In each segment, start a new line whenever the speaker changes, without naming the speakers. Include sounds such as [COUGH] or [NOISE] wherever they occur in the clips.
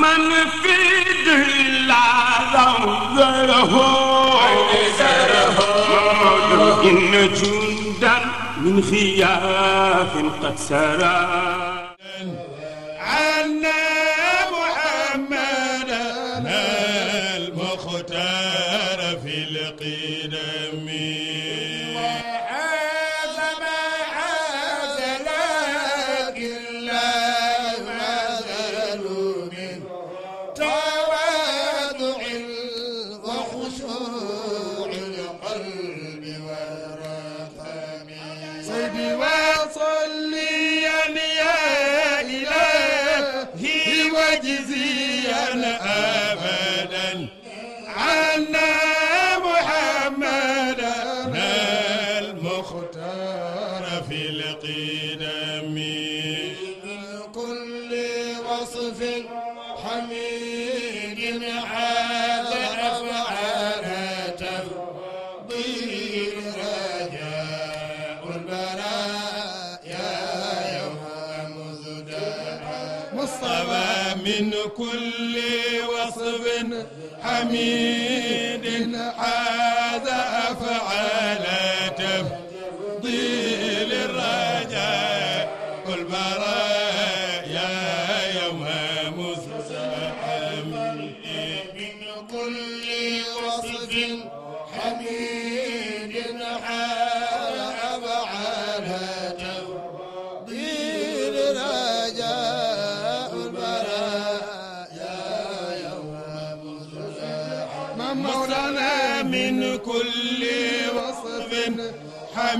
من في دلا زره
إن جندا من خياف قد سرى
حميد حميد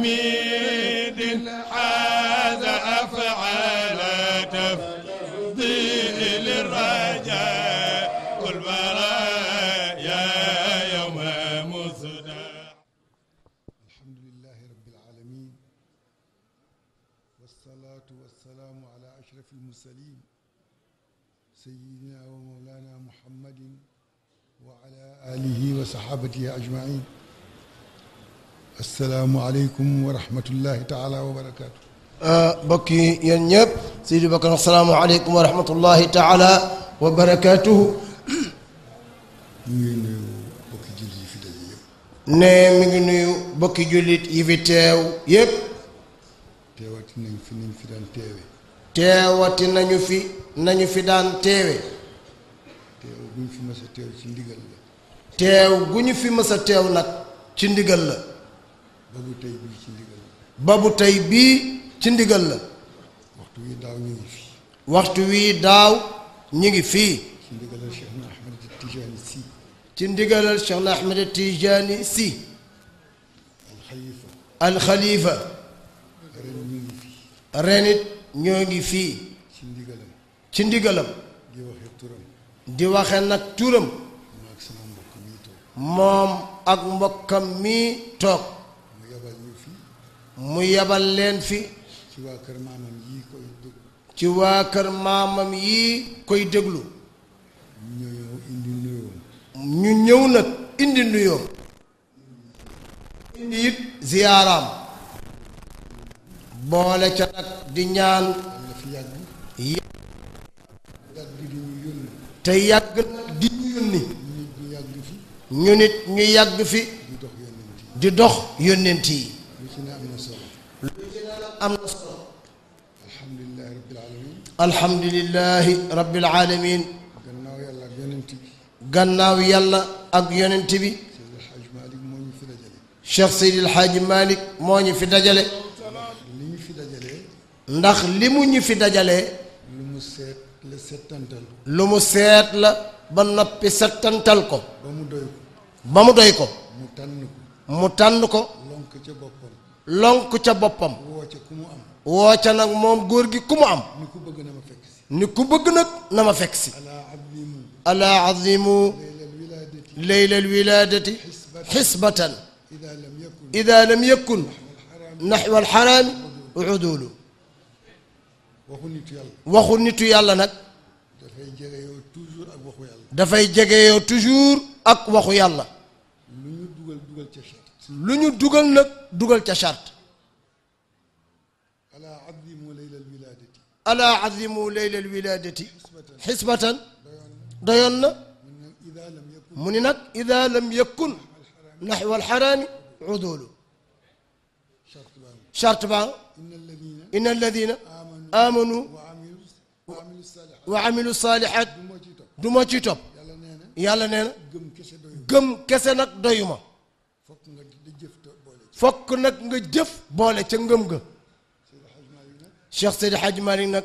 حميد حاز أفعال
تفضيل الرجاء كل برايا يوم مصدع
الحمد لله رب العالمين والصلاة والسلام على أشرف المرسلين سيدنا ومولانا محمد وعلى آله وصحابته
أجمعين asalaamualeykum wa rahmatullahi taala wa barakaatu. Ah, mbokk yi yéen ñëpp Sidi Bakar asalaamualeykum wa rahmatullahi taala wa barakaatu.
ngi nuyu mbokki jullit fi
daje yëpp. nee mi ngi nuyu mbokki jullit yi fi teew yëpp. teewati nañu fi nañu fi daan teewe.
teew gu ñu fi mës teew ci ndigal la.
teew gu ñu fi mës teew nag ci ndigal la.
babu tey bii
tey bii ci ndigal la. waxtu wii daaw ñu ngi fii. waxtu wii daaw ñu ngi fii. ci si. ci ñoo ngi fii.
ci ndigalam.
ci ndigalam. di waxee nag turam. moom ak mbokkam mi toog. mu yebal leen fi ci waa kër maamam yii koy déglu ñu ñëw indi nuyoom ñu ñëw nag indi nuyoom indi it ziyaaraam boole ca nag di ñaan te yàgg di ñu yónni ñu nit ñu yàgg fi di dox yónnent yi am na solo alhamdulilahi rabbil alamin gannaaw yàlla ak yonent bi gannaaw yàlla ak yonent moo ñu fi dajale
li fi dajale
ndax li mu ñu fi dajalee lu mu seet la ba noppi settantal ko ba mu doy ko mu tànn ko mu lonk ca boppam woo ca nag moom góor gi ku mu am ni ku bëgg na ma ni ku bëgg nag na ma fekk si alaa azimu leylal wilaadati xisbatan ida lam yakun naxwa alxaraami uduulu waxu nitu yàlla nag dafay jegeyoo toujours ak waxu yàlla lu ñu dugal nag dugal ca charte ala azimu leyla alwiladati xisbatan doyoon na mu ni nag ida lam yakun naxwa alxaraami udoolu charte ba in alladina amanu wa amilu saalihat du ma ci topp yàlla nee kese nag doyuma fokk nag nga jëf boole ca ngëm ga Cheikh Seydi Hadji Malick nag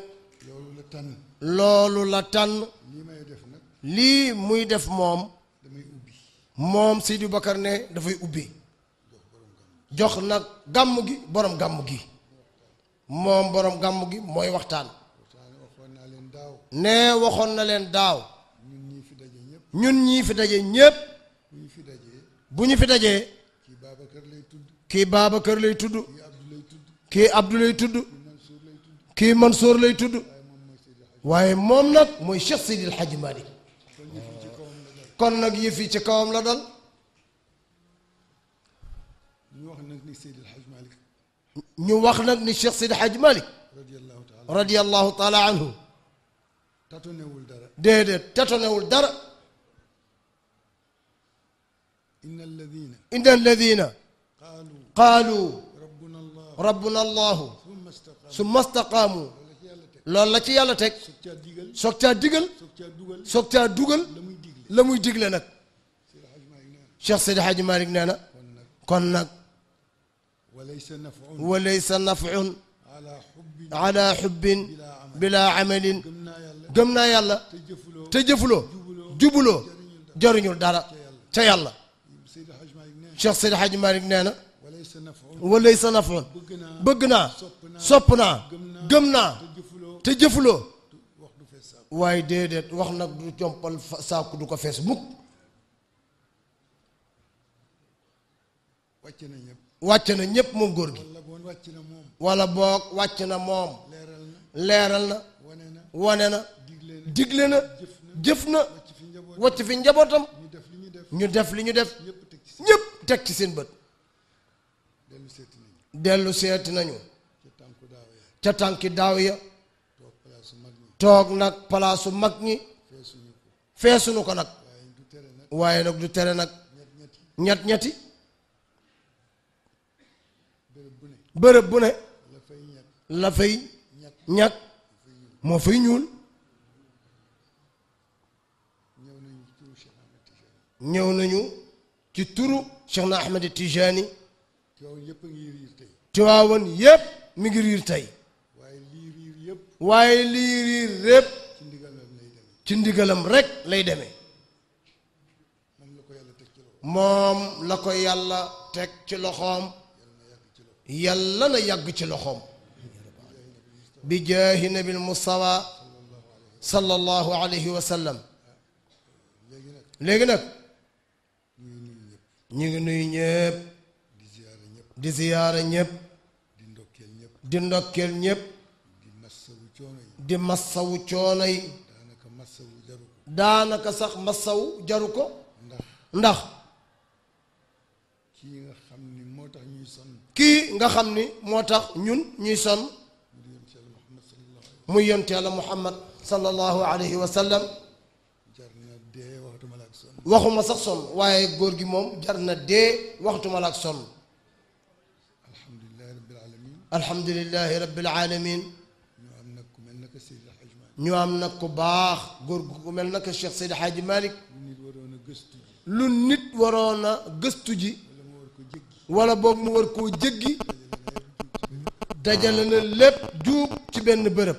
loolu la tànn loolu lii may def nag lii muy def moom damay ubbi moom Seydi ne dafay ubbi jox nag gàmm gi borom gàmm gi moom borom gàmm gi mooy waxtaan ne waxoon na leen daaw ñun ñii fi daje ñépp bu ñu fi dajee kii kër lay tudd kii Abdou tudd kii Mansour lay tudd waaye moom nag mooy Cheikh Seydil Hadji Malick kon nag yëf yi ci kawam la dal ñu wax nag ni Cheikh Seydil Hadji Malick radiyallahu taala anhu
tatonewul dara
déedéet tatonewul dara inna alladina qaalu rabbuna allahu su mastaqaamu loolu la ci yàlla teg soog caa digal soog caa dugal la muy digle nag Cheikh Seydi Hadji Malick nee na kon nag walaysa nafun ala xubbin bilaa amalin gëm naa yàlla te jëfuloo jubuloo jariñul dara ca yàlla Cheikh Seydi Hadji Malick nee na walaysa sa nafoon bëgg naa sopp naa gëm naa te jëfuloo waaye déedéet wax nag du compal saaku du ko fees mukk wàcc na ñépp moom góor gi walla boog wàcc na moom leeral na wane na digle na jëf na wàcc fi njabootam ñu def li ñu def ñépp teg ci seen bët dellu seeti nañu dellu seeti nañu ca tànki daaw ya toog nag palaasu mag ñi feesuñu ko nag waaye nag du tere nag ñett ñetti bërëb bu ne la fay ñag moo fay ñuul ñëw nañu ci turu Cheikh na Ahmed Tijani Tiwaawan yëpp a ngi riir tey. Tiwaawan yëpp mi ngi riir tey. waaye lii riir yëpp. waaye lii ci ndigalam lay demee. ci ndigalam rek lay demee. moom la ko yàlla teg ci loxoom. yàlla na yàgg ci loxoom. bi jaahi nabil mustafa sallallahu alayhi wa léegi nag. ñu ngi nuyu ñëpp. di ziyaara ñëpp di ndokkeel ñëpp di ndokkeel ñëpp di massawu coono yi di massawu coono yi
daanaka massawu jaru
ko daanaka sax massawu jaru ko ndax ndax kii nga xam ni moo tax ñuy sonn nga xam ni moo tax ñun ñuy sonn muy yonte yàlla muhammad sallallahu alayhi wa sallam waxuma sax sonn waaye góor gi moom jar na dee waxtuma la ak sonn alhamdulilahi rabbil alamin ñu am nag ko baax góor gu mel naka Cheikh Seydi Hadji Malick lu nit waroon a gëstu ji wala boog mu war koo jéggi dajale na lépp juub ci benn bërëb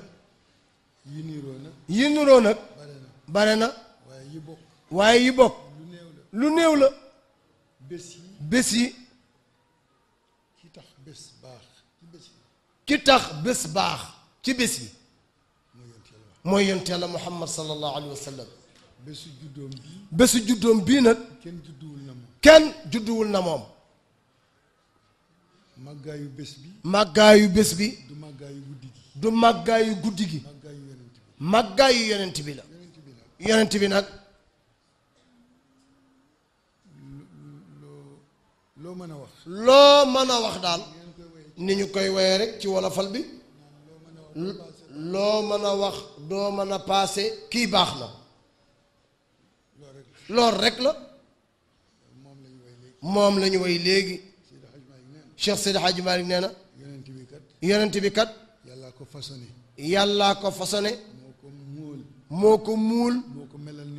yi niroo nag bare na waaye yi bokk lu néew la bés yi ki tax bés baax ci bés yi mooy yonent yàlla muhammad sallallahu alayhi wa sallam bésu juddoom bii bésu juddoom bii nag kenn judduwul na moom kenn judduwul na moom
màggaayu bés bi
màggaayu bés bi du màggaayu guddi gi du màggaayu guddi gi màggaayu yonent bi la yonent bi nag loo mën a wax loo mën a wax daal ni ñu koy woyee rek ci wolofal bi loo mën a wax doo mën a paase kii baax na lool rek la moom la ñu woy léegi Cheikh Seydi Hadji Malick nee na yonent bi kat
yàllaa ko façonné
yàllaa ko façonné moo ko muul moo ko melal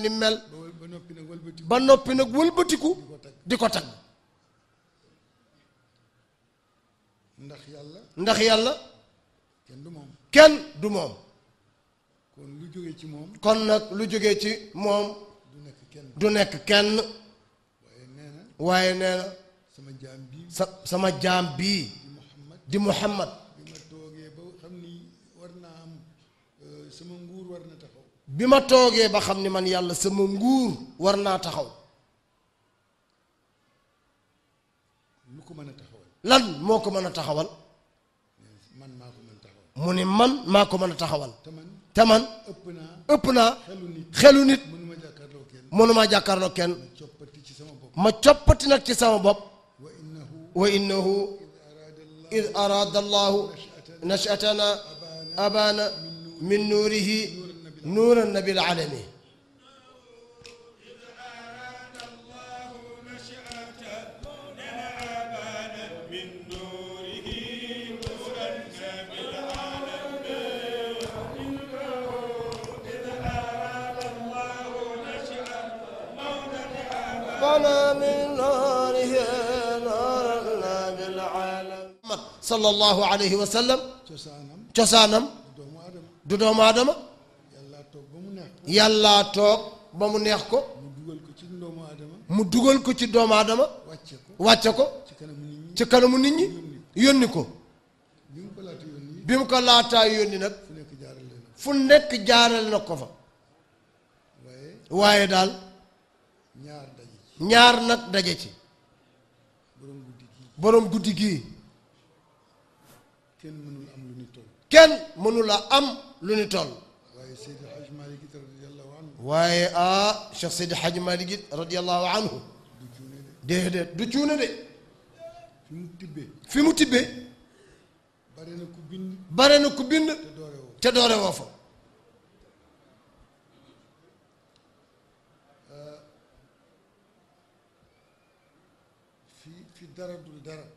ni mu mel ba noppi nag wëlbatiku di ko tag ndax yàlla ndax yàlla kenn du moom kenn du moom kon lu jóge ci moom kon nag lu jóge ci moom du nekk kenn du nekk kenn waaye nee na sama jaam bii sa sama jaam bii di Muhammad
bi ma toogee ba xam ni war naa am euh, sama nguur war na taxaw
bi ma toogee ba xam ni man yàlla sama nguur war naa taxaw lan moo ko mën a taxawal mu ni man maa ko mën a taxawal te man ëpp naa xelu nit mënumaa jàkkaarloo kenn ma coppati nag ci sama bopp wa innahu id araada allahu nashatana abana min nuurihi nuuran nabil alami sallallahu alayhi wa sallam cosaanam du doomu aadama yàllaa toog ba mu neex ko mu dugal ko ci doomu aadama wàcce ko ci kanamu nit ñi yónni ko bi mu ko laataa yónni nag fu nekk jaarale na ko fa waaye daal ñaar nag daje ci borom guddi gii kenn mënula am lu ni toll.
waaye Seydi Hadj Malick it radiyallahu
anhu. waaye Seydi Hadj Malick it radiyallahu anhu. du cuune du cuune de. fi mu tibbee. fi mu tibbee. bare na ku bind. te doore woo fa.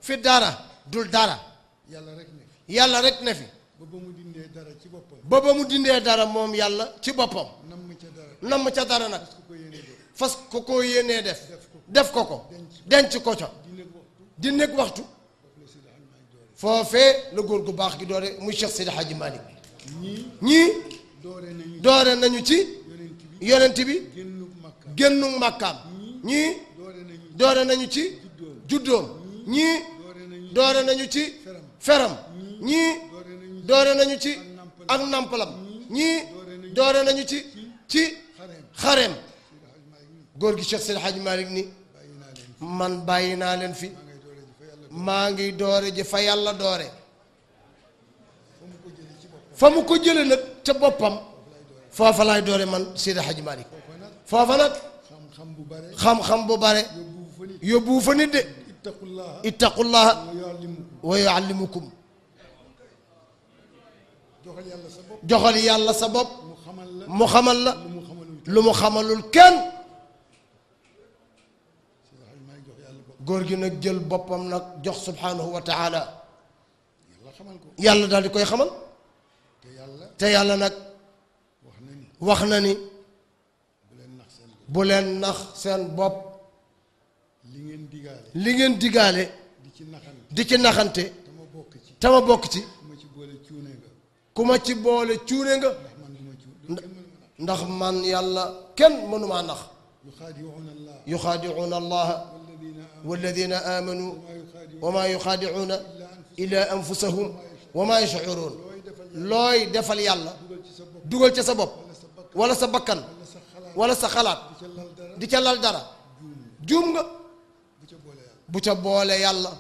fi dara dul dara. fi yàlla rek na fi.
ba ba mu dindee dara ci
boppam. ba mu dindee dara moom yàlla ci boppam. namm ca dara namm ca dara nag. fas ko ko yéenee def. def ko ko denc ko ca. di nekk waxtu. foofee la góor gu baax gi doore muy Cheikh Sidi Hadji Malick. ñii doore nañu ci. yonent bi génnu màkkaam. ñii doore nañu ci. juddoom ñii doore nañu ci. feram. ñii doore nañu ci ak nampalam ñii doore nañu ci ci xareem góor gi Cheikh Seydi Hadji Malick ni man bàyyi naa leen fi maa ngiy doore ji fa yàlla doore fa mu ko jële nag ca boppam foofa laay doore man Seydi Hadji Malick foofa nag xam-xam bu bare yóbbu fa nit de ittaqullaha wa yuallimukum joxal yàlla sa bopp mu xamal la lu mu xamalul kenn góor gi nag jël boppam nag jox subhanahu wa taala yàlla daal di koy xamal te yàlla nag wax na ni bu leen nax seen bopp li ngeen digaale di ci naxante tama bokk ci ku ma ci boole cuune nga ndax man yàlla kenn mënumaa nax yuxaadicuuna allaha walladina aamanu wa maa yuxaadicuuna ila anfusahum wa maa yashcuruun looy defal yàlla dugal ca sa bopp wala sa bakkan wala sa xalaat di ca lal dara juum nga bu ca boole yàlla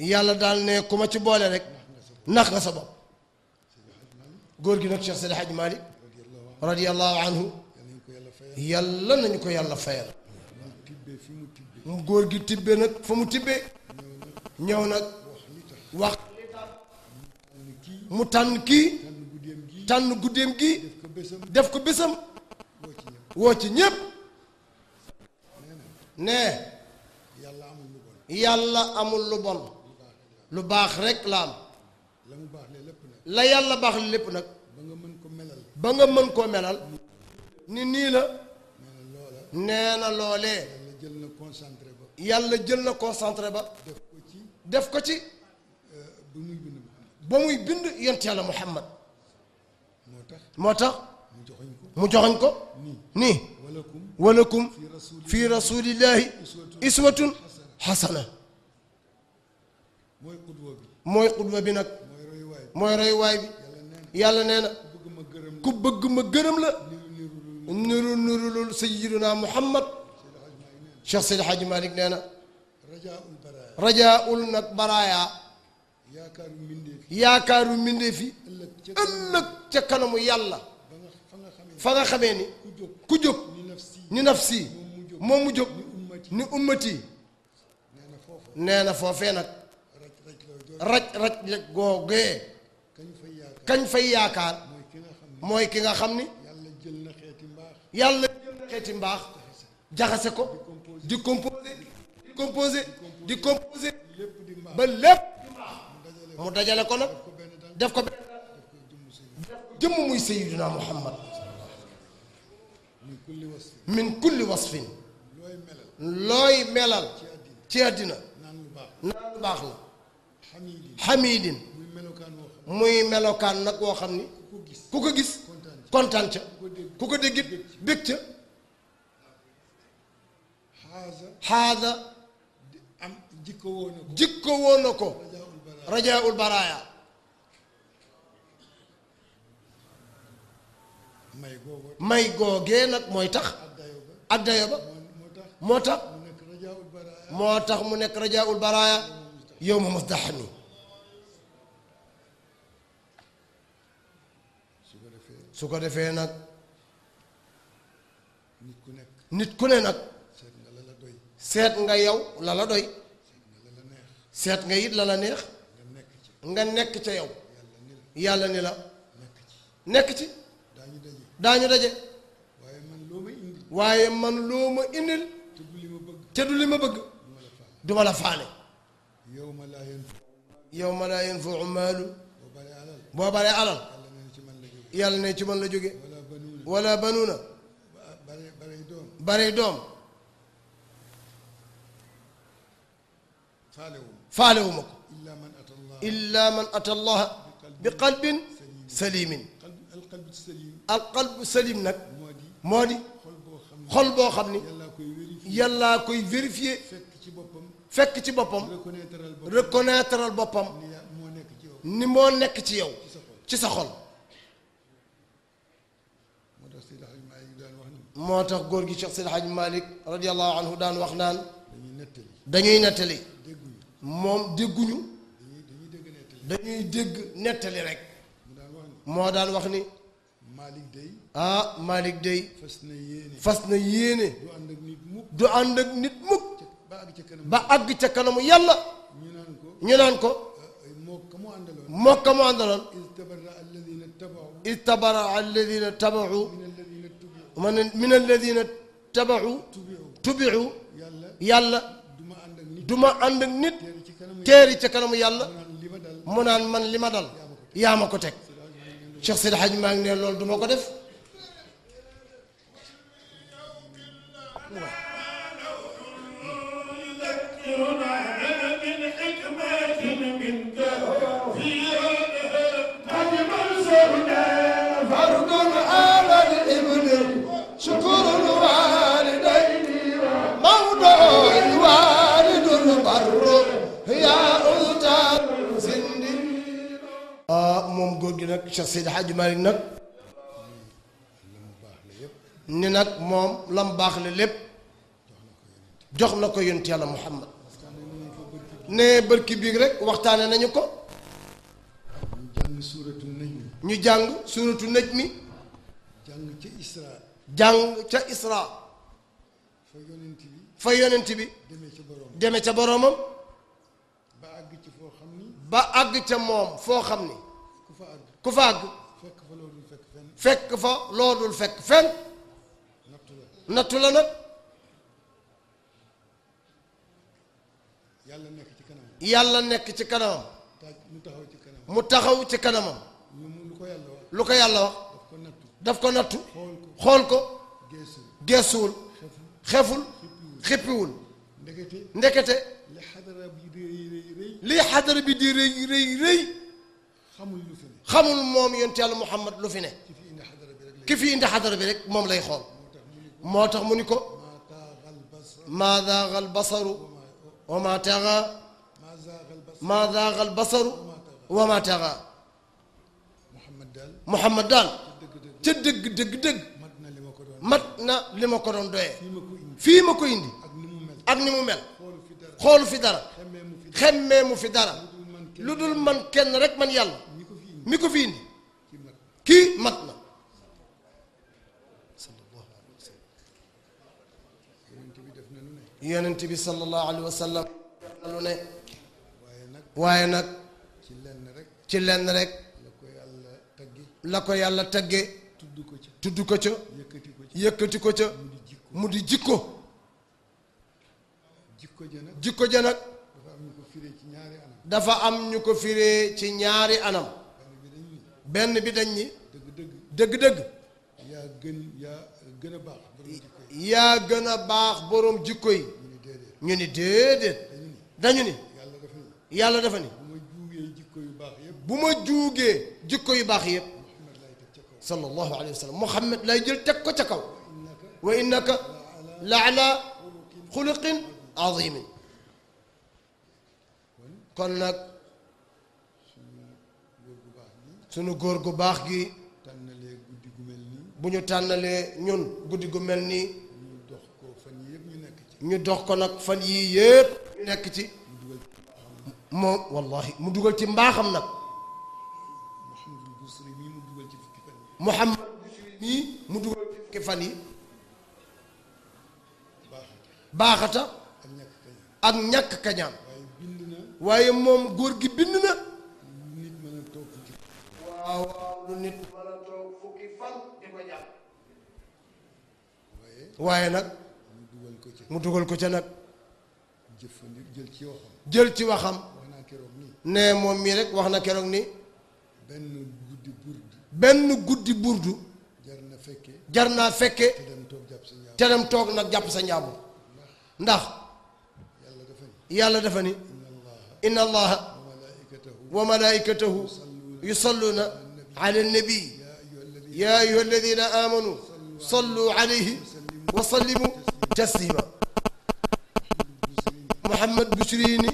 yàlla daal ne ku ma ci boole rek nax nga sa bopp góor gi nag Cheikh Seydi Hadj Malick radiyallahu anhu yàlla nañu ko yàlla fayal góor gi tibbee nag fa mu tibbee ñëw nag wax mu tànn kii tànn guddeem gi def ko bésam woo ci ñépp ne yàlla amul lu bon lu baax rek la am
la mu baax lépp
la yàlla baax li lépp nag ba nga mën ko melal ba nga mën koo melal ni nii la nee na loolee jël na concentré ba yàlla jël na concentré ba def ko ci def ko ci ba muy bind ba muy bind yent yàlla Muhammad moo tax moo tax mu joxoñ ko mu joxoñ ko nii walakum walakum fi rasulillahi iswatun xasana mooy xudwa bi mooy xudwa bi nag mooy royuwaay bi yàlla nee na ku bëgg ma gërëm la nuru nurulul sayyiduna muhammad cheikh seydi xaaji nee na rajaul nag baraaya yaakaaru mbindeef yi ëllëg ca kanamu yàlla fa nga xamee ni ku jóg ni nafsi moom mu jóg ni ummati nee na foofee nag raj-raj la googee kañ fay yaakaar mooy ki nga xam ni yàlla jël na xeeti mbaax yàlla xeeti mbaax jaxase ko di composé di composé di composé ba lépp mu dajale ko nag def ko benn def jëmm muy Seydina Muhammad min kulli wasfin looy melal ci àddina naan lu baax la xamiidin muy melokaan nag woo xam ni ku ko gis kontaan ca ku ko déggit bég ca xaada jikko woon ko rajaa ul baraaya may googee nag mooy tax ak dayo ba moo tax moo tax mu nekk rajaa baraaya yow ma musdaxami su ko defee nag nit ku nekk ku ne nag seet nga yow la la doy seet nga it la la neex nga nekk ca yow yàlla ni la nekk ci daañu daje waaye man loo ma indil te du li ma bëgg duma la faale yowma laa yanfau yowma laa yanfau maalu boo baree alal yàlla ne ci man la jóge wala banuuna barey doom faalewu ma ko illa man ata allaha bi qalbin salimin alqalbu salim nag moo di xol boo xam ni yàllaa koy vérifier fekk ci boppam reconnaître boppam ni moo nekk ci yow ci sa xol moo tax góor gi Cheikh Seydi Hadj Malick radiyallahu anhu daan wax naan dañuy nettali moom dégguñu dañuy dégg nettali rek moo daan wax ni ah Malick day fas na yéene du ànd ak nit mukk ba àgg ca kanamu yàlla ñu naan ko moo ka mu àndaloon istabara alladina tabaxu man min alladina tabaxu tubixu yàlla du ma ànd nit teeri ca kanamu yàlla mu naan man li ma dal yaa ma ko teg Cheikh Seydi Hadj maa ngi ne loolu ko def moom góor gi nag Cheikh Seydi Hadji nag ni nag moom lam baax la lépp jox na ko yonent yàlla Muhammad ne bërki biig rek waxtaane nañu ko ñu jàng suuratu nëj mi jàng ca isra jàng ca isra fa yonent bi fa yonent bi
deme ca boroomam
ba àgg ca moom foo xam ni ku fa àgg fekk fa loo dul fekk fenn nattu la nag yàlla nekk ci kanamam yàlla nekk ci kanamam mu taxaw ci kanamam lu ko yàlla wax daf ko nattu xool ko geesuwul xeful xippiwul ndekete li xadara bi di rëy rëy rëy xamul moom yonent yàlla Muhammad lu fi ne ki fi indi xadara bi rek moom lay xool moo tax mu ni ko maa zaaga albasaru wa maa taga maa zaaga albasaru wa daal ca dëgg dëgg dëgg mat na li ma ko doon doyee fii ma ko indi ak ni mu mel xoolu fi dara xemmee mu fi dara lu dul man kenn rek man yàlla mi ko fi indi kii mat na yonent bi sallallahu alayhi wa sallam lu ne waaye nag ci lenn rek ci lenn rek la ko yàlla tagge tudd ko ca tudd ko ca yëkkati ko ca mu di jikko jikko ja nag jikko ja nag dafa am ñu ko firee ci ñaari anam benn bi dañ ni.
dëgg-dëgg dëgg-dëgg. yaa gën
yaa gën a baax borom jikko yi. yaa gën a baax borom jikko yi. ñu ni déedéet. dañu ni. yàlla dafa ni. bu ma juugee jikko yu baax yëpp. bu ma juugee jikko yu baax yëpp. sallallahu alayhi wa sallam Muhammad lay jël teg ko ca kaw. wa innaka la ala xuluqin azimin kon nag. sunu góor gu baax gi tànnalee guddi gu mel bu ñu tànnalee ñun guddi gu mel nii ñu dox ko fan yii yëpp ñu nekk ci ñu dox ko nag fan yii yëpp ñu nekk ci moom wallahi mu dugal ci mbaaxam nag
Mouhamad Busiri
mu dugal ci fukki fan yi baaxata ak ñàkk kañaan waaye moom góor gi bind na waaw waaye nag mu dugal ko ca mu dugal ko ca nag jël ci waxam jël ci ne moom mii rek wax na keroog ni benn guddi burdu benn jar na jar naa fekke te toog nag jàpp sa njàmbur ndax yàlla dafa ni inna allaha wa malaikatahu yusalluuna ala nabi ya ayuha alladina amanu sallu alayhi wa sallimu taslima Mouhamad Bouchri ni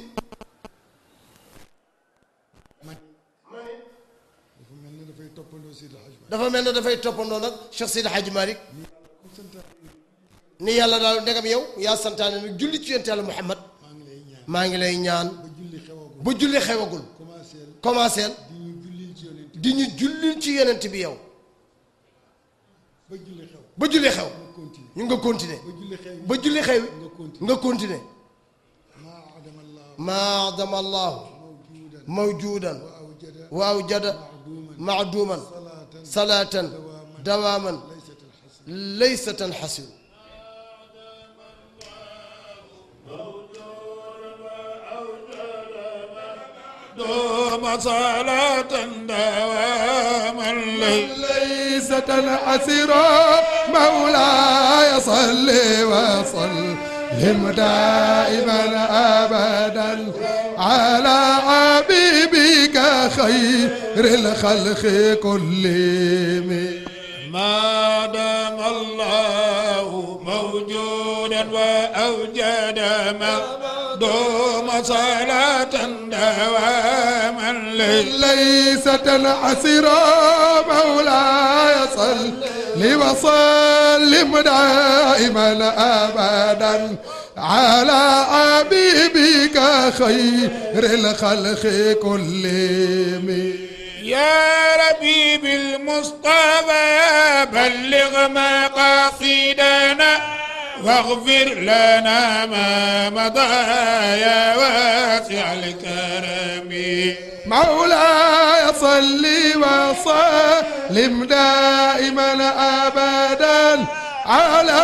dafa mel ne dafay toppandoo nag Cheikh Seydi Hadji Malick
ni yàlla daal ndegam yow yaa santaane nag julli ci yonent yàlla Mouhamad maa ngi lay ñaan ba julli xewagul commencé di ñu jullil ci yonent bi yow ba julli xew ba julli xew ñu nga continuer ba julli xew nga continuer maa adama allahu mawjudan wa awjada maaduman salaatan dawaaman laysa tanxasiru
دوم صلاة
دواما ليس تنعسرا مولاي صل وسلم دائما أبدا على حبيبك خير الخلق كلهم ما دام الله
موجودا وأوجد ما دوم صلاة دواما
ليست عسرا مولاي صل وسلم دائما أبدا على حبيبك خير الخلق كلهم يا
ربي بالمصطفى بلغ مقاصدنا واغفر لنا ما مضى يا واسع الكرم
مولاي صلي وسلم دائما ابدا على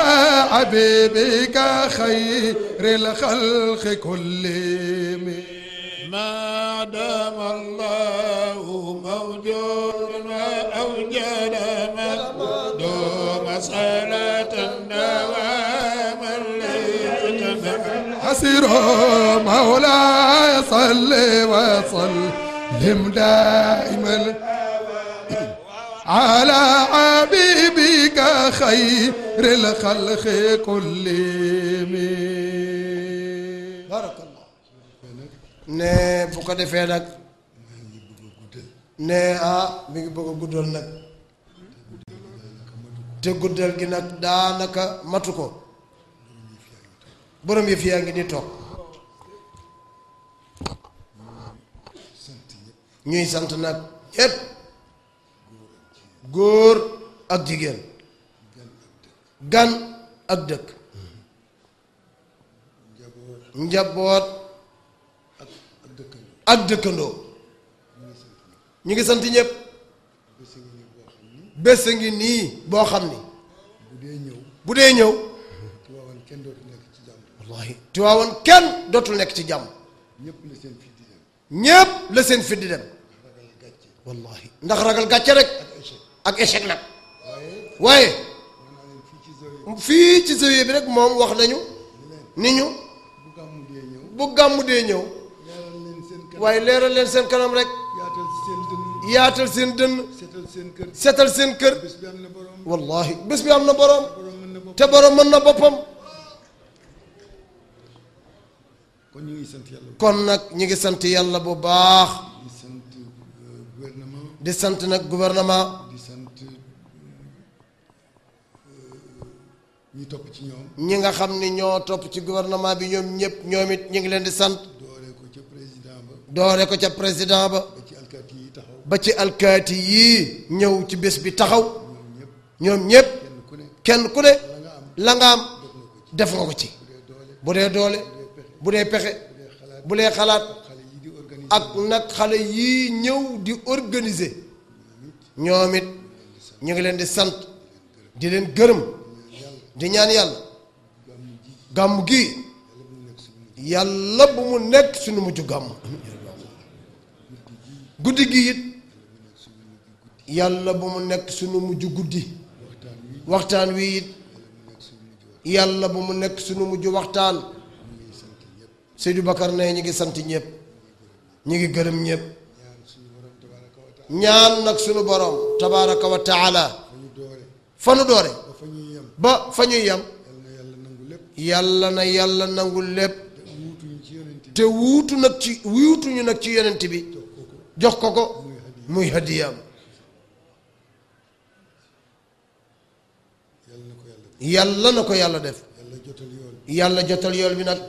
حبيبك خير الخلق كلهم ما دام الله موجودا
أوجد مقدوم صلاة دواما
حسير مولاي صل وسلم دائما على حبيبك خير الخلق
كلهم بارك الله ne bu ko defee nag ne ah mi ngi bëgg a guddal nag te guddal gi nag daa daanaka matu ko borom yëf yaa ngi ni toog ñuy sant nag yépp góor ak jigéen gan ak dëkk njaboot ak dëkkandoo ñu ngi sant ñëpp bés ngi nii boo xam ni bu dee ñëw wallaahi Tiwaawan kenn dootul nekk ci jàmm ñépp la seen fit di dem ndax ragal gàcce rek ak échec nag waaye fii ci zawiya bi rek moom wax nañu ni ñu bu gàmmu dee ñëw waaye leeral leen seen kanam rek. yaatal seen dënn. yaatal seen dënn. seen kër. setal seen kër. bés bi am na borom. wallaahi bés bi am na borom. te borom mën na boppam.
kon sant yàlla.
kon nag ñu ngi sant yàlla bu baax.
di sant euh, gouvernement.
sant nag gouvernement. di sant euh, euh, ñi topp ci ñoom. ñi nga xam ni ñoo topp ci gouvernement bi ñoom ñëpp ñoom it ñu ngi leen di sant. doore ko ca président ba ba ci alkaati yii ñëw ci bés bi taxaw ñoom ñépp kenn ku ne la nga am def nga ko ci bu dee doole bu dee pexe bu dee xalaat ak nag xale yii ñëw di organise ñoom it ñu ngi leen di sant di leen gërëm di ñaan yàlla gàmm gi yàlla bu mu nekk suñu mujj gàmm guddi gi it yàlla bu mu nekk sunu mujj guddi waxtaan wi it yàlla bu mu nekk sunu mujj waxtaan Seydou Bakar ne ñu ngi sant ñëpp ñu ngi gërëm ñëpp ñaan nag sunu borom tabaaraka wa taala fa nu doore ba fa ñuy yem yàlla na yàlla nangu lépp te wuutu nag ci wuutuñu nag ci yonent bi jox ko ko muy hadiyaam yàlla na ko yàlla def yàlla jotal yool bi nag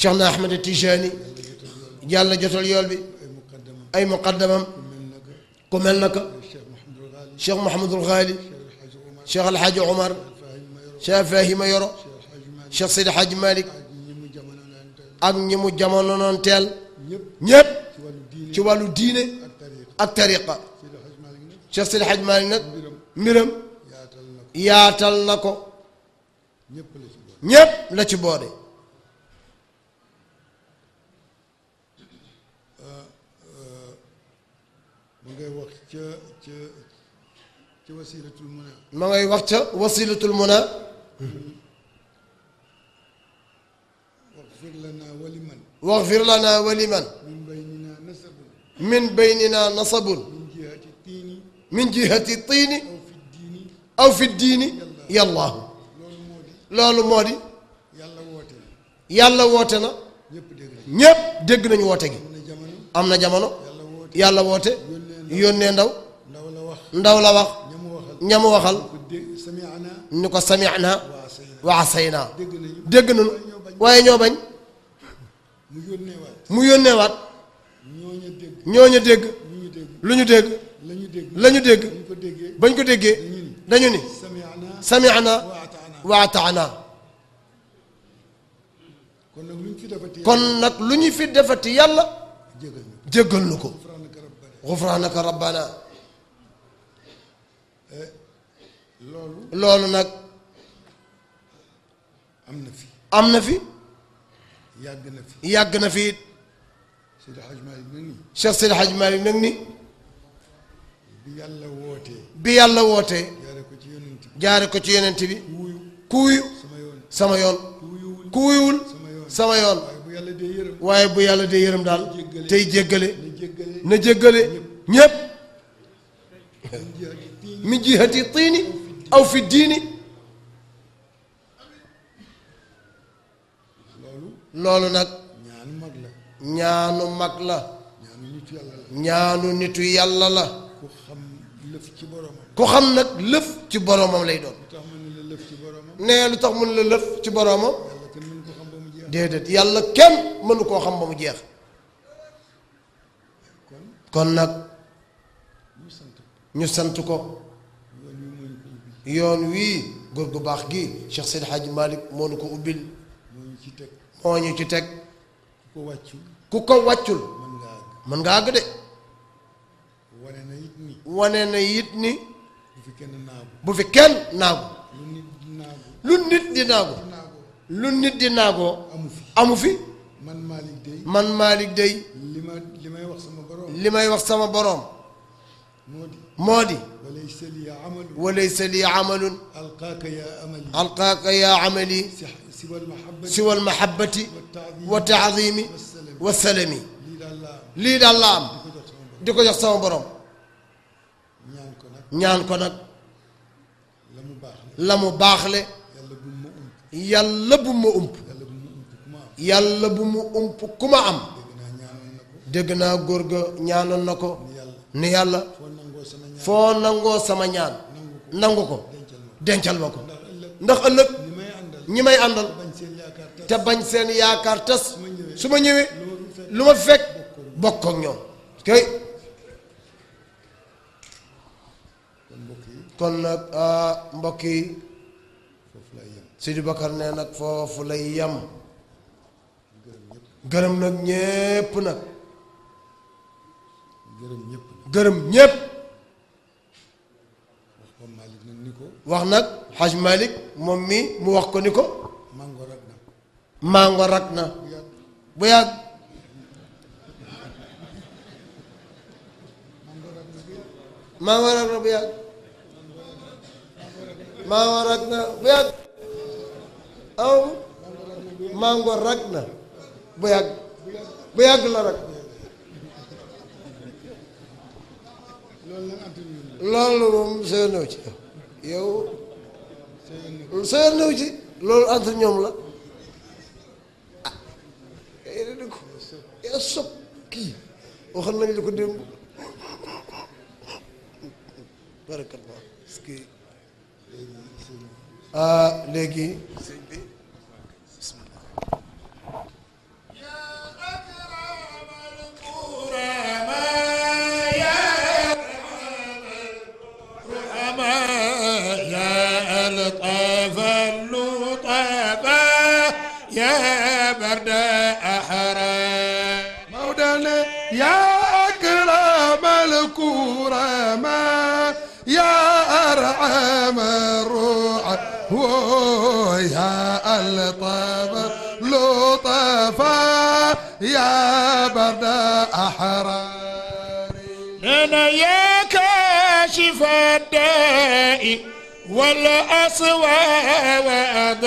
Cheikh na Ahmed Tijani yàlla jotal yool bi ay muqaddamam ku mel na ka Cheikh Mouhamadul Ghali Cheikh El Hadj Omar Cheikh Fahima Yoro Cheikh Seydi Hadj Malick ak ñi mu jamono ñépp ci wàllu diine ak tariqa Cheikh Seydi Hadj mbiram yaatal na ko ñépp la ci boode ma ngay wax ca ca ca wax ca واغفر لنا ولمن من بيننا نصب من جهة الطين أو في الدين يالله loolu moo di yàlla woote na ñépp dégg nañu woote gi am na jamono yàlla woote yónnee ndaw ndaw la wax ñamu waxal ñu ko sami'na wa asayna dégg nañu waaye ñoo bañ mu yónnee waat ñooñu dégg lu ñu dégg la ñu dégg bañ ko déggee dañu ni sami'na wa ata'na kon nag lu ñuy fi defati yàlla jéggal nu ko xufraanaka rabbana eh, loolu nag am na fi yàgg na fi yàgg na fi it. Seydi Hadj Malick nag ni. Cheikh Seydi Hadj Malick bi yàlla wootee. bi jaare ko ci yonent bi ko ci yonent bi. kuuyu kuuyu. sama yoon sama yoon. kuuyuwul kuuyuwul. sama yoon waaye bu yàlla dee yërëm daal. tey jéggale na jéggale ñépp. min jihati tiini aw fi diini. loolu nag ñaanu mag la ñaanu mag la ñaanu nitu yàlla la yàlla la
ku xam ci boromam
ku xam nag lëf ci boromam lay doon nee lu tax mun la lëf ci boromam déedéet yàlla kenn mënu koo xam ba mu jeex kon nag ñu sant ko yoon wii góor gu baax gi Cheikh Seydi Hadji Malick moo nu ko ubbil moo ñu ci teg ku ko wàccul ku ko wàccul mën nga àgg de wane na it ni na it ni bu fi kenn naagu bu fi kenn naagu lu nit di naagu lu nit di naagoo amu fi man Malick Dey man Malick Dey
li may wax sama boroom
li may wax sama boroom moo di walaysa li amalun alqaaka yaa amali siwal mahabbati wa taadimi wa salami lii daal la am di ko jox sama borom ñaan ko nag la mu baaxle yàlla bu ma ump yàlla bu mu ump ku ma am dégg naa góor ga ñaanoon na ko ni yàlla foo nangoo sama ñaan nangu ko dencal ma ko ndax ëllëg ñi may àndal te bañ seen yaakaar tas su ma ñëwee lu ma fekk bokk ak ñoom kay kon nag ah, mbokk yi Sidi Bakar nee nag foofu lay yam gërëm nag ñépp nag gërëm ñépp wax nag Xaj Malik moom mi mu wax ko ni ko mango rag na bu yàgg mango rag na bu yàgg mango rag na bu yàgg bu yàgg la rag loolu moom seenoo ci yow sa yoon new ci loolu entre ñoom la ah yaa eh, sob kii waxal nañ la ko démb barakallah parce que ah, léegi
الطاف
اللطافة يا برد أحرى مولانا يا أكرم الكرماء يا أرحم الرعاة يا الطاف لطفا يا برد أحرى لنا يا كاشف
الدائم ولا أسوى وأضراري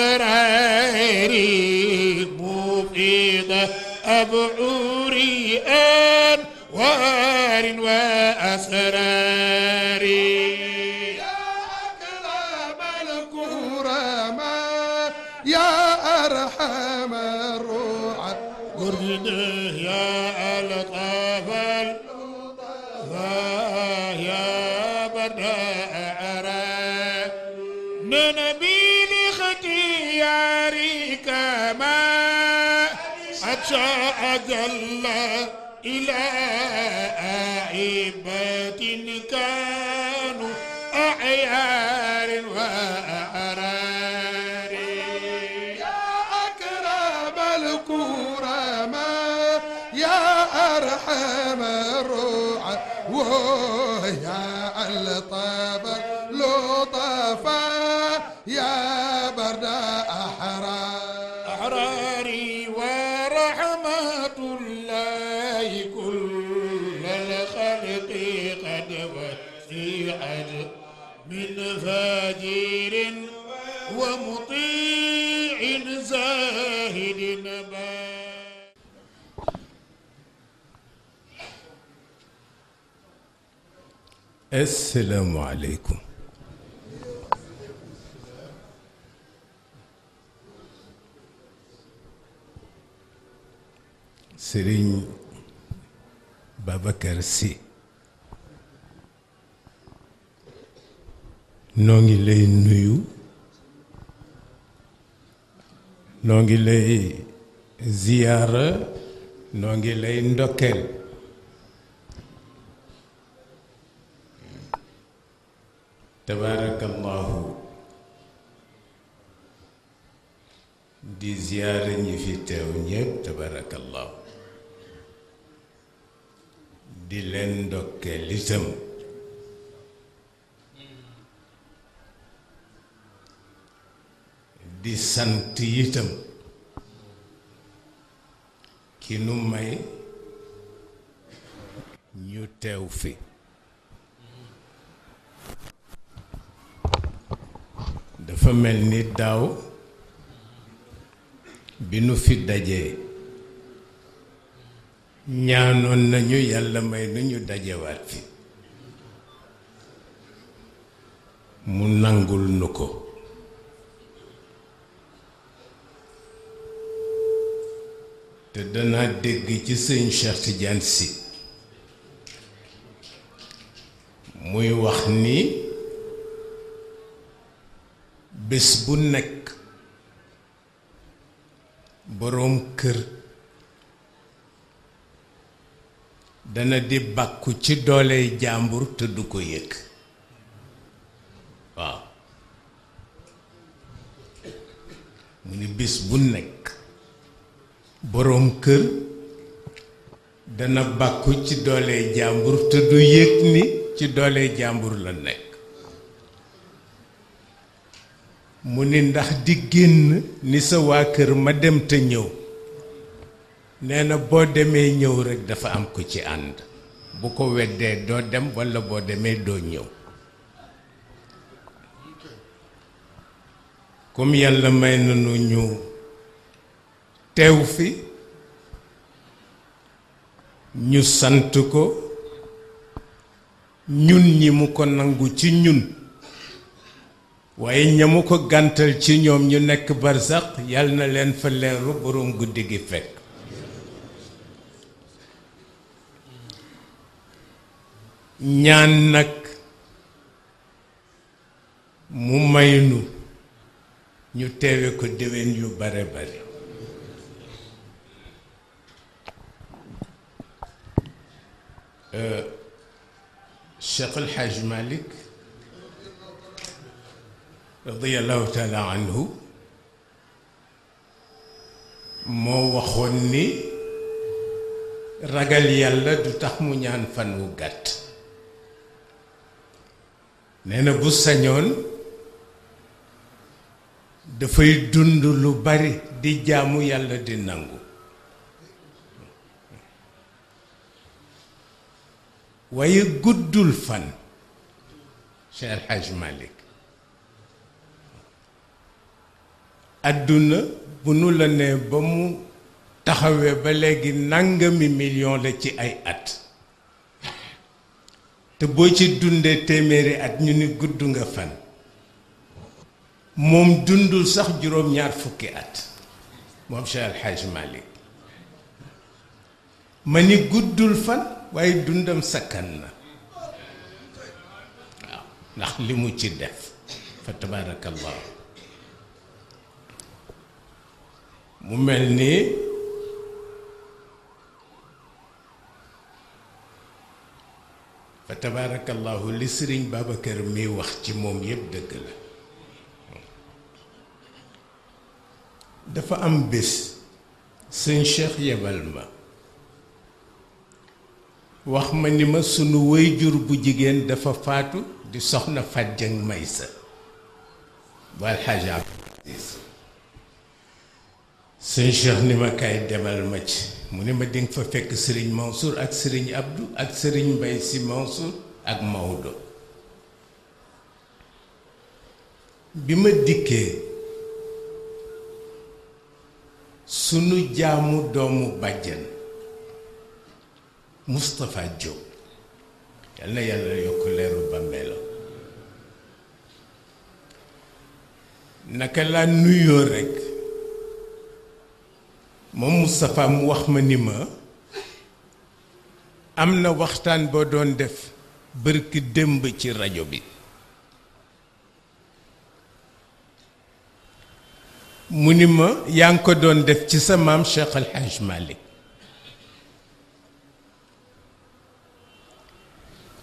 مفيد أبعوري أنوار وأسراري يا
أكرم الكرماء يا أرحم الرعاة
شاء جل إلى عباد كانوا أعيار وأرار يا
أكرم الكرماء أرحم الروع ويا الطبر لطفا يا
شاجر ومطيع زاهد با
السلام عليكم Serigne Babacar Sy noo ngi lay nuyu noo ngi lay ziyaara noo ngi lay ndokkeel tabaarakallaahu di ziyaara ñi fi teew ñépp tabaarakallaahu di leen ndokkeel itam di sant yitam ki nu may ñu teew fi dafa mel ni daaw bi nu fi dajee ñaanoon nañu yàlla may nu ñu dajewaat fi mu nangul nu ko te danaa dégg ci seen Cheikh Tidiane muy wax ni bés bu nekk boroom kër dana di bàkku ci dooley jàmbur te du ko yëg waaw mu ni bés bu nekk boroom kër dana bàkku ci doole jàmbur te du yëg ni ci doole jàmbur la nekk mu ni ndax di génn ni sa waa kër ma dem te ñëw nee boo demee ñëw rekk dafa am ko ci ànd bu ko weddee doo dem walla boo demee doo ñëw comme yàlla may nanu ñu teew fi ñu sant ko ñun ñi mu ko nangu ci ñun waaye ñamu ko gàntal ci ñoom ñu nekk barsax yal na leen fa leeru boroom guddi gi fekk ñaan nag mu maynu ñu teewe ko déwén yu bare bare Cheikh El Hadj Malick radiyallahu anhu moo waxoon ni ragal yàlla du tax mu ñaan fan wu gàtt nee bu sañoon dafay dund lu bari di jaamu yàlla di nangu waaye guddul fan Cheikh El Hadj Malick bu nu la nee ba mu taxawee ba léegi nangami million la ci ay at te boo ci dundee téeméeri at ñu ni gudd nga fan moom dundul sax juróom-ñaar fukki at moom Cheikh El Hadj ma ni guddul fan waaye dundam sakkan na waaw ndax li mu ci def fa tabarakallah mu mel ni fa tabarakallahu li sëriñ Babacar mi wax ci moom yépp dëgg la dafa am bés sëñ Cheikh yebal ma wax ma ni ma sunu wayjur bu jigéen dafa faatu di soxna Fat Jeng Maysa wal xaaj Abdulaziz sëñ ma kay demal ma ci mu ne ma dinga fa fekk sëriñ Mansour ak sëriñ Abdou ak sëriñ Mbay Si Mansour ak Maodo bi ma dikkee sunu jaamu doomu bàjjan Moustapha Diop yal na yàlla yokk leeru bàmmeelam naka laa nuyoo rekk moom Moustapha mu wax ma ni ma am na waxtaan boo doon def bërki démb ci rajo bi mu ni ma yaa ngi ko doon def ci sa maam Cheikh Al Hadj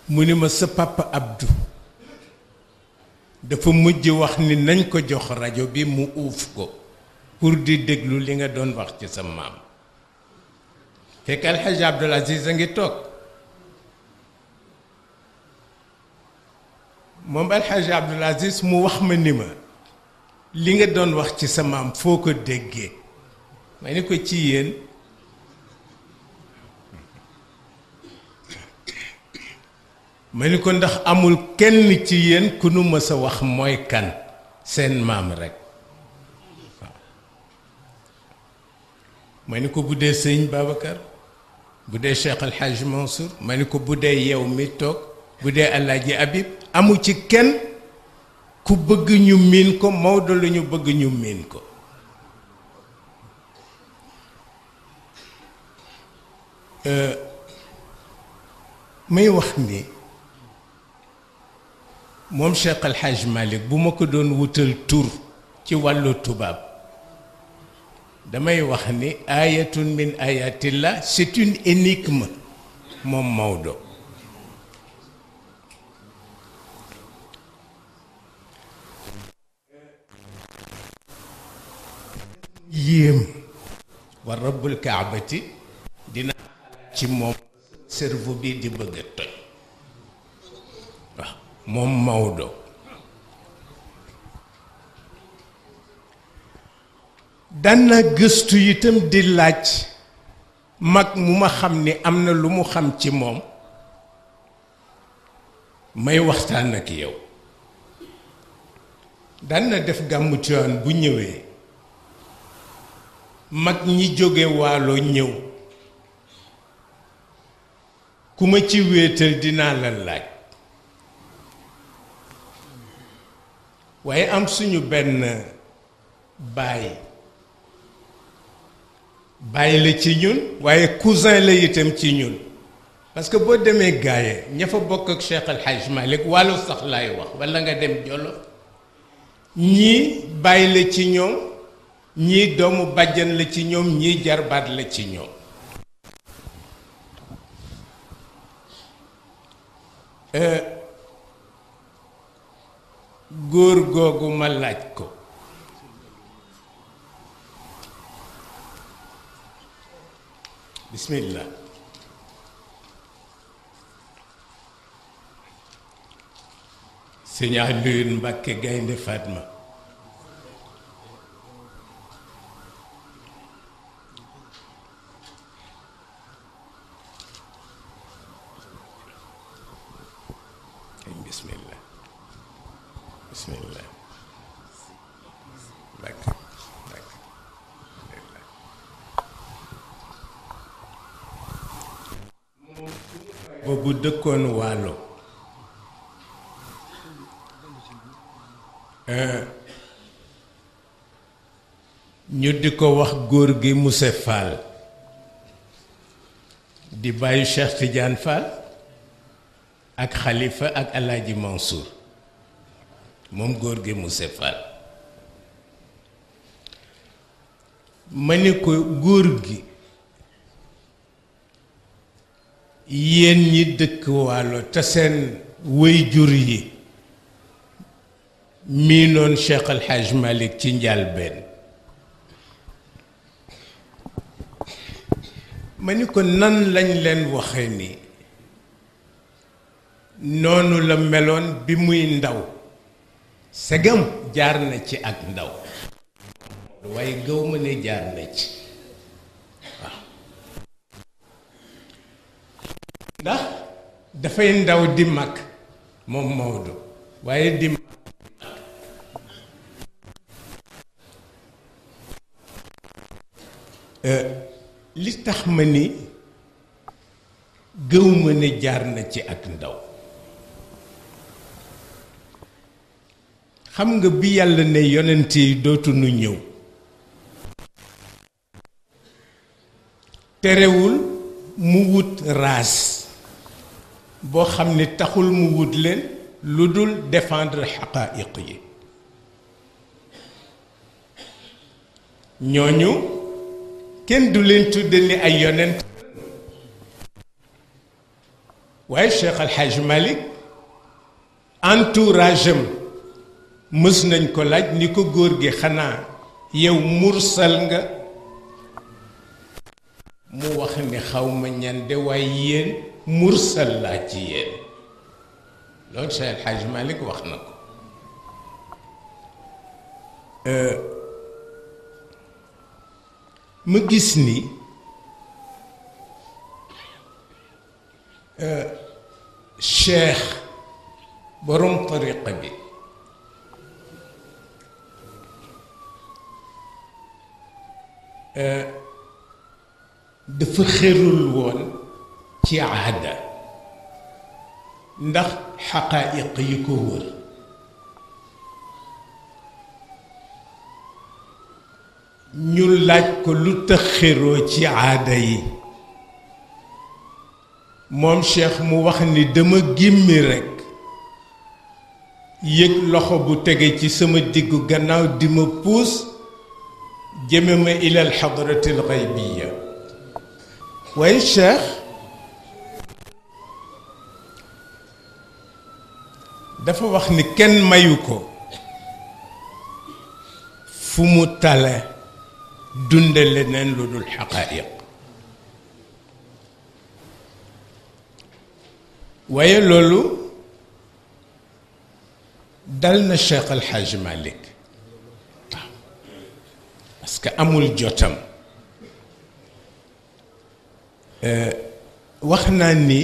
mu ni ma sa papa Abdou dafa mujj wax ni nañ ko jox rajo bi mu uuf ko pour di déglu li nga doon wax ci sa maam fekk alxaji Abdul a ngi toog moom alxaji Abdul mu wax ma ni ma li nga doon wax ci sa maam foo ko déggee ma ni ko ci yéen ma ni ko ndax amul kenn ci yéen ku nu mës wax mooy kan seen maam rek waaw ma ni ko bu dee sëñ Babacar bu dee Cheikh El Hadj ma ni ko bu dee yow mi toog bu dee Alaaji Habib amul ci kenn ku bëgg ñu miin ko Maodo la ñu bëgg ñu miin ko euh, may wax ni moom Cheikh Al Hadj bu ma ko doon wutal tur ci wàllu tubaab damay wax ni ayatun min ayatillah c'est une énigme moom Maodo yéem wa rabbul kaabati dina ci moom cerveau bi di bëgg toj moom Maodo dana gëstu itam di laaj mag mu ma xam ni am na lu mu xam ci moom may waxtaan ak yow daan na def gàmmu Tiwaawan bu ñëwee mag ñi jóge ñëw ku ma ci wéetal dinaa la laaj waaye am suñu benn baay baay la ci ñun waaye cousin la itam ci ñun parce que boo demee gaaye ña fa bokk ak Cheikh Al Hadj Malick wàllu sax laay wax wala nga dem jolo ñii baay la ci ñoom ñii doomu bàjjan la ci ñoom ñii jarbaat la ci ñoom euh, góor googu ma laaj ko bismillah sëñ Alioune Mbacke Gaynde faatma boobu dëkkoon waalo eh, ñu di ko wax góor gi Muse Fall di bàyyi Cheikh Tidiane Fall ak xalifa ak Alaaji Mansour moom góor gi Muse Fall ma ni ko góor gi yéen ñi dëkk waalo te seen wëy jur yi mii noon Cheikh Al Hadj Malick ci njàlbeen ma ni ko nan lañ leen waxe ni noonu la meloon bi muy ndaw segam jaar na ci ak ndaw waaye gëw ma ne jaar na ci ndax dafay ndaw di mag moom Maodo waaye di mag euh, li tax ma ni géwma ma ne jaar na ci ak ndaw xam nga bi yàlla ne yonent yi dootuñu ñëw terewul mu wut raas boo xam ne taxul mu wut leen lu dul défendre xaqaayiq yi ñooñu kenn du leen tudde ni ay yonent waaye Cheikh Al malik Malick mës nañ ko laaj ni ko góor gi xanaa yow mursal nga mu wax ni xaw ma ñande waaye yéen mursal laa ci yéen loolu Cheikh El Hadj Malick wax na ko euh, ma gis ni euh, cheikh borom tariqa bi euh, dafa xërul woon ci ahada ndax xaqaayiq yi ko wër ñu laaj ko lu tëxiroo ci aada yi moom cheikh mu wax ni dama gémmi rekk yëg loxo bu tege ci sama diggu gannaaw di ma puus jëme ma ilal xadratil xaybiya waaye cheikh dafa wax ni kenn mayu ko fu mu tale dunde leneen lu dul xaqaayiq waaye loolu dal na Cheikh Al Hadj Malick parce que amul jotam euh, wax naa ni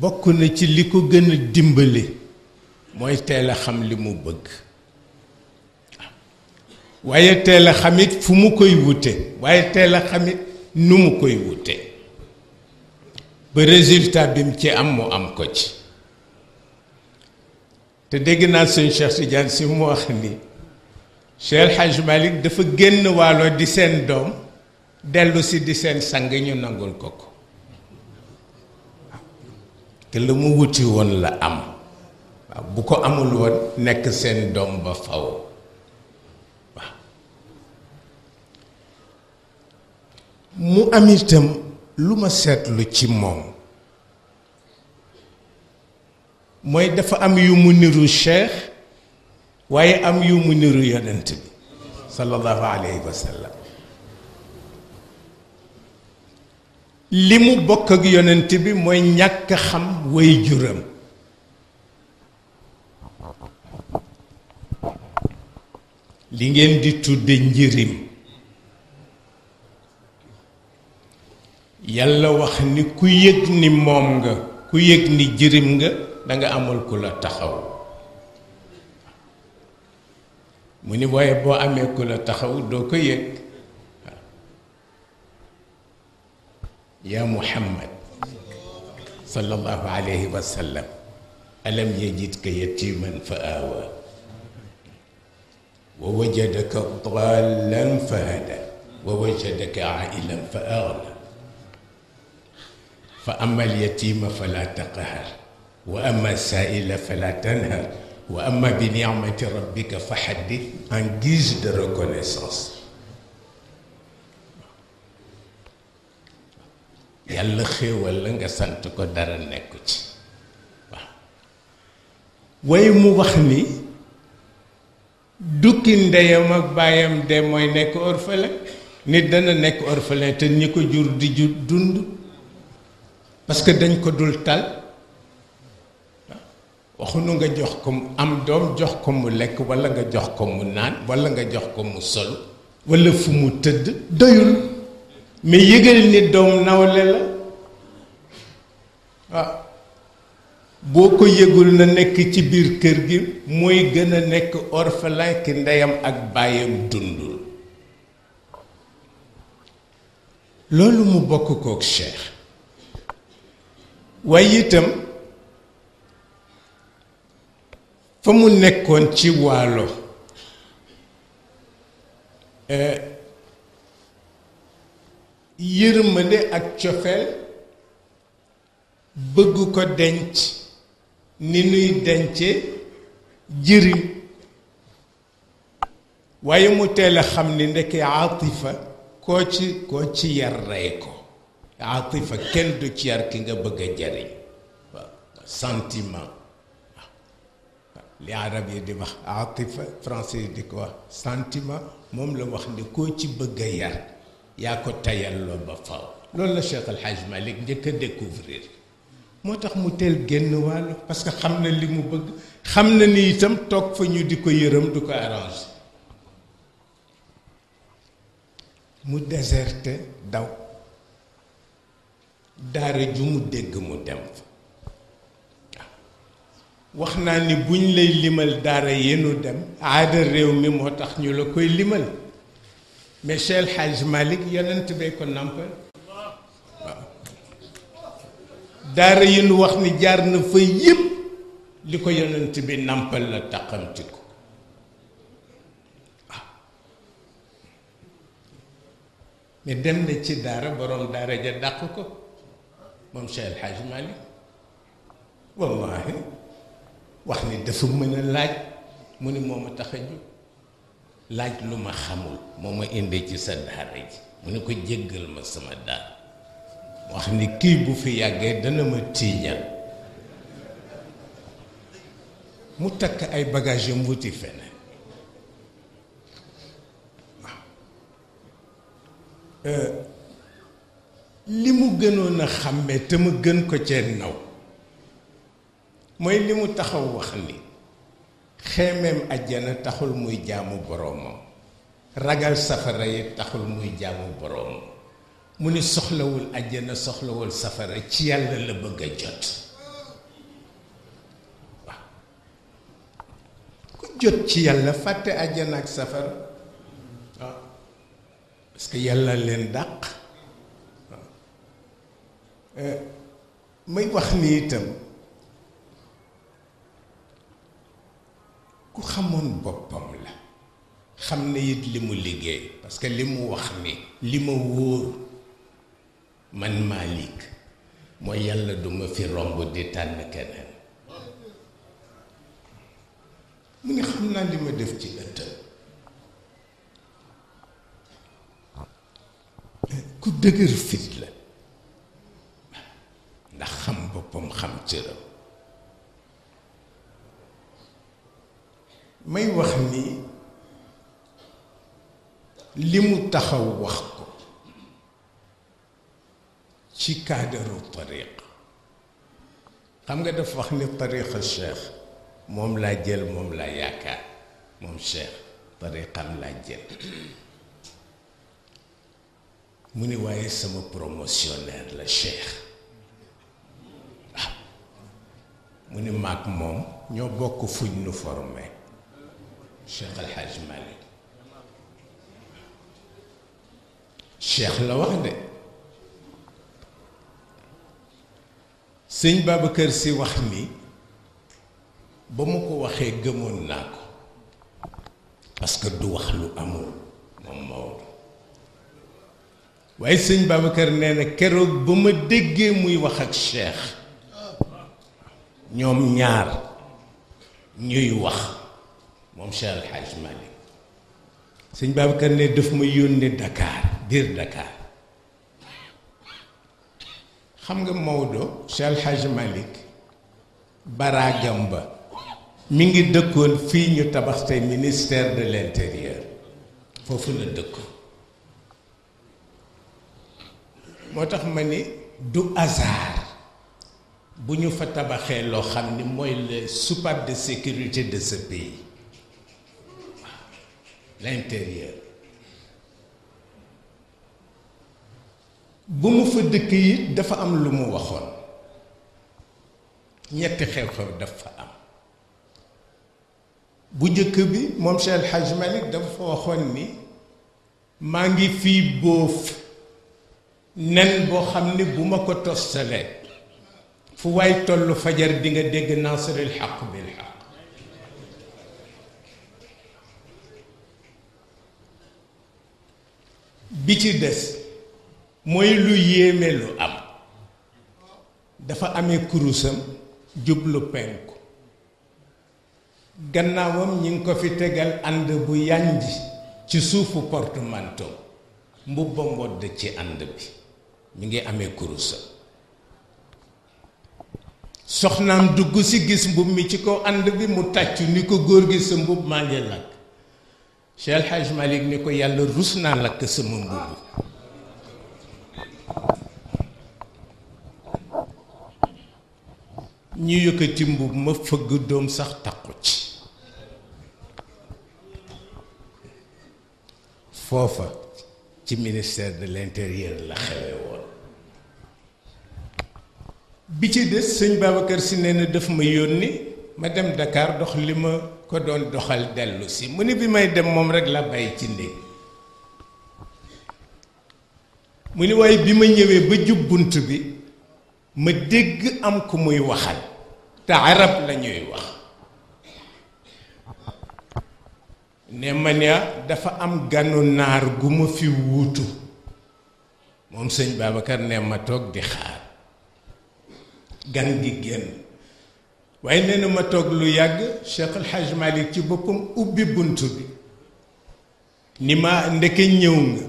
bokk na ci li ko gën a dimbali mooy teel a xam li mu bëgg waaye teel a xamit fu mu koy wute waaye teel a xamit nu mu koy wute ba résultat bi mu ci am mu am ko ci te dégg naa sëñ Cheikh Tidiane si mu wax ni Cheikh Hadj Malick dafa génn waalo di seen doom dellu di seen sang ñu nangul ko ko te la mu wuti woon la am bu ko amul woon nekk seen doom ba faw mu am lu ma seetlu ci moom mooy dafa am yu mu niru cheikh waaye am yu mu niru yonent bi sallallahu alayhi wa li mu bokk ak yonent bi mooy ñàkk xam way juram li ngeen di tudde njirim yàlla wax ni ku yëg ni moom nga ku yëg ni jërim nga danga amul ku la taxaw mu ni waaye boo amee ku la taxaw doo ko yëg yaa muhammad sallallahu alayhi wa sallam alam yajidka yatiman fa awa wa wajadaka daalan fa hada wa wajadaka ailan fa agna fa ama alyatima fala taqhar wa ama saila fala tanhar wa ama bi nicmati rabbika fa haddith en guise de reconnaissance yàlla xéewal la nga sant ko dara nekku ci waaw waaye mu wax ni dukki ndeyam ak baayam de mooy nekk orphelin nit dana nekk orphelin te ñi ko jur di jur dund parce que dañ ko dul tal waxunu nga jox ko mu am doom jox ko mu lekk walla nga jox ko mu naan walla nga jox ko mu sol walla fu mu tëdd doyul mais yëgal ni doom nawle la boo ko yëgul na nekk ci biir kër gi mooy gën a nekk orphelin ki ndeyam ak baayam dundul loolu mu bokk kook Cheikh waaye itam fa mu nekkoon ci waalo eh, yërmande ak cofeel bëgg ko denc ni nuy dence jërim waaye mu teel xam ni ndeke atifa koo ci koo ci yar rey ko atifa kenn du ci yar ki nga bëgg a jariñ waaw sentiment li arab yi di wax atifa français di ko wax sentiment moom la wax ni koo ci bëgg yar yaa ko tayal loo ba faw loolu la Cheikh Al Hadj Malick découvrir moo tax mu teel génn wàll parce que xam na li mu bëgg xam na ni itam toog fa ñu di ko yërëm du ko arrangé mu déserté daw daara ju mu dégg mu dem wax naa ni buñ lay limal daara yenu dem aada réew mi moo tax ñu la koy limal mais Cheikh El Hadj Malick yonent bay ko nampal daara yi nu wax ni jaar na fa yépp li ko yonent bi nàmpal la taqamti ko waaw ah. mais dem na ci daara boroom daara ja dàq ko moom Cheikh El Hadj wax ni dafa mën a laaj mu ni moo ma tax a jóg laaj lu ma xamul moo ma indi ci sa daara ji mu ni ko jéggal ma sama daara wax ni kii bu fi yàggee dana ma tiiñal mu takk ay bagage yam wuti feneen euh, li mu gënoon a xàmmee te ma gën ko cee naw mooy li mu taxaw wax ni xeemeem àjjana taxul muy jaamu boroomam ragal safara yi taxul muy jaamu boroomam mu ni soxlawul àjjana soxlawul safara ci yàlla la bëgg a jot waaw ku jot ci yàlla fàtte àjjana ak safara waaw parce que yàlla leen dàq euh, may wax ni itam ku xamoon boppam la xam na it li mu liggéey parce que li mu wax ni li ma wóor man Malick mooy yàlla duma fi romb di tànn keneen mu ne xam naa li ma def ci ëttal ku dëgër fit la ndax xam boppam xam cëram may wax ni li mu taxaw wax ci kaadaru tariq xam nga dafa wax ni tariqa cheikh moom laa jël moom laa yaakaar moom cheikh tariqam laa jël mu ni waaye sama promotionnaire la cheikh waaw mu ni maag moom ñoo bokk fuñ nu formé cheikh alxaaj malik cheikh la wax de sëñ Babacar si wax ni ba mu ko waxee gëmoon naa ko parce que du wax lu amul moom Maodo waaye sëñ Babacar nee na keroog ba ma déggee muy wax ak Cheikh ñoom ñaar ñuy wax moom Cheikh El Hadj Malick sëñ Babacar ne daf ma yónnee Dakar biir Dakar. xam nga Maodo Cheikh Al Hadj Malick baraagam ba mi ngi dëkkoon fii ñu tabax tey ministère de l'intérieur foofu la dëkk moo tax ma ni du hasard bu ñu fa tabaxee loo xam ni mooy le soupape de sécurité de ce pays l'intérieur bu mu fa dëkk yi dafa am lu mu waxoon ñetti xew-xew dafa am bu njëkk bi moom Cheikh El Hadj Malick dafa waxoon ni maa ngi fii boof nen boo xam ne bu ma ko tostalee fu waay tollu fajar di nga dégg naasaril xaq bil xaq bi ci des mooy lu yéeme lu am dafa ame kurusam jublu penku gannaawam ñi ngi ko fi tegal ànd bu yànji ci suufu portemanteau mbubba mbodd ci ànd bi mi ngi amee kurusam soxnaam dugg si gis mbubb mi ci kaw ànd bi mu tàccu ni ko góor gi sa mbub maa ngi lakk Cheikh El ni ko yàlla rus naa lakk sama mbubb ñu yëkkati mbubb ma fëgg doom sax takku ci foofa ci ministère de l'intérieur la xewe woon bi ci des sëñ Babacar si nee na daf ma yónni ma dem Dakar dox li ma ko doon doxal dellusi si mu ni bi may dem moom rek la bàyyi ci ndég mu ni waaye bi ma ñëwee ba jub bunt bi ma dégg am ku muy waxal te arab la wax ne ma ne dafa am ganu naar gu ma fi wuutu moom sëñ Babacar ne ma toog di xaar gan gi génn waaye nee na ma toog lu yàgg Cheikh El Hadj ci boppam ubbi bunt bi ni ma ndeke ñëw nga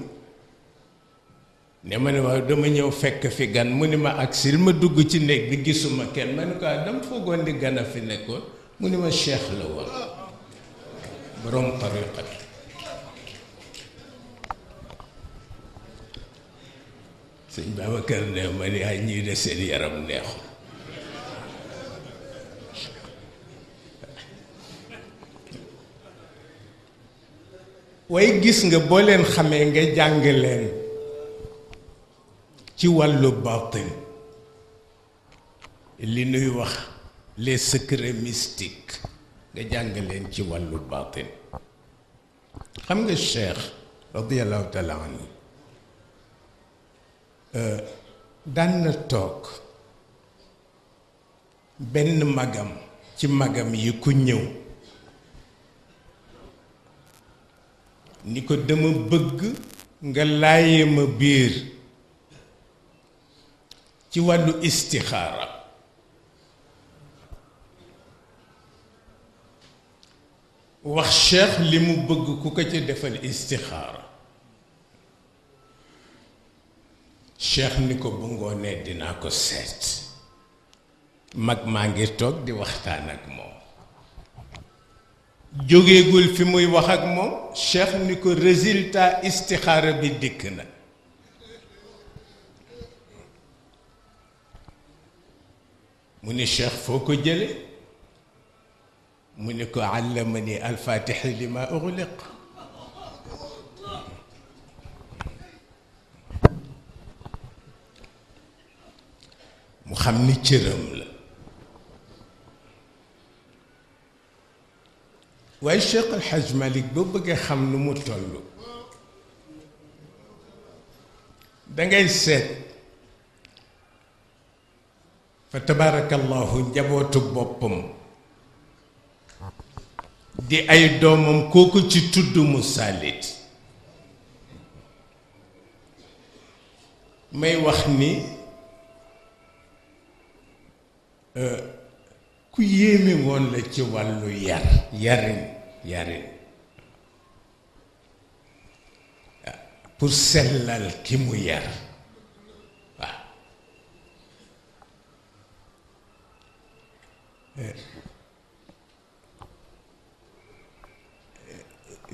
ne ma ne waaw dama ñëw fekk fi gan mu ni ma agsi agsil ma dugg ci néeg bi gisuma kenn ma ne ko ah, dama foogoon di gan a fi nekkoon mu ni ma cheikh la woon borom tariqa bi sëñ Babacar ne ma ni ay ñii de seen yaram neexul waaye gis nga boo leen xamee nga jàng leen ci wàllu baatin li nuy wax les secrets mystiques nga jàng leen ci wàllu baatin xam nga cheikh radiallahu taala anhu euh, daan na toog benn magam ci magam yi ku ñëw ni ko dama bëgg nga laaye ma biir ci wàllu istixaara wax cheikh li mu bëgg ku ko ci defal istixaara cheikh ni ko bu ngoonee dinaa ko seet mag maa ngir toog di waxtaan ak moom jógeegul fi muy wax ak moom cheikh ni ko résultat istixaara bi dikk na mu ni cheikh foo ko jële mu ni ko allamani alfatixi li ma uxliq mu xam ni cëram la waaye cheikh alxaj malik boo bëggee xam nu mu toll dangay seet fa tabaarakallaahu njabootu boppam di ay doomam kooku ci tudd mu saalit may wax ni euh, ku yéeme woon la ci wàllu yar yarin yarin pour sellal ki mu yar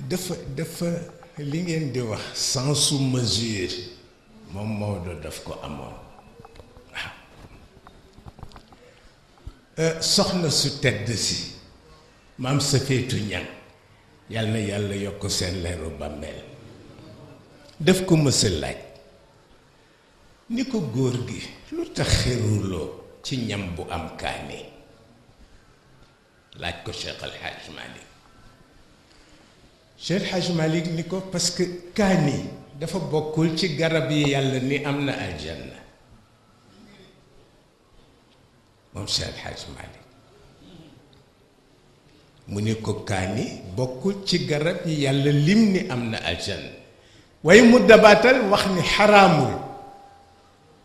dafa dafa li ngeen di wax sans sous mesure moom Maodo daf ko amoon ah. euh, soxna su tedd si maam sa féetu ñan yàlla na yàlla yokk seen leeru bàmmeel daf ko mësa laaj ni ko góor gi lu tax xeruloo ci ñam bu am kaani laaj ko Cheikh Al Hadj Malick Cheikh Hadj ni ko parce que kaani dafa bokkul ci garab yi yàlla ni am na aljanna moom Cheikh Al Hadj mu ni ko kaani bokkul ci garab yi yàlla lim ni am na aljanna waaye mu dabaatal wax ni xaraamul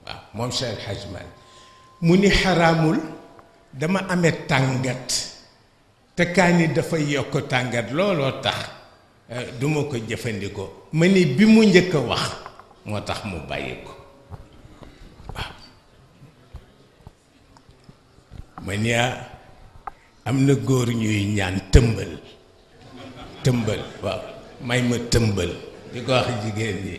waaw moom Cheikh Al Hadj mu ni xaraamul dama amee tàngat te kaani dafay yokk tàngat looloo tax eh, duma ko jëfandikoo ma ni bi mu njëkk a wax moo tax mu bàyyi ko waaw ma ni ah, am na góor ñuy ñaan tëmbal tëmbal waaw may ma tëmbal di ko wax jigéen yi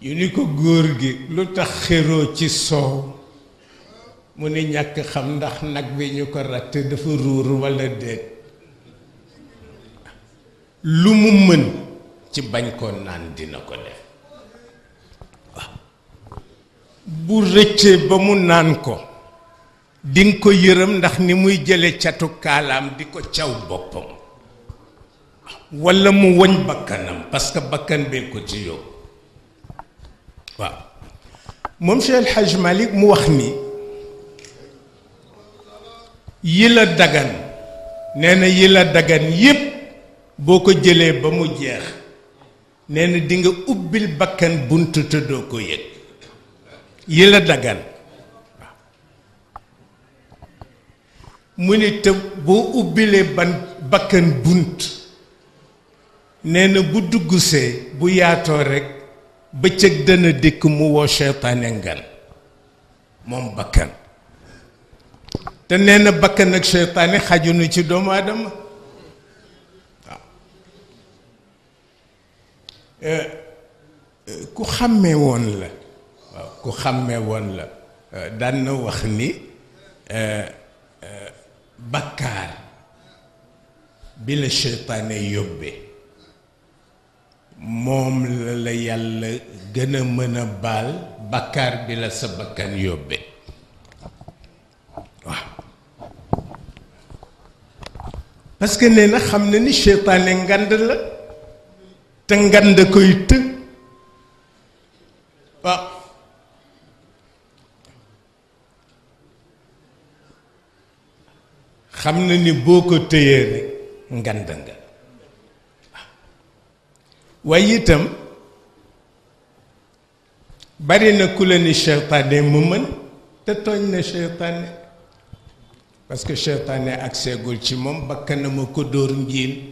yu ni ko góor gi lu tax xéroo ci soow mu ni ñàkk xam ndax nag bi ñu ko ratt dafa ruur walla déet lu mu mën ci bañ koo naan dina ko def waaw bu rëccee ba mu naan ko dinga ko yërëm ndax ni muy jële catu kaalaam di ko caw boppam walla mu woñ bakkanam parce que bakkan bee ko ci yóbbu waaw moom Cheikh El Hadj mu wax ni yi la dagan nee daggan yépp boo ko jëlee ba mu jeex neena dinga ubbil bakkan bunt te doo ko yëg yi la dagan mu ne te boo ubbilee ban bakkan bunt nee bu duggsee bu yaatoo rekk bëccëg dana dikk mu woo seytaane ngan moom bakkan te nee na bakkan ak seytaane xajunu ci doomu aadama eh, eh, ku xàmmee woon la waaw ku xàmmee woon la eh, daan na wax ni bakkaar bi la seytaane yóbbee moom la la yàlla gën a mën a baal bakkaar bi la sa bakkan yóbbe waaw parce que nee na xam na ni seytaane ngand la te ngand koy të xam na ni boo ko téyee rek ngand nga waaye itam bari na ku la ni seytaane mu mën te tooñ na seytaane parce que ak seegul ci moom bakkanam a ko dóor njiin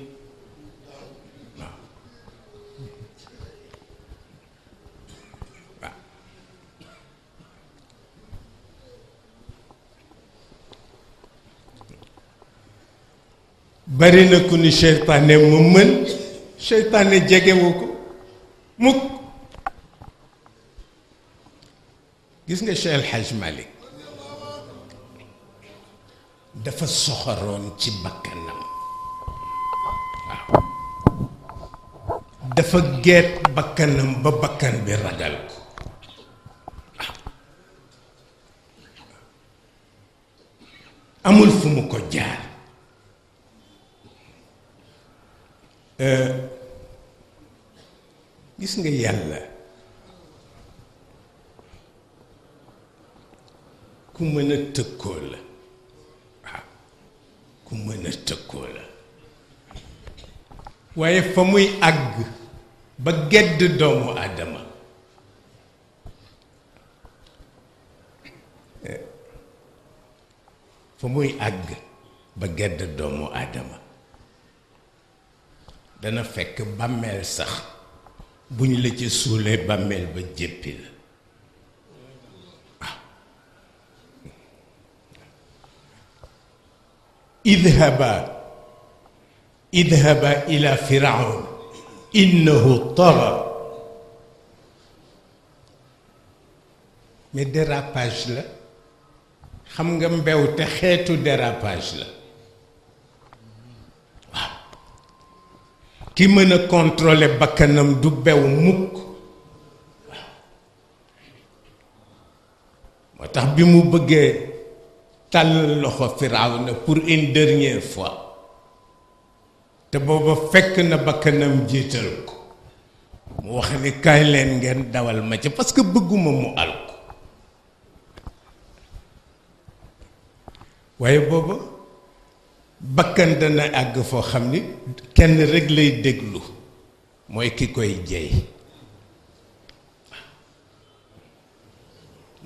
bari na ku ni seytaane mu mën seytaane jegewu ko mukk gis nga Cheikh El Hadj dafa soxoroon ci bakkanam waaw dafa geet bakkanam ba bakkan bi ragal ko amul fu mu ko jaar euh, gis nga yàlla ku mën a tëkkoo la waaw ku mën a tëkkoo la waaye fa muy àgg ba gedd doomu Adama fa muy àgg ba gedd doomu Adama dana fekk bàmmeel sax bu ñu la ca suulee bàmmeel ba jéppi la ah. idhaba ila firaun innahu tagha mais dérapage la xam nga mbew te xeetu dérapage la ki mën a contrôler bakkanam du bew mukk waaw moo tax bi mu bëggee tàllal loxo na pour une dernière fois te booba fekk na bakkanam jiital ko mu wax ni kaay leen ngeen dawal ma ci parce que bëgguma mu alko waaye booba bakkan dana àgg foo xam ni kenn rek lay déglu mooy ki koy jey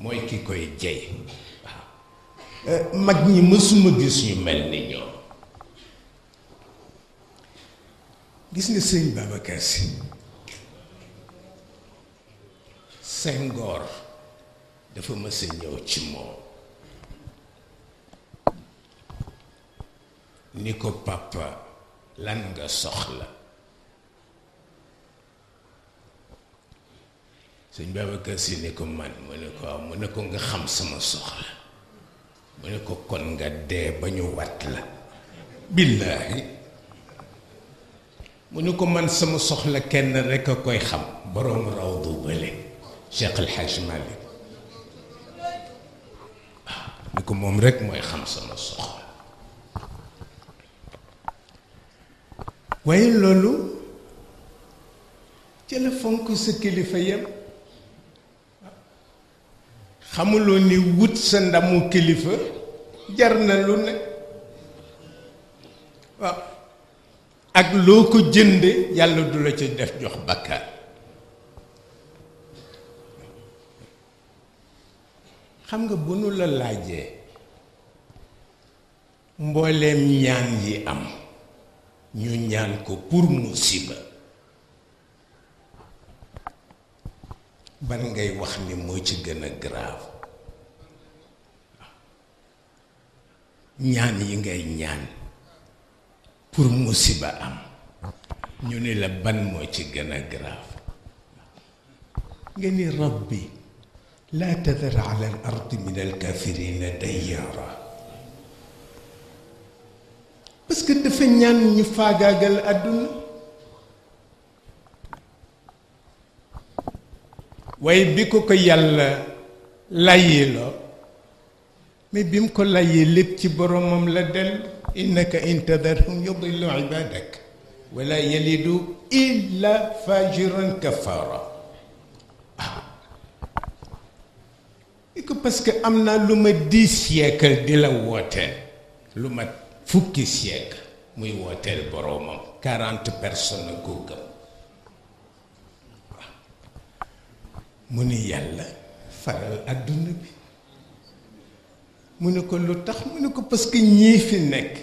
mooy ki koy jey mag ñi mësuma gis ñu mel ni ñoom gis nga sëñ Babacar Sy dafa mës a ñëw ci moom ni ko papa lan nga soxla sëñ Babacar Si ni ko man mu ne ko waaw mu ne ko nga xam sama soxla mu ne ko kon nga dee ba ñu wat la billaahi mu ne ko man sama soxla kenn rekk a koy xam boroom raw du bële Cheikh El Hadj ah, ni ko moom rekk mooy xam sama soxla waaye loolu ci fonk sa kilifa yam xamuloo ni wut sa ndamu kilifa jar na lu ne ak loo ko jënde yàlla du la ci def jox bakkaar xam nga bu nu la laajee mbooleem ñaan yi am ñu ñaan ko pour musiba ban ngay wax ni moo ci gën a grave ñaan yi ngay ñaan pour musiba am ñu ni la ban moo ci gën a grave nga ni rabbi laa tadar al ardi min alkafirina dayyaara parce que dafa ñaan ñu faagaagal àdduna waaye bi ko ko yàlla layyiloo mais bi mu ko layyee lépp ci boromam la dellu innaka intadarhum yudillu ibadak wala yalidu illa fajiran kafara waaw ah. ko parce am naa lu ma dix siècle di la woote lu ma fukki siècle muy wooteel boroomam quarante personnes ko mu ni yàlla faral àdduna bi mu ne ko lu tax mu ne ko parce que ñii fi nekk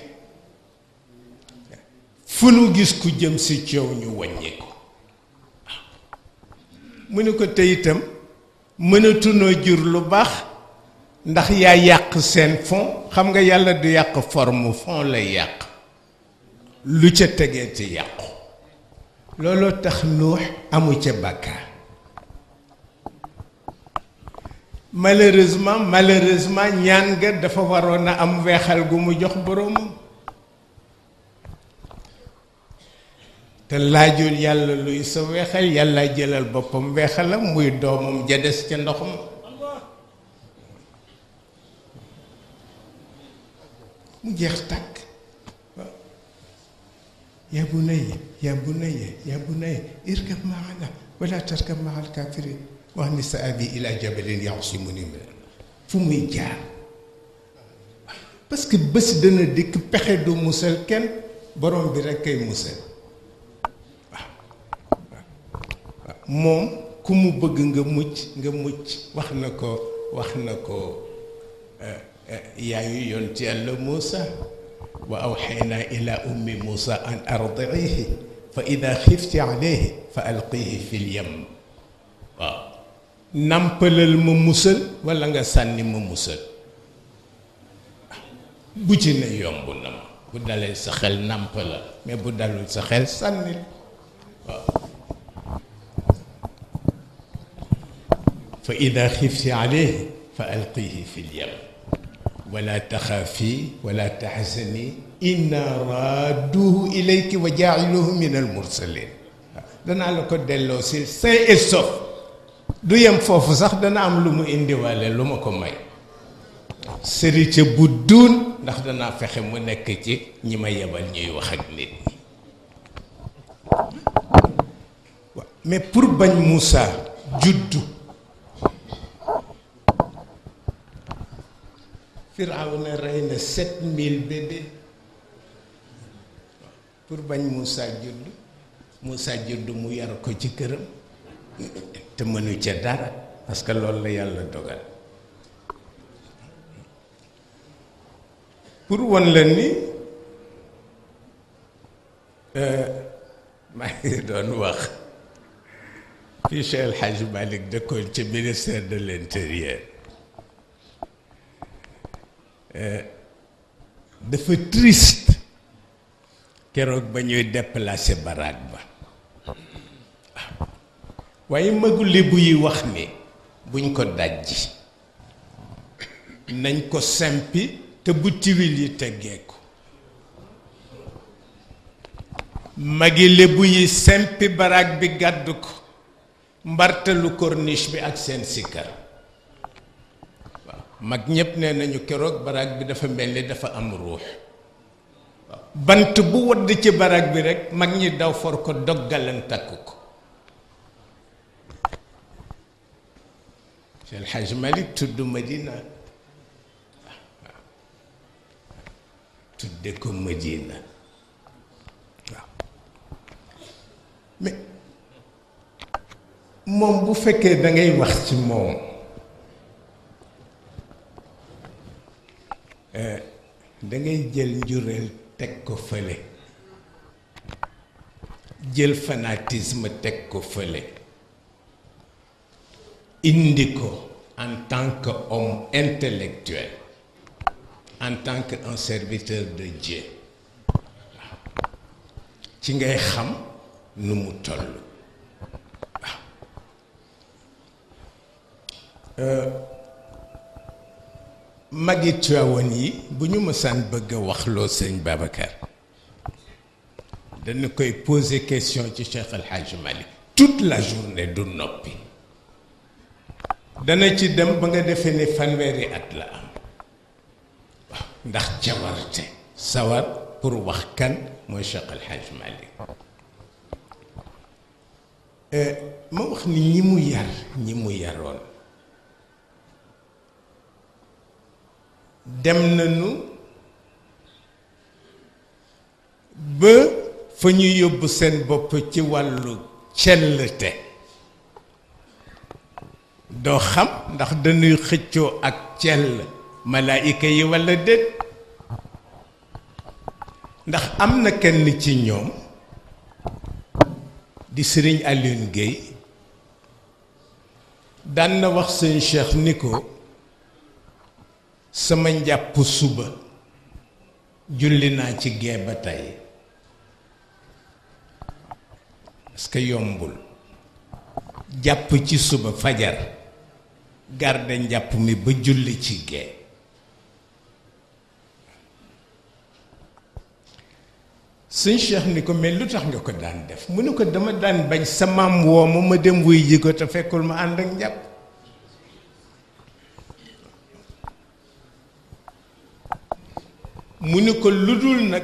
fu nu gis ku jëm si coow ñu wàññi ko mu ne ko te itam jur lu baax ndax yaa yàq seen fond xam nga yàlla du yàq forme fond lay yàq lu ca tegee ci yàqu looloo tax nuux amu ca bàkkaar malheureusement malheureusement ñaan nga dafa waroon a am weexal gu mu jox boroomam te laajul yàlla luy sa weexal yàlla jëlal boppam weexalam muy doomam ja des ca ndox ma mu jeex tàkk waaw yaa bunayya yaa bunayya yaa bunayya irkab maana wala tarkab maal kafirin wax ni sa abi ila jabalin ya'simuni fu muy jaar parce que bés dana dikk pexe du musal kenn borom bi rek kay musal moom ku mu bëgg nga mucc nga mucc wax na ko wax na ko eh, yaayu yonent yàlla Muusa wa awxaynaa ilaa ummi Muusa an ardiihi fa idaa xifti alayhi fa alqiihi fil yam waaw nàmpalal ma musal walla nga sànni ma musal bu ci ne yomb na ma bu dalee sa xel nàmpalal mais bu dalul sa xel sànni waaw fa idaa xifti alayhi fa alqiihi fil yam wala taxaafi wala taxasani inna raaduhu ilayki wa jaaciluhu min al danaa la ko delloo si sain et sauf du yem foofu sax dana am lu mu indiwaale lu ma ko may sërite bu duun ndax danaa fexe mu nekk ci ñi ma yebal ñuy wax ak nit ñi mais pour bañ Moussa juddu Firawna rey na sept mille bébé pour bañ Moussa judd Moussa judd mu yar ko ci këram te mënu ca dara parce que loolu la yàlla dogal pour won la ni euh, maa ngi doon wax fii Cheikh El dëkkoon ca ministère de l'intérieur Eh, dafa triste keroog ba ñuy déplacé baraag ba waaye magu lébu yi wax ni buñ ko dajji nañ ko sempi te bu tiwil yi teggee ko magi lébu yi sempi baraag bi gàdd ko mbartalu corniche bi ak seen sikkar mag ñépp nee nañu keroog baraag bi dafa mel ni dafa am ruux bant bu wadd ci baraag bi rekk mag ñi daw for ko doggalan takk ko Seex Alxaaj Malik tudd Madina tudde ko Madina waaw moom bu fekkee dangay wax ci moom Eh, dangay jël njureel teg ko fële jël fanatisme teg ko fële indi ko en tant que homme intellectuel en tant que un serviteur de Dieu ci ngay xam nu mu toll waaw euh, magi yi bu ñu mësaan bëgg a waxloo sëñ Babacar dañu koy poser question ci Cheikh El Hadj Malick la journée du noppi dana ci dem ba nga defee ni fanweeri at la am ndax jawarte sawar pour wax kan mooy Cheikh El Hadj euh, ma wax ni ñi mu yar ñi mu yaroon dem nañu ba fa ñu yóbbu seen bopp ci wàllu cellte doo xam ndax dañuy xëccoo ak cell malaayika yi walla déet ndax am na kenn ci ñoom di sëriñ alin Guèye daan na wax seen cheikh ni ko sama njàpp suba julli naa ci gee ba tey parce que yombul jàpp ci suba fajar garde njàpp mi ba julli ci gee suñ Cheikh ni ko mais lu tax nga ko daan def mu ne ko dama daan bañ sa maam woo ma ma dem wuy ji fekkul ma ànd ak njàpp mu ni ko lu dul nag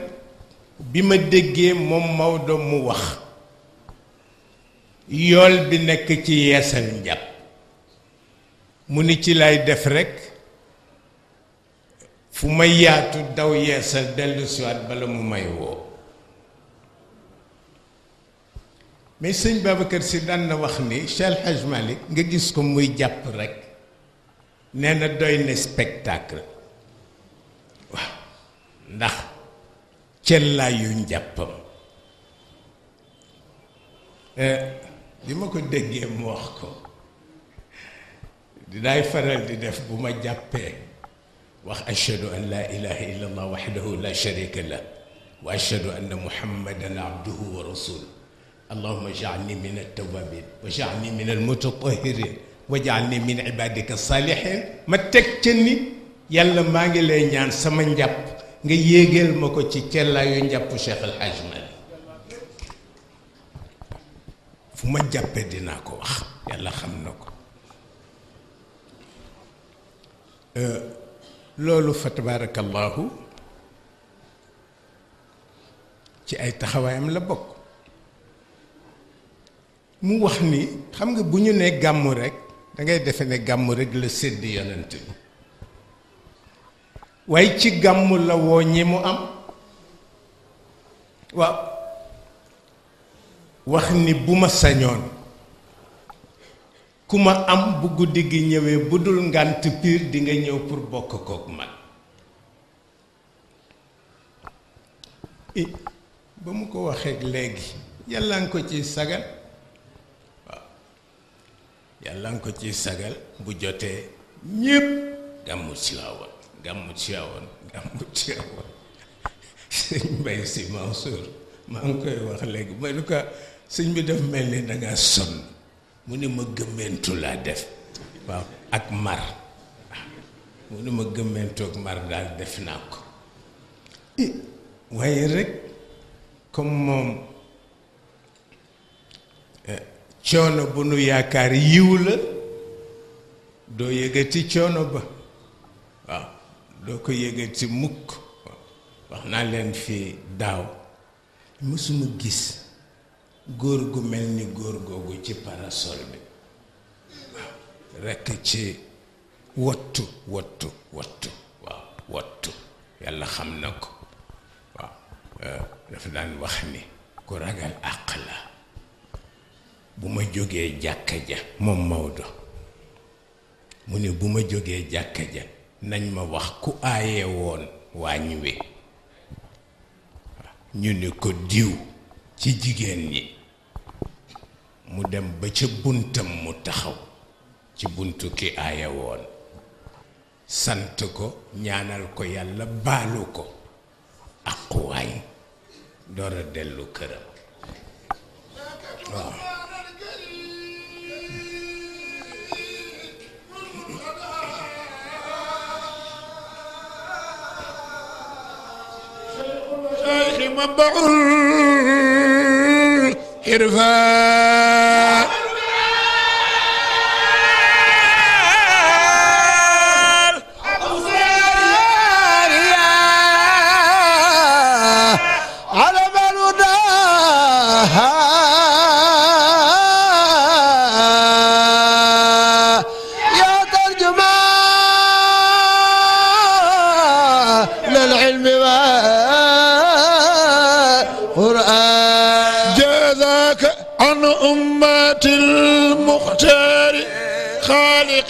bi ma déggee moom Maodo mu wax yool bi nekk ci yeesal njàpp mu ni ci lay def rekk fu ma yaatu daw yeesal dellu bala mu may woo mais sëñ Babacar si daan na wax ni chel Hadj Malick nga gis ko muy jàpp rekk nee na doy na spectacle ndax cellaayu njàppam bi eh, ma ko déggee mu wax ko dinaay faral di def bu ma jàppee wax ashhadu an laa ilaha illa allah waxdahu la sharika lah wa ashhadu anna muhammadan abduhu wa rasul allahuma jaalni min altawabin wa jaalni min almutatahirin wa jaalni min ibadika salihin ma teg ca ni yàlla maa ngi lay ñaan sama njàpp nga yéegeel ma ko ci cellaayu njàpp Cheikh El fu ma jàppee dinaa ko wax yàlla xam na ko euh, loolu fa tabaarakallaahu ci ay taxawaayam la bokk mu wax ni xam nga bu ñu nee gàmmu rekk dangay ngay defe ne gàmmu rek la sédd yonent bi waaye ci gàmmu la woo ñi mu am waaw wax ni bu ma sañoon ku ma am bu guddi gi ñëwee bu dul ngànt piir di ñëw pour bokk kook man ba mu ko waxee léegi yàlla nga ko ciy sagal waaw yàlla nga ko ciy sagal bu jotee ñépp gàmmu Tiwaawan gàmmu Tiwaawan gàmmu Tiwaawan sëñ Mbay Si Mansour maa ngi koy wax léegi ma ne ko sëñ bi def mel ni dangaa sonn mu ne ma gëmmentu laa def waaw ak mar mu ne ma gëmmentu mar daal def naa ko waaye rek comme moom eh, coono bu nu yaakaar yiw la doo yëgati coono ba doo ko yëgati mukk wax naa leen fi daaw mësuma gis góor gu mel ni góor googu ci parasol bi waaw rekk ci wattu wattu wattu waaw wattu yàlla xam na ko waaw euh, dafa daan wax ni ku ragal àq la bu ma jógee jàkka ja moom Maodo mu ne bu ma jógee jàkka ja nañ ma wax ku aaye woon waañ wi ñu ni ko diw ci jigéen ñi mu dem ba ca buntam mu taxaw ci buntu ki aaye woon sant ko ñaanal ko yàlla baalu ko ak waañ door dellu këram
الشيخ منبع الإرفاق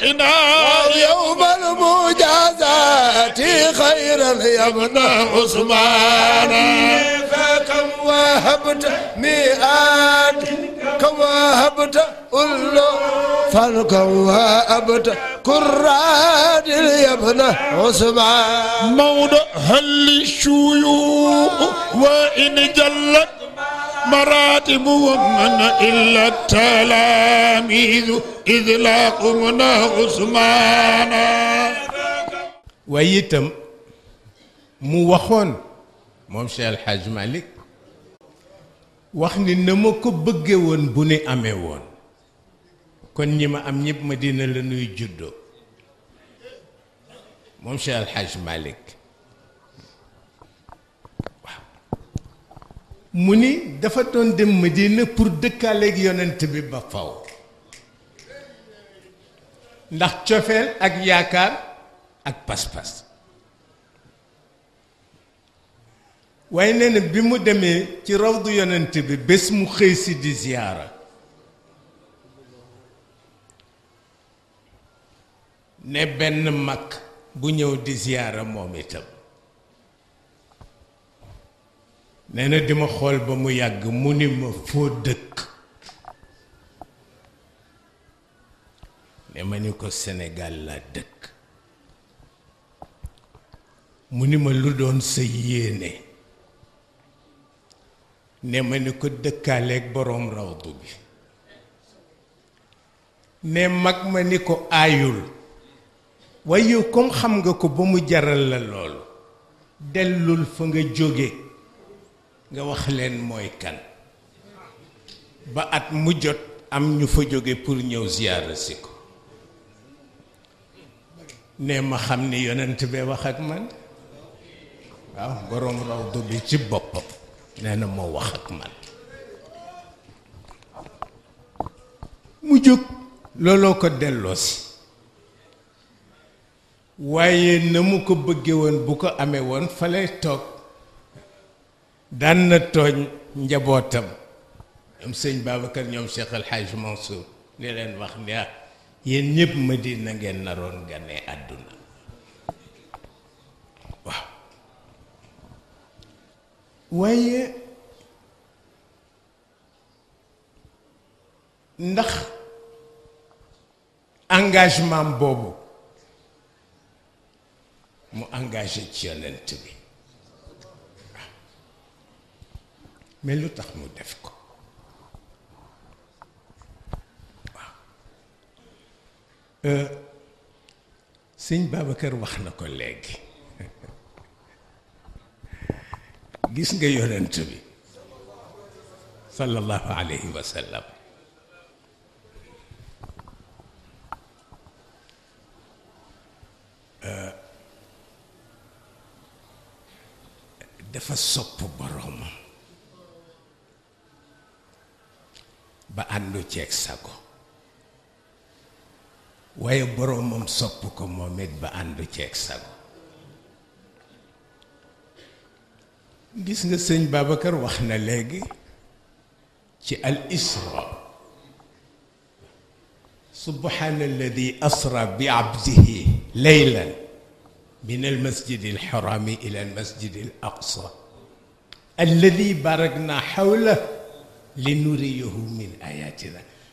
الخناع يوم المجازات
خيرا يا ابن عثمان فكم وهبت
مئات كم وهبت ألو فالكم وهبت كراد يا ابن عثمان موضع هل الشيوخ وإن جلت
مراتبهن إلا التلاميذ إذ لاقمنا عثمانا
waaye itam mu waxoon moom Cheikh El Hadj Malick wax ni na ma ko bëgge woon bu ni amee woon kon ñi ma am ñëpp ma dina la juddoo moom Cheikh El Hadj Malick mu ni dafa doon dem Medina pour dëkkaaleeg yonent bi ba faw ndax cofeel ak yaakaar ak pas-pas waaye nee na bi mu demee ci raw rawdu yonent bi bés mu xëy si di ziyaara ne benn mag bu ñëw di ziyaara moom itam nee na di ma xool ba mu yàgg mu ni ma foo dëkk ne ma ni ko Sénégal laa dëkk mu ni ma lu doon sa yéene ne ma ni ko dëkkaaleeg boroom rawdu bi ne mag ma ni ko aayul waaye yow comme xam nga ko ba mu jaral la lool dellul fa nga jóge nga wax leen mooy kan ba at mu jot am ñu fa jóge pour ñëw ziyaara si ko ne ma xam ni yonent bee wax ak man waaw boroom rawdu bi ci boppam nee na moo wax ak man mu jóg looloo ko delloosi waaye na mu ko bëgge woon bu ko amee woon fa lay toog daan na tooñ njabootam ñoom sëñ Babacar ñoom Cheikh El Hadj Mansour li leen wax ne ah yéen ñëpp Madina ngeen naroon gane àdduna waaw waaye ndax engagement boobu mu engagé ci yonent bi mais lu tax mu def ko waaw euh, sëñ Babacar wax na ko léegi gis nga yonent bi sallallahu alayhi wa sallam euh, ba àndu ceeg sago waaye boroomam sopp ko moom it ba àndu ceeg sago gis nga sëñ Babacar wax na léegi ci al isra subhaana alladi asra bi abdihi leylan min al masjidi al xarami ila al masjidi al aqsa alladi barak na xawla li nuriyahu min la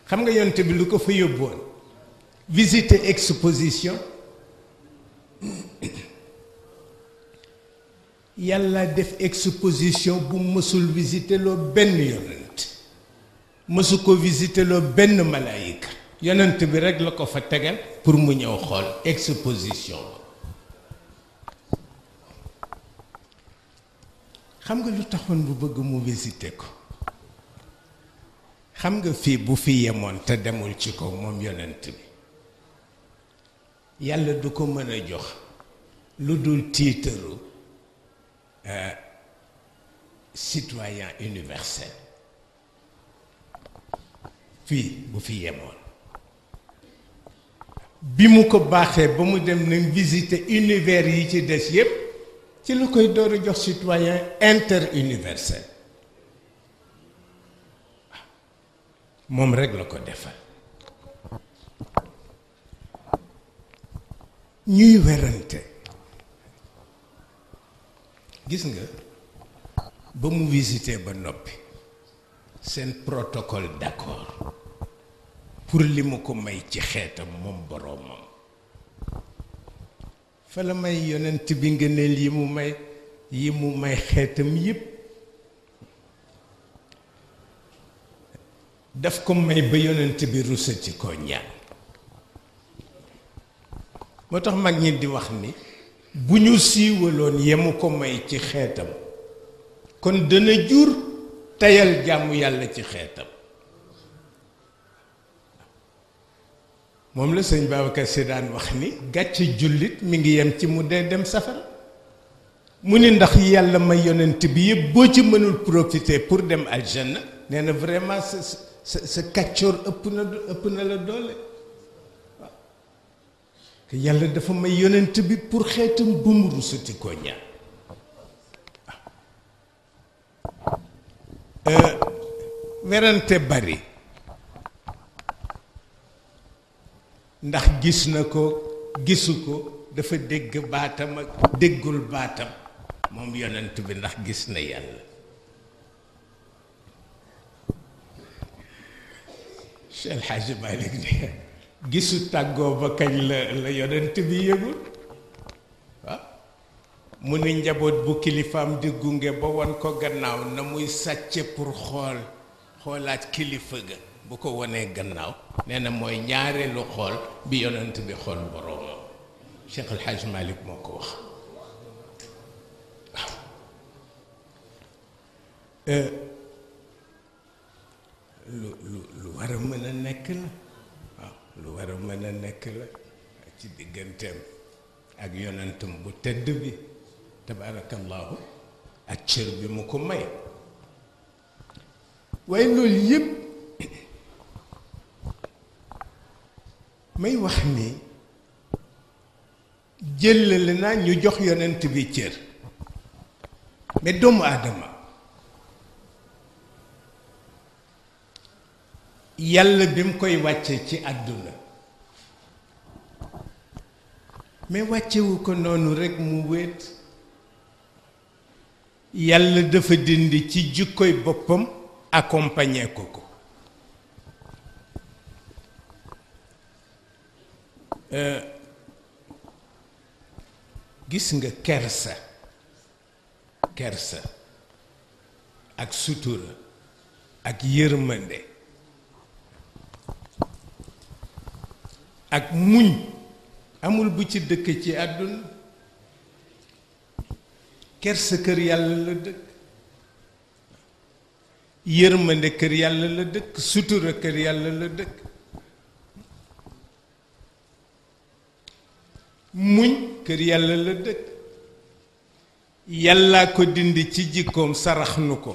xam nga yonte bi lu ko fa yóbboon visiter exposition [COUGHS] yàlla def exposition bu mësul visiter loo benn yonent mësu ko visiter loo benn malaayika yonent bi rek la ko fa tegal pour mu ñëw xool exposition xam nga lu taxoon bu bëgg mu visiter ko xam nga fii bu fi yemoon te demul ci kaw moom yonent bi yàlla du ko mën a jox lu dul tiitaru euh, citoyen universel fii bu fi yemoon bi mu ko baaxee ba mu dem nañ visiter univers yi ci des yépp ci lu koy dooru jox citoyen inter universel moom rekk la ko defal ñuy werante gis nga ba mu visité ba noppi seen protocole d'accord pour li mu ko may ci xeetam moom boroomam fa may yonent bi ngëneel yi mu may yi mu may xeetam yépp daf ko may ba yonent bi rusati koo ñaan moo tax mag ñi di wax ni bu ñu siiwaloon yemu ko may ci xeetam kon dana jur teyal jàmm yàlla ci xeetam moom la sëñ Babacar Si daan wax ni gàcce jullit mi ngi yem ci mu dee dem safara mu ni ndax yàlla ma yonent bi yëpp boo ci mënul profiter pour dem aljanna nee na vraiment sa sa kàccoor ëpp na la doole yàlla dafa may yonent bi pour xeetam bu mu rusati ah. euh, werante bari ndax gis na ko gisu ko dafa dégg baatam ak déggul baatam moom yonent bi ndax gis na yàlla Cheikh El Hadj ne gisu tàggoo ba kañ la la yonent bi yëgul mu ni njaboot bu kilifaam di gunge ba won ko gannaaw na muy sàcce pour xool xoolaat kilifa ga bu ko wanee gannaaw nee mooy ñaareelu xool bi yonent bi xool boroomam Cheikh El Hadj moo ko wax waaw euh, lu war a mën a nekk la waaw lu war a mën a nekk la ci digganteem ak yonentam bu tedd bi tabaarakallaahu ak cër bi mu ko may waaye loolu yëpp may wax ni jëlale naa ñu jox yonent bi cër mais doomu aadama yàlla bi mu koy wàcce ci àdduna mais wàccewu ko noonu rekk mu wéet yàlla dafa dindi ci jikkoy boppam accompagner ko ko euh, gis nga kersa kersa ak sutura ak yërmande ak muñ amul bu ci dëkk ci àdduna kersa kër yàlla la dëkk yërmande kër yàlla la dëkk sutura kër yàlla la dëkk muñ kër yàlla la dëkk yàllaa ko dindi ci jikkoom sarax nu ko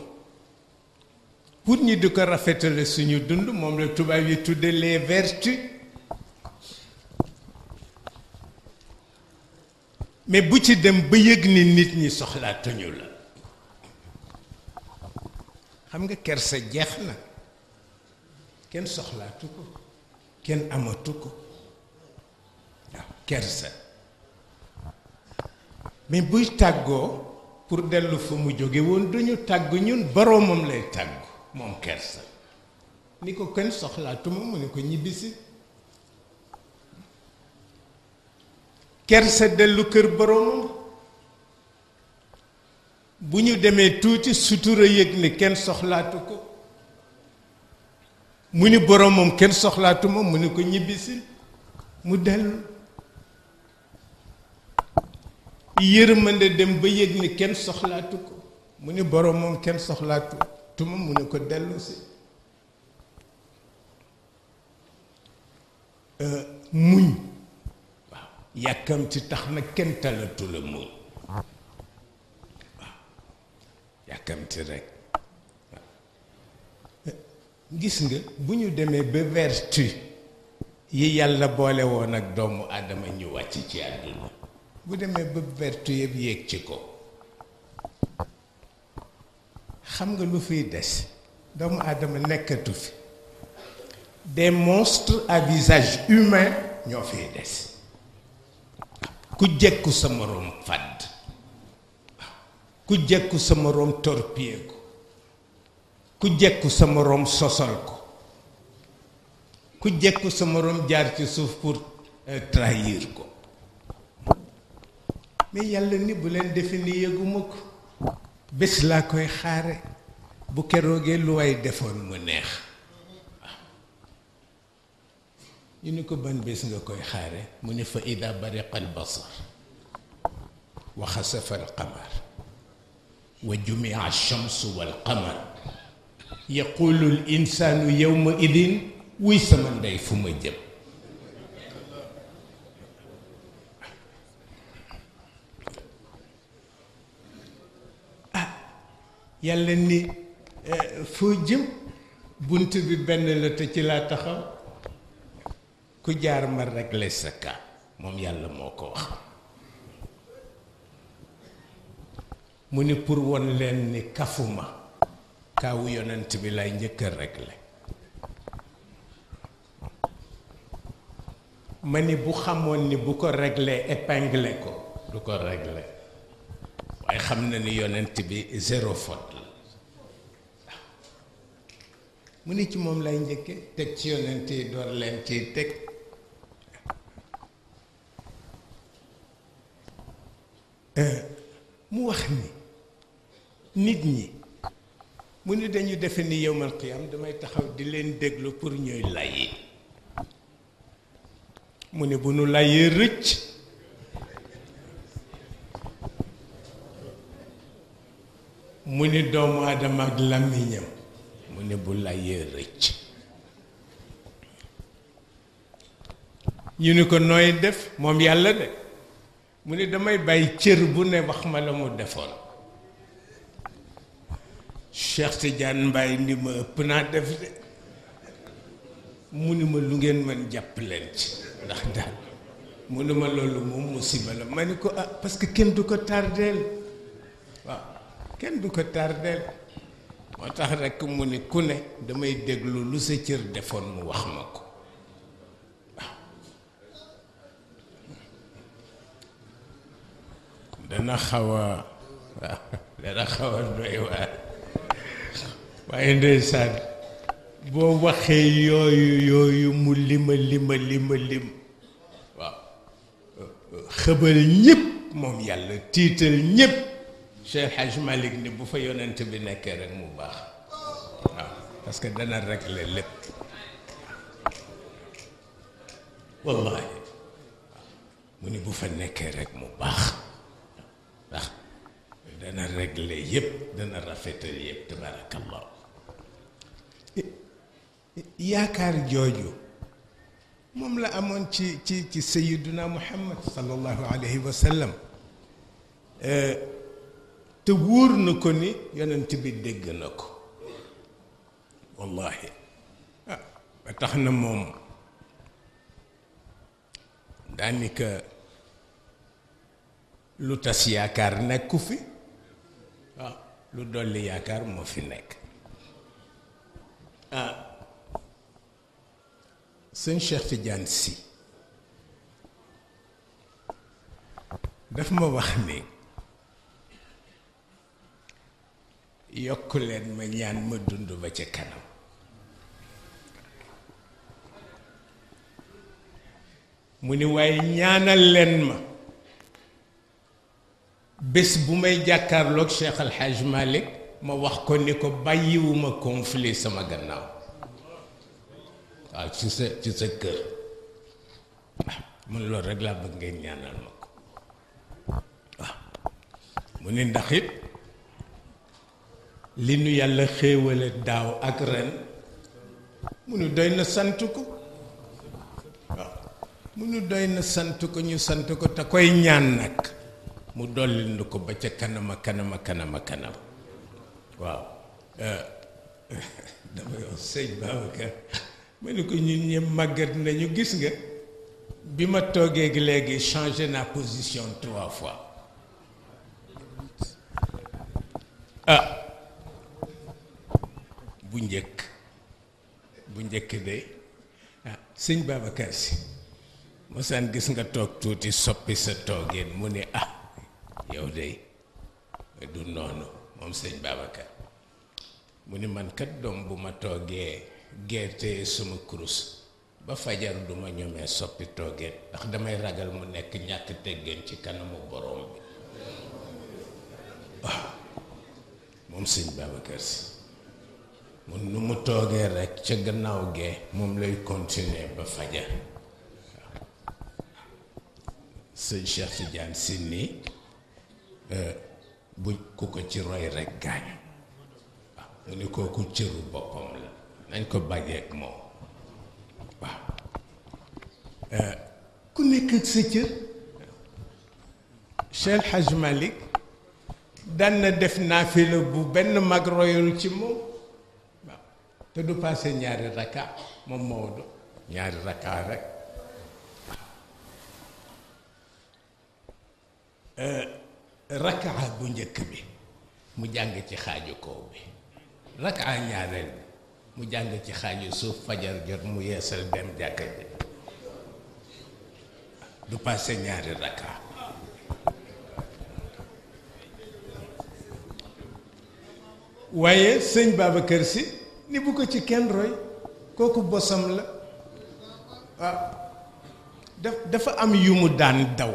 pour ñi di ko rafetale suñu dund moom la tubaab yi tudde les vertus mais bu ci dem ba yëg ni nit ñi soxlaatuñu la xam nga kersa jeex na kenn soxlaatu ko kenn amatu ko waaw kersa mais buy tàggoo pour dellu fa mu jóge woon duñu tàggu ñun boroomam lay tàggu moom kersa ni ko kenn soxlaatuma mu ne ko ñibbisi kersa dellu kër boroomam bu ñu demee tuuti sutura yëg ne kenn soxlaatu ko mu ni boroomam kenn soxlaatu mu ni ko ñibbisi mu dellu yërmande dem ba yëg ni kenn soxlaatu ko mu ni boroomam kenn soxlaatu mu ni ko dellusi si euh, muñ yàkkamti tax na kenn talatu la muñ yàkkamti rek gis nga bu ñu demee ba vertu yi yàlla boole woon ak doomu aadama ñu wàcc ci àdduna bu demee ba vertu yëpp yéeg ci ko xam nga lu fiy des doomu aadama nekkatu fi des monstres à visage humain ñoo fiy des ku jëkku sa moroom fàdd ku jekku sa moroom torpiller ko ku jekku sa moroom sosal ko ku jekku sa moroom jaar ci suuf pour euh, trahir ko mais yàlla ni bu leen defe ni yëguma ko bés laa koy xaare bu keroogee lu way defoon mu neex ñu ni ko ban bés nga koy xaare mu ni fa ida bariqa albasar wa xasafa alqamar wa jumia alchamsu walqamar yaqulu alinsanu yowma idin wuy sama ndey fu ma jëm ah yàlla ni eh, foo jëm bunt bi benn la te ci laa taxaw ku jaar ma régler sa cas moom yàlla moo ko wax mu ni pour won leen ni kafuma kaawu yonent bi lay njëkk a régler ma ni bu xamoon ni bu ko régler épinglé ko du ko régler waaye xam na ni yonent bi zéro faute mu ni ci moom lay njëkke teg ci yonent yi door leen ciy teg Euh, mu wax ni nit ñi mu ne dañu defe ni yowmal qiyam damay taxaw di leen déglu pour ñuy layyi mu ne bu nu layyee rëcc mu ni doomu aadama ak làmmiñam mu ne bu layyee rëcc ñu ni ko nooy def moom yàlla de mu ne damay bàyyi cër bu ne wax ma la mu defoon Cheikh Tidiane Mbaye ni ma ëpp naa def de mu ni ma lu ngeen mën jàpp leen ci ndax daal mu ni ma loolu moom musiba la ma ni ko ah parce que kenn du ko tardeel waaw kenn du ko tardeel moo tax rekk mu ni ku ne damay déglu lu sa cër defoon mu wax ma ko dana xaw a waaw dana xaw doy waar waaye ndeysaan boo waxee yooyu yooyu mu lima lima lima lim waaw xëbal ñépp moom yàlla tiital ñépp Cheikh Haj Malick ni bu fa yonent bi nekkee rek mu baax waaw parce que dana régler lépp wallahi mu ni bu fa nekkee rek mu baax waaw dana régler yépp dana rafetal yépp tabarakallah yaakaar jooju moom la amoon ci ci ci sayiduna muhammad sallallahu alayhi wa sallam euh, te wóor na ko ni yonent bi dégg na ko wallahi ah tax na moom daanaka lu tas yaakaar nekku fi ah, lu dolli yaakaar moo fi nekk ah sëñ Cheikh Tidiane Sy daf ma wax ni yokk leen ma ñaan ma dund ba ca kanam mu ni waaye ñaanal leen ma bés bu may jàkkaarloog Cheikh Al Hadj ma wax ko ni ko bàyyiwuma conflit sama gannaaw waaw ci sa ci sa kër man loolu rek laa bëgg ngeen ñaanal ma ko waaw mu ne ndax li nu yàlla xéewale daaw ak ren mu nu doy na sant ko waaw mu nu doy na sant ko ñu sant ko te koy ñaan nag mu dolli ko ba ca kanama kanama kanama kanam waaw eh, [LAUGHS] dama yow sëñ Babacar ma ne ko ñun ñëpp màggat nañu gis nga bi ma toogee gi léegi changé naa position trois fois ah bu njëkk bu njëkk de ah sëñ Babacar si mosaan gis nga toog tuuti soppi sa toogeen mu ne ah yow dey du noonu moom sëñ Babacar mu ni man kat doom bu ma toogee gerte suma kurus ba fajar duma ma ñomee soppi toogee ndax damay ragal mu nekk ñàkk teggeen ci kanamu borom bi waaw ah, moom sëñ Babacar si mun nu mu toogee rek ca gannaaw gee moom lay continuer ba fajar waaw sëñ Cheikh Tidiane Sy nii bu ku ko ci roy rek gaañu waaw mu ni kooku cëru boppam la nañ ko bàyyee moom waaw eh, ku nekk ak sa cër Cheikh Hadj Malick daan na def naafila bu benn mag royul ci moom waaw te du passé ñaari rakka moom Maodo ñaari rakka rek eh, rakaa bu njëkk bi mu jàng ci xaaju kaw bi rakaa ñaareel bi mu jàng ci xaaju suuf fajar jot mu yeesal dem jàkka ji du passé ñaari rakaa waaye sëñ Babacar Si ni bu ko ci kenn roy kooku bosam la waaw ah, dafa am yu mu daan daw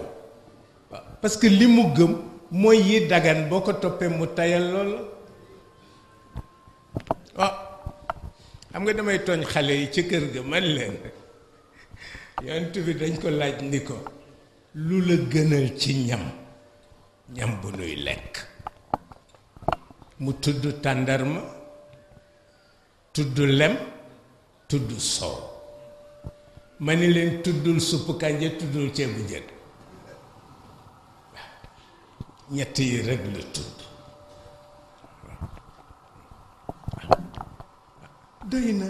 ah, parce li mu gëm mooy yi dagan boo ko toppee mu tayal lool waaw oh, xam nga damay tooñ xale yi ci kër ga man leen yonent bi dañ ko laaj ni ko lu la gënal ci ñam ñam bu nuy lekk mu tudd tàndarma tudd lem tudd soow ma ni leen tuddul supp kànja tuddul ceebu jën ñett yi rek la tudd doy na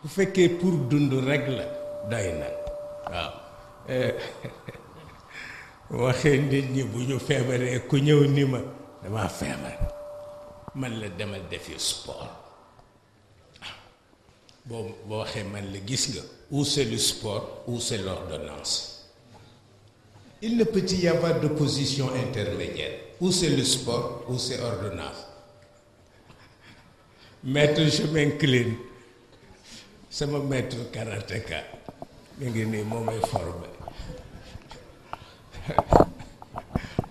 bu fekkee pour dund rek la doy na waaw eh, [LAUGHS] waxee nit ñi bu ñu feebaree ku ñëw ni ma damaa feebar man la demal defi sport boo boo waxee man la gis nga où c'est sport où c'est l'ordonnance Il ne peut y de position intermédiaire. Ou c'est le sport, ou c'est ordonnance. Maître, je m'incline. C'est mon maître karateka. ngi nii moom ay formé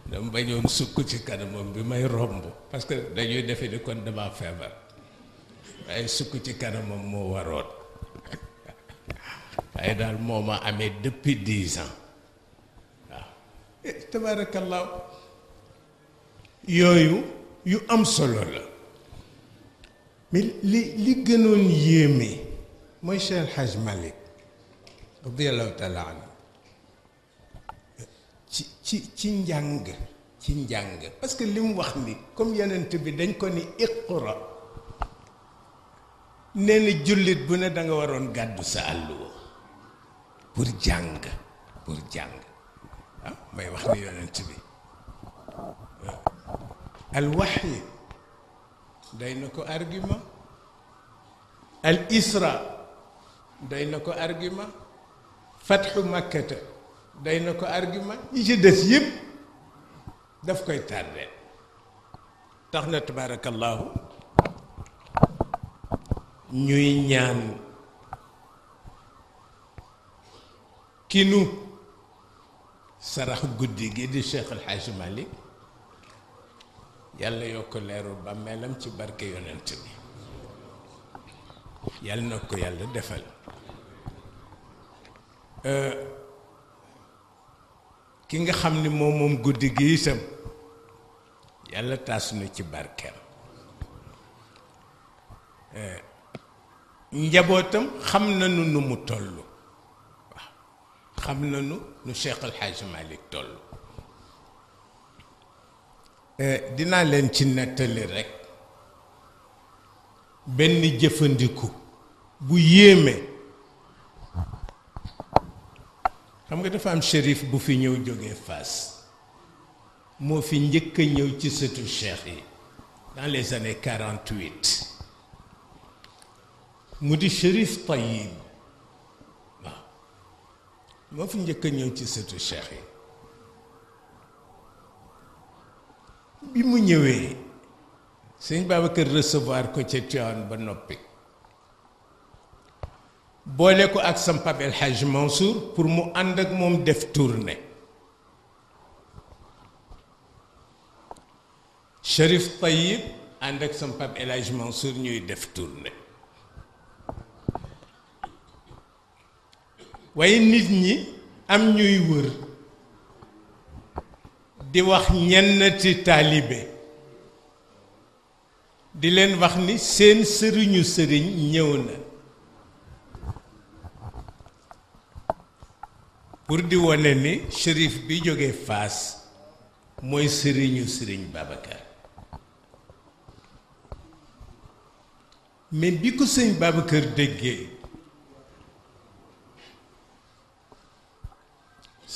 dama bañoon sukk ci kanamam bi may romb parce que dañuy defe ni kon dama feebar waaye sukk ci kanamam moo waroon waaye daal moo ma amee depuis dix ans tabaarakallaahu yooyu yu am solo la mais li li gënoon yéeme mooy Cheikh El Hadj radiallahu taala ci ci njàng ci njàng parce que li wax ni comme yonent bi dañ ko ni iqra nee na jullit bu ne danga waroon gàddu sa àlluwa pour jàng pour jàng may wax ni yonent bi al day na ko argument al day na ko argument fatxu makkata day na ko argument yi ci des yépp daf koy tardeel tax na tabaarakallaahu ñuy ñaan ki sarax guddi gi di Cheikh El yàlla yokk leeru bàmmeelam ci barke yonent bi yàlla na ko yàlla defal euh, ki nga xam ni moom moom guddi giisam yàlla taas na ci barkeem euh, njabootam xam nañu nu mu toll waaw xam nañu nu Cheikh El Hadj Malick eh, dinaa leen ci nettali rekk benn jëfandiku bu yéeme xam nga dafa am serif bu fi ñëw jógee Fass moo fi njëkk a ñëw ci sëtu cheikh yi dans les années mu di shérif Tayib moo fi njëkk a ñëw ci setu cheikh yi bi mu ñëwee sëñ kër recevoir ko ca Tiwaawan ba noppi boole ko ak sam Pape El Hadj Mansour pour mu ànd ak moom def tournée Cherif Tayyib ànd ak sam Pape El Hadj Mansour ñuy def tournée waaye nit ñi am ñuy wër di wax ñenn ci taalibe di leen wax ni seen sëriñu sëriñ ñëw na pour di wone ni shérif bi jóge fas mooy sëriñu sëriñ Babacar mais bi ko sëñ Babacar déggee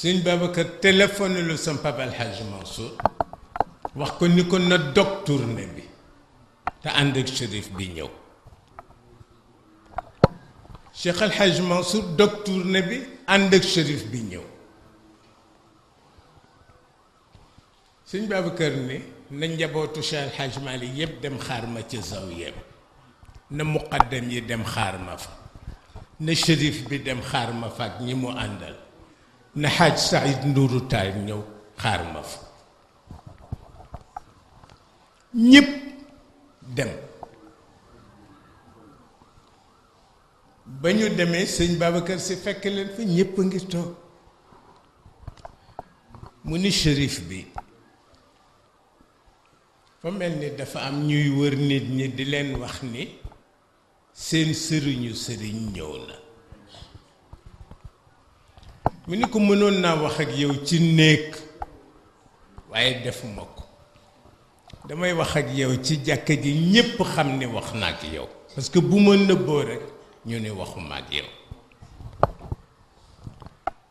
sëñ Babacar téléphoné lu sama papa El Hadj Mansour wax ko ni ko na dog tournée bi te ànd ak Chérif bi ñëw Cheikh El Hadj Mansour dog bi ñëw sëñ Babacar ni na njabootu Cheikh El Hadj Malick yépp dem xaar ma ca zawiya bi na muqaddam yi dem xaar ma fa na Chérif bi dem xaar ma fa ak ñi mu àndal na xaaj Saïd Nduuru Taay ñëw xaar ma fa ñépp dem ba ñu demee sëñ Babacar si fekk leen fi ñépp a ngi toog mu ni shérif bi fa mel ni dafa am ñuy wër nit ñi di leen wax ni seen sëriñu sëriñ ñëw na mu ni ko mënoon naa wax ak yow ci néeg waaye defuma ko damay wax ak yow ci jàkka ji ñépp xam ni wax naa ak yow parce que bu ma nëbboo rek ñu ni waxuma ak yow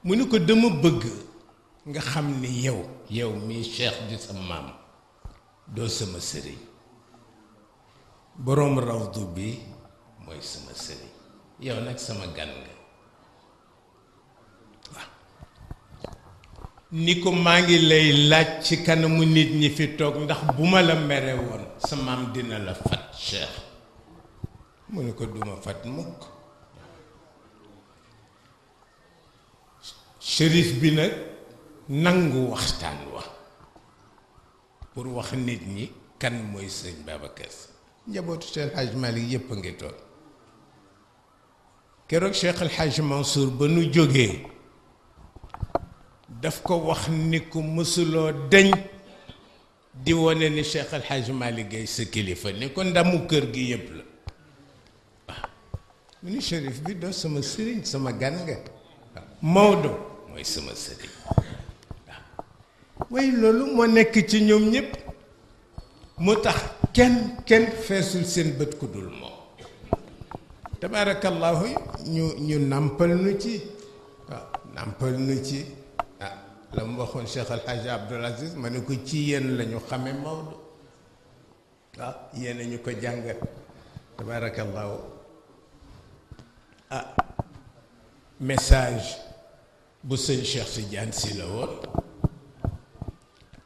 mu ni ko dama bëgg nga xam ni yow yow mii cheikh di sa maam doo sama sëriñ boroom rawdu bi mooy sama sëriñ yow nag sama gan nga ni ko maa ngi lay laaj ci kanamu nit ñi fi toog ndax bu ma la mere woon sa maam dina la fat Cheikh mu ne ko duma fat mukk shérif bi nag nangu waxtaan wa pour wax nit ñi kan mooy sëñ Babacar Sy njabootu Cheikh Hadj Malick yépp a ngi toog keroog Cheikh Al Hadj ba nu jógee daf ko wax ni ku mësuloo deñ di wone ni Cheikh El Hadj Malick sa kilifa ni ko ndamu kër gi yépp la waaw mu ni shérif bi doo sama sëriñ sama gan nga Maodo mooy sama sëriñ waaw waaye loolu moo nekk ci ñoom ñëpp moo tax kenn kenn feesul seen bët ku dul moom tabaarakallaahu ñu ñu nàmpal nu ci waaw nàmpal nu ci la mu waxoon Cheikh Al Hadj Aziz ma ne ko ci yéen lañu ñu xame Maodo waaw ah, yéen ñu ko jàngal tabaarakallaahu ah message bu sëñ Cheikh Tidiane si la woon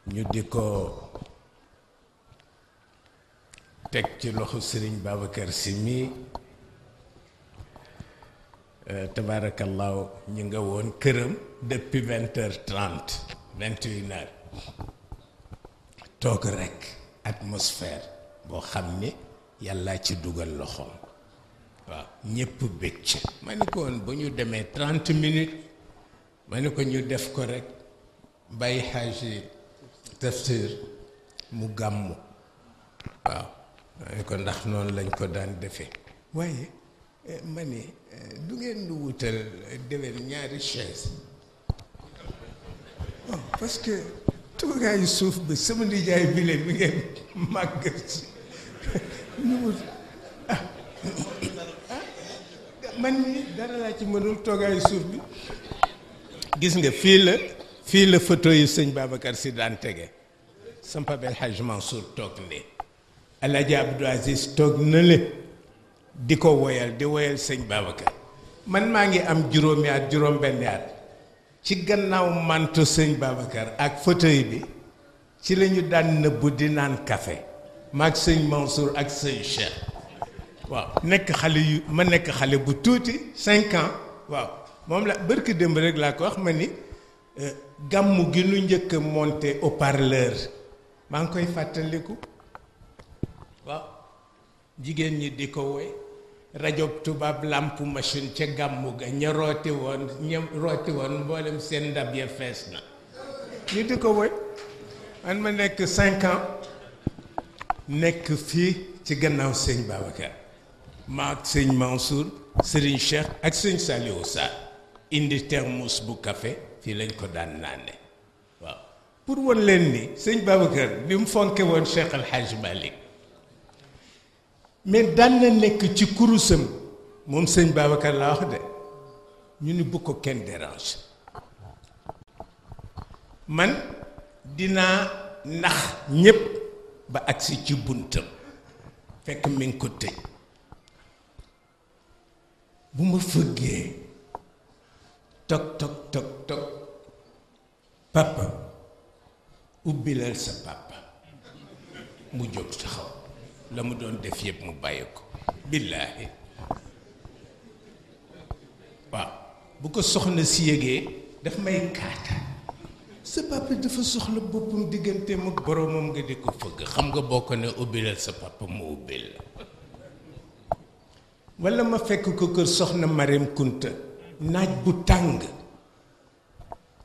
ñu di ko teg ci loxo sëriñ Babacar si mii eh, tabaarakallaahu ñu nga woon këram depuis vingt heures trente vingt et toog rekk atmosphère boo xam ni yàlla ci dugal loxoom waaw ñépp bëgg ma ni ko bu ñu demee trente minutes ma ni ko ñu def ko rekk bàyyi xaaji tafsir mu gàmmu waaw ma ni ko ndax noonu lañ ko daan defee waaye eh, ma ni eh, du ngeen du wutal eh, déwén ñaari chaise non parce que toogaayu suuf bi sama nijaay bi le mi ngay si ah, ah, man ni dara laa ci mënul toogaayu suuf bi gis nga fii la fii la photo yi sëñ Babacar si daan tege sama Papa El Hadj Mansour toog ne Alaaji Abdou na le di ko woyal di woyal sëñ Babacar man maa ngi am juróomi at juróom benni at ci gannaaw manto sëñ Babacar ak fauteuil bi ci lañu daan nëbbu di naan kafe maag sëñ Mansour ak sëñ Cheikh waaw nekk xale yu ma nekk xale bu tuuti cinq ans waaw moom la bërki démb rek laa ko wax ma ni euh, gàmmu gi nu njëkk a monté au parleur maa ngi koy fàttaliku waaw jigéen ñi di ko woy rajo tubaab lamp machine ca gàmmu ga ña rooti woon ña rooti woon mboolem seen ndab ya fees na ñu di ko woy man ma nekk cinq nekk fii ci gannaaw sëñ Babacar ma ak sëñ Mansour sëriñ Cheikh ak sëñ Saliou Sarr indi termus bu kafe fii lañ ko daan naane waaw pour won leen ni sëñ Babacar bi mu fonke woon Cheikh Al Hadj mais daan na nekk ci kurusam moom sëñ Babacar laa wax de ñu ni bu ko kenn dérange man dinaa nax ñépp ba agsi ci buntam fekk mi ngi ko tëj bu ma fëggee tog tog tog tog papa ubbilal sa papa mu jóg taxaw la mu doon def yëpp mu bàyyi ko billaahi waaw bu ko soxna si yégee daf may kaata sa papa dafa soxla boppam diggante ak boroomam nga di ko fëgg xam nga boo ko ne ubbilal sa papa mu ubbil la walla ma fekk ko kër soxna Mareem Kunta naaj bu tàng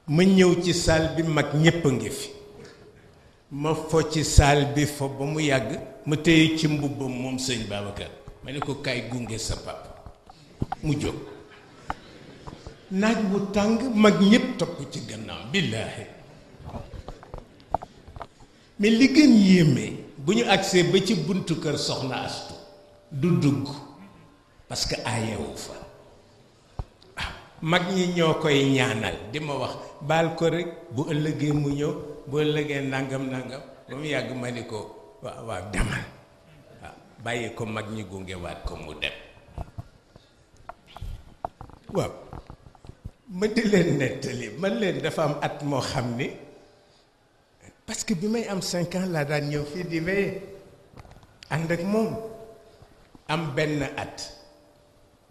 ma ñëw ci saal bi mag ñépp a ngi fi ma fo ci saal bi fo ba mu yàgg ma téye ci mbubbam moom seen Babacar ma ne ko kaay gunge sa pap mu jóg naaj bu tàng mag ñépp topp ci gannaaw billaahi mais li gën yéeme bu ñu agsee ba ci buntu kër soxna astu du dugg parce que aayewu fa ah, mag ñi ñoo koy ñaanal di ma wax baal ko rek bu ëllëgee mu ñëw boo lëgee nangam nangam ba mu yàgg ma ni ko waaw waaw demal waaw ah, bàyyi ko mag ñi gunge ko mu dem waaw ma di leen nettali man leen dafa am at moo xam ni parce que bi may am cinq ans laa daan ñëw fii di wéye ànd ak moom am benn at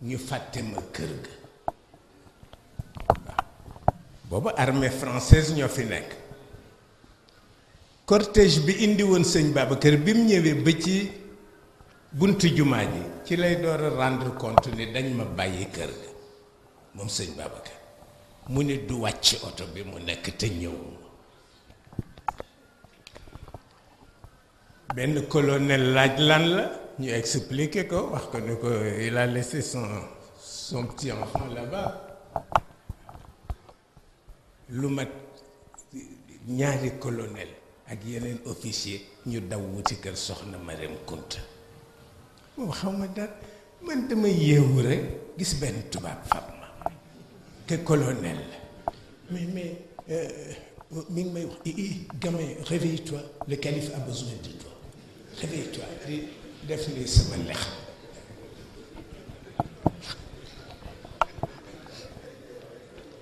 ñu fàtte ma kër ga waaw boobu armée française ñoo fi nekk cortège bi indi woon sëñ kër bi mu ñëwee ba ci buntu jumaa ji ci lay door a rendre compte ni dañ ma bàyyi kër ga moom sëñ Babacar mu ne du wàcc oto bi mu nekk te ñëwuma benn colonel laaj lan la ñu expliqué ko wax ko ne ko il a laissé son son petit lu mat ñaari colonel ak yeneen officier ñu daw wuti kër soxna Marème Kunta moom xam nga daal man dama yeewu rek gis benn tubaab fab ma te colonel la mais mais euh, mi ngi may wax ii gamin réveille le calife a besoin de toi réveille-toi di def ni sama lex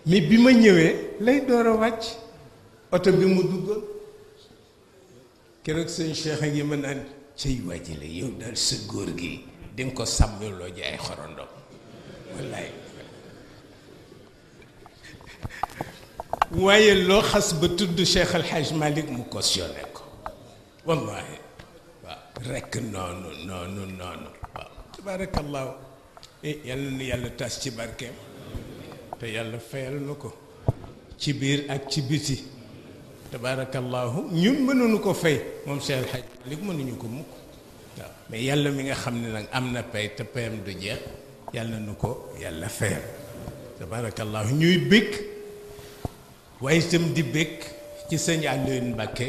mais bi ma ñëwee lay door a wàcc oto bi mu dugg keroog sëñ Cheikh a ngi mën naan cëy waajale yow daal sa góor gi di nga ko sàmmloo ji ay xorondom waaye loo xas ba tudd Cheikh El Hadj mu cautionné ko wallahi waaw rekk noonu noonu noonu waaw tabaarakallaahu eh, yàlla nu yàlla tas ci barkeem te yàlla fayal na ko ci biir ak ci biti tabaarakallaahu ñun mënuñu ko fay moom Seex Alxaaj Maalik mënuñu ko mukk waaw mais yàlla mi nga xam ne nag am na pay te payam du jeex yàlla nu ko yàlla fayal tabaarakallaahu ñuy bëgg waaye itam di bëgg ci sëñ Alioune Mbakke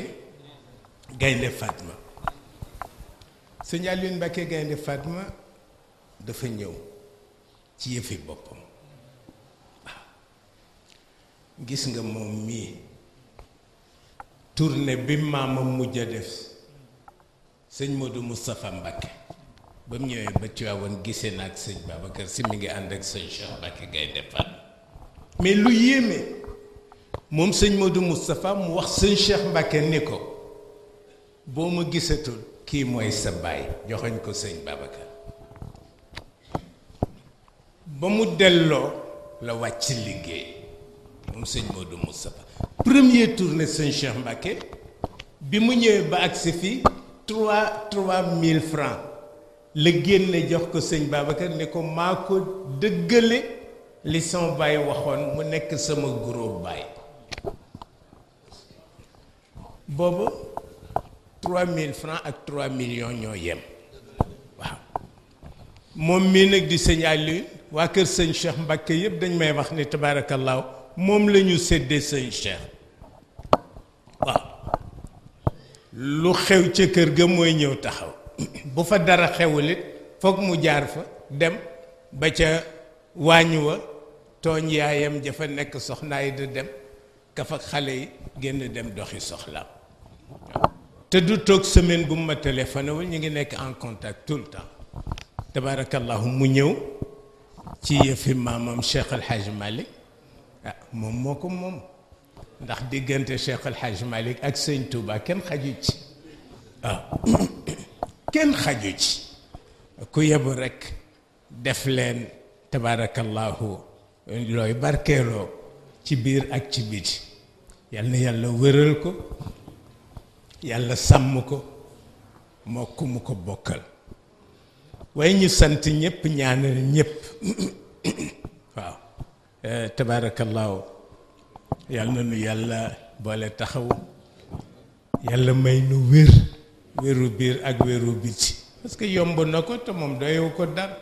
Gaynde Fatma sëñ Alioune Mbakke Gaynde Fatma dafa ñëw ci yëfi boppam waaw gis nga moom mii tournée bi maamam mujj a def sëñ Modou Moustapha Mbacké ba mu ñëwee ba Tiwaawan gisee na ak sëñ Babacar si mi ngi ànd ak sëñ Cheikh Mbacké ngay defar mais lu yéeme moom sëñ Modou Moustapha mu wax sëñ Cheikh Mbacké ni ko boo ma gisatul kii mooy sa baay joxoñ ko sëñ Babacar ba mu delloo la wàcc liggéey moom sëñ Modou Moustapha premier tournée sëñ Cheikh Mbacké bi mu ñëwee ba agsi fii trois trois mille francs la génne jox ko sëñ Babacar ne ko maa ko dëggale li sama baay waxoon mu nekk sama gros baay boobu trois mille francs ak trois millions ñoo yem waaw moom mii nag di sëñ Alioune waa kër sëñ Cheikh Mbacké yëpp dañ may wax ni tabaarakallaahu moom lañu ñu séddee sëñ Cheikh waaw lu xew ca kër ga mooy ñëw taxaw [CLEARS THROAT] bu fa dara xewulit foog mu jaar fa dem ba ca wàññi wa tooñ yaayam jafa nekk soxnaay da dem kafa xale yi génn dem doxi soxlaam te du toog semaine bu mu ma téléphoné wul ñu ngi nekk en contact tout le temps tabarakallahu mu ñëw ci yëfi maamam Cheikh Al Hadj ah moom moo ko moom ndax diggante Cheikh El Hadj ak sëñ Touba kenn xaju ci ah. [COUGHS] kenn xaju ci ku yebu rekk def leen tabaarakallaahu looy barkeeloo ci biir ak ci biti yal na yàlla wëral ko yàlla sàmm ko moo ku mu ko bokkal waaye ñu sant ñëpp ñaanal ñëpp [COUGHS] Eh, tabaarakallaahu yàlla na nu yàlla boole taxaw yàlla may nu wér wéru biir ak wéru biti parce que yomb na ko te moom doyewu ko dara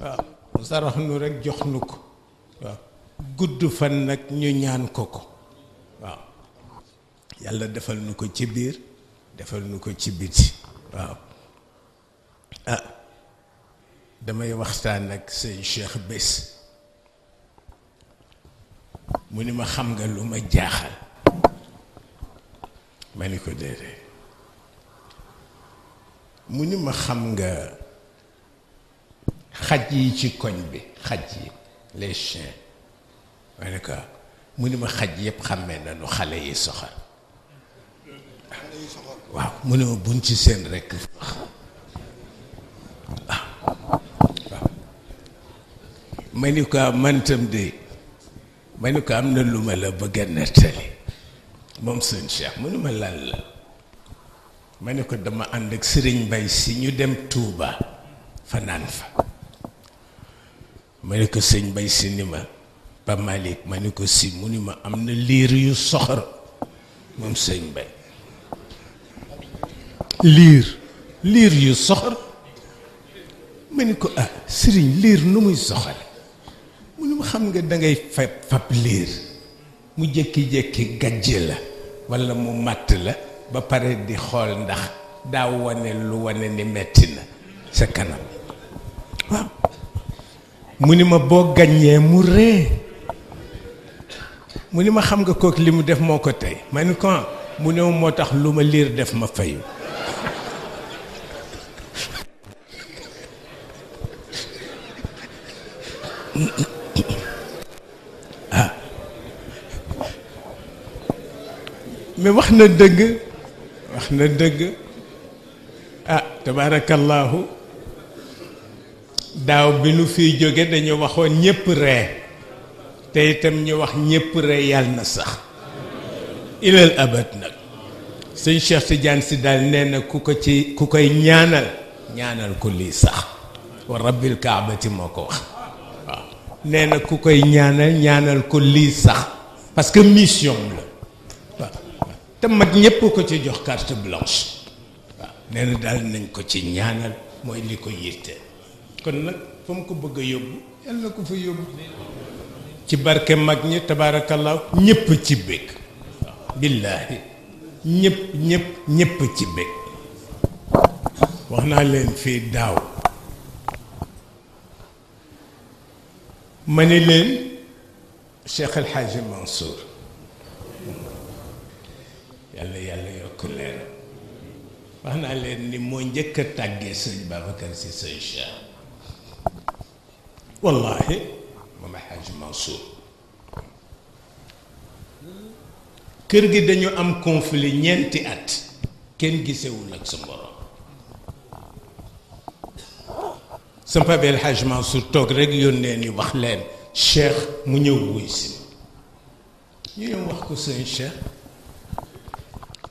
waaw mu sarax nu rek jox nu ko waaw gudd fan nag ñu ñaan ko ko waaw yàlla defal nu ko ci biir defal nu ko ci biti waaw ah damay waxtaan ak seen cheikh bés mu ni ma xam nga lu ma jaaxal ma ni ko déedéet mu ni ma xam nga xaj yi ci koñ bi xaj yi les chiens ma ne ko mu ni ma xaj yépp xàmmee nañu xale yi soxal ma buñ ci seen rekk waaw waaw ni ko man tam de ma ne ko am na lu ma la bëgg a nettali moom sëñ Cheikh mu ne ma lan la ma ne ko dama ànd ak sëriñ bay si ñu dem Touba fanaan fa ma ne ko sëñ Mbay si ni ma ba Malick ma ne ko si mu ni ma am na liir yu soxor moom sëñ Mbay liir liir yu soxor ma ne ko ah sëriñ liir nu muy soxale mu ne ma xam nga dangay fab fab liir mu jékki-jékki gajje la walla mu màtt la ba pare di xool ndax daa wane lu wane ni metti na sa kanam mu ni ma boo gañee mu ree mu ni ma xam nga kook li mu def moo ko tey ma ni mu ne moo tax lu ma liir def ma fayu mais wax na dëgg wax na dëgg ah tabaarakallaahu daaw bi nu fiy jóge dañu waxoon ñépp ree te itam ñu wax ñépp ree yàlla na sax ilal abad nag sëñ Cheikh Tidiane si daal nee na ku ko ci ku koy ñaanal ñaanal ko lii sax wa rabbil kaabati moo ko wax nee na ku koy ñaanal ñaanal ko lii sax parce que mission la waaw te mag ñépp ko ci jox carte blanche waaw nee daal nañ ko ci ñaanal mooy li ko yitte kon nag fa mu ko bëgg a yóbbu yàlla ko fa yóbbu ci barke mag ñi tabaarakallaahu ñépp ci bëgg billaahi ñépp ñépp ñépp ci bëgg wax naa leen fii daaw ma ne leen Cheikh El Hadj yàlla yàlla yokk leen wax naa leen ni moo njëkk a tàggee sëñ Babacar si sëñ Cheikh wallaahi moom El Hadj Mansour kër gi dañu am conflit ñeenti at kenn gisewul ak sa borom sama Pape El Hadj toog rek yónnee ni wax leen Cheikh mu ñëw wuy si ñu ñëw wax ko seen Cheikh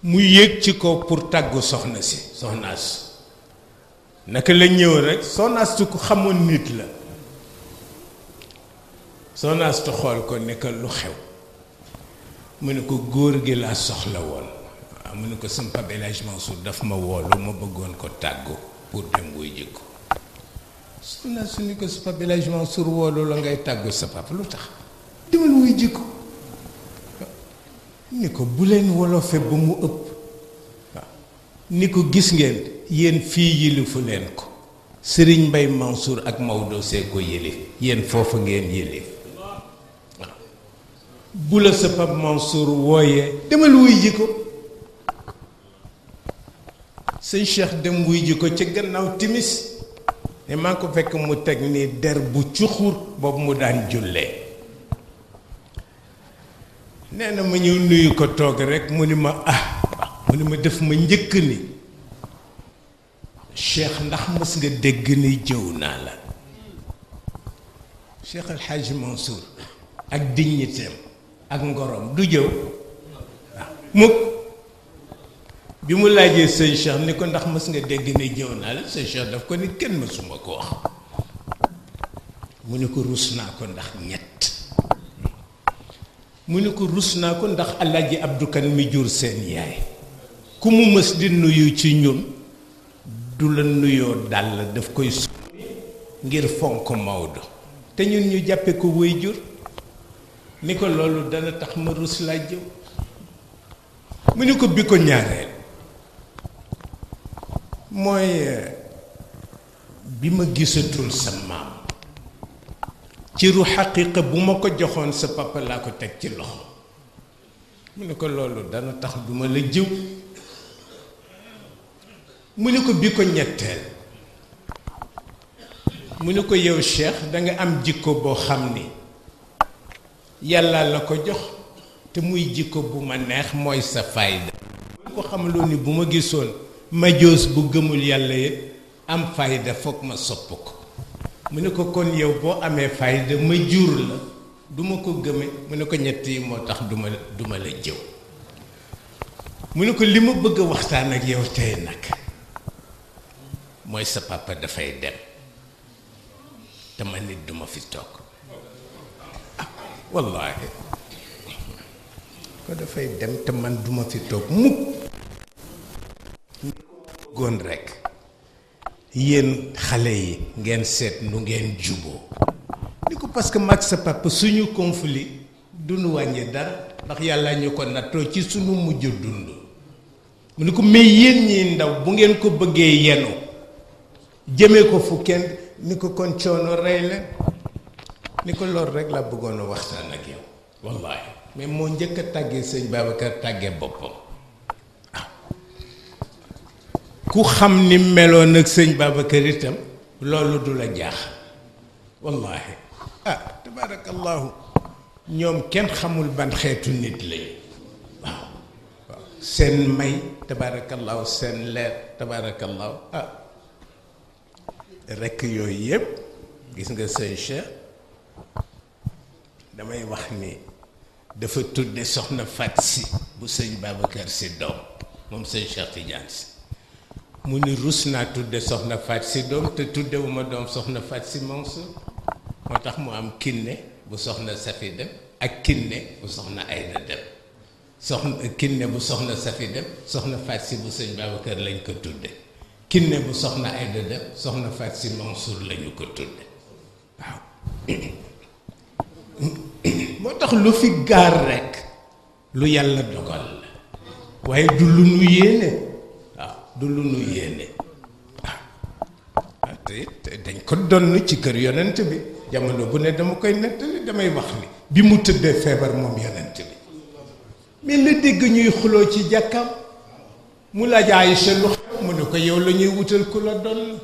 mu yéeg ci kaw pour tàggu soxna si soxnaas naka la ñëw rek soxnaas tu ko xamoon nit la soxnaas tu ko ne lu xew mu ne ko góor gi laa soxla woon waaw mu ne ko sama Pape El Hadj daf ma woolu ma bëggoon ko tàggu pour dem wuy jikko su la su ni ko sa papa woo loola ngay tàggu sa papa lu tax demal wuy ji ko ni ko bu leen wolofe ba mu ëpp ni ko gis ngeen yéen fii yilifu leen ko Sëriñ Mbay Mansour ak Maodo ko yëlif yéen foofu ngeen yëlif waaw bu la sa papa wooyee demal wuy ji ko sëñ Cheikh dem wuy ji ko ca gannaaw timis te maa ko fekk mu teg ni der bu cuxur boobu mu daan jullee nee na ma ñëw nuyu ko toog rekk mu ni ma ah mu ni ma def ma njëkk ni cheikh ndax mës nga dégg ni jëw naa la cheikh alxaaji Mansour ak dignitéem ak ngorom du jëw ah, mukk bi mu laajee sëñ Cheikh ni ko ndax mës nga dégg ne jëw naa la sëñ Cheikh daf ko ni kenn mësuma ko wax mu ne ko ruus naa ko ndax ñett mu ne ko ruus naa ko ndax alaaji Abdou Kan mi jur seen yaay ku mu mës di nuyu ci ñun du la nuyoo dàll daf koy summi ngir fonk Maodo te ñun ñu jàppe ko wéy jur ni ko loolu dana tax ma ruus laa jëw mu ne ko bi ko ñaareel mooy bi ma gisatul sa maam ciru xaqiiqa bu ma ko joxoon sa papa laa ko teg ci loxo mu ne ko loolu dana tax duma la jiw mu ne ko bi ko ñetteel mu ne ko yow Cheikh danga am jikko boo xam ni yàlla la ko jox te muy jikko bu ma neex mooy sa fayda bu ko xamaloon ni bu ma gisoon majoos bu gëmul yàlla yëpp am fayda foog ma sopp ko mu ne ko kon yow boo amee fayda ma jur la du ko gëme mu ne ko ñett yi moo tax duma duma la jëw mu ne ko li ma bëgg a waxtaan ak yow tey nag mooy sa papa dafay dem te ma nit duma fi toog ah, wallaahi ko dafay dem te man duma fi toog mukk bëggoon rekk yéen xale yi ngeen seet nu ngeen juboo ni ko parce que mag sa papa suñu conflit du nu wàññi dara ndax yàlla ñu ko nattoo ci suñu mujj dund mu ni ko mais yéen ñi ndaw bu ngeen ko bëggee yenu jëme ko fu kenn ni ko kon coono rey leen ni ko loolu rekk la bëggoon a waxtaan ak yow wallaahi mais moo njëkk a tàggee sëñ Babacar tàggee boppam ku xam ni meloon ak sëñ Babacar itam loolu du la jaax wallaahi ah, tabaarakallaahu ñoom kenn xamul ban xeetu nit lañu waaw seen may tabaarakallaahu seen leer tabaarakallaahu ah rekk yooyu yépp gis nga sëñ Cheikh damay wax ni dafa tudde soxna Fat si bu sëñ Babacar si doom moom sëñ Cheikh Tidiane si mu ni rus naa tudde soxna Faat si doom te tuddewuma doom soxna Faat si Mansour moo tax mu am kinne bu soxna Safi dem ak kinne bu soxna bu soxna Safi dem soxna Faat si bu sëñ lañ ko tudde kinne bu soxna Ayda soxna Faat si Mansour lañu ko tudde waaw moo tax lu fi gaar rekk lu yàlla dogal la waaye du lu nu yéene du lu nu yéene ah, dañ ko donn ci kër yonent bi jamono bu ne dama koy nettali damay wax ni bi mu tëddee feebar moom yonent bi mais la dégg ñuy xuloo ci jàkkam mu laaj Aïcha lu xew mu ne ko yow la wutal ku la donn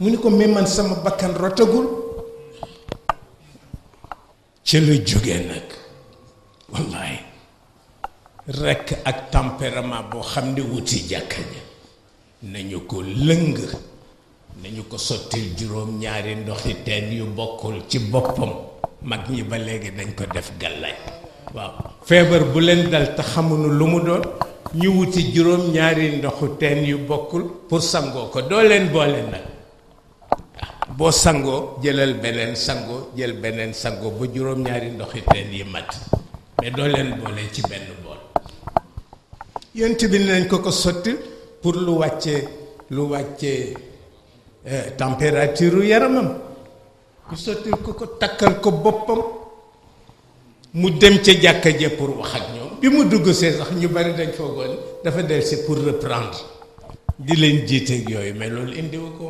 mu ne ko mais sama bakkan rotagul ca la jógee nag wallaay rekk ak tempérament boo xam ne wuti jàkka nañu ko lëng nañu ko sottil juróom ñaari ndoxi teen yu bokkul ci boppam mag ñi ba léegi dañ ko def gàllaay waaw feebar bu leen dal te xamuñu lu mu doon ñu wuti juróom ñaari ndoxu teen yu bokkul pour sangoo ko doo leen boole nag boo sangoo jëlal beneen sangoo jël beneen sangoo ba juróom ñaari ndoxi teen yi mat mais doo leen boole ci benn bool yonent bi nañ ko ko sotti pour lu wàccee lu wàccee eh, température yaramam ku sotti ko ko takkal ko boppam mu dem ca jàkka ja pour wax ak ñoom bi mu dugg see sax ñu bari dañ foogoon dafa si pour reprendre di leen jiiteeg yooyu mais loolu indiwu ko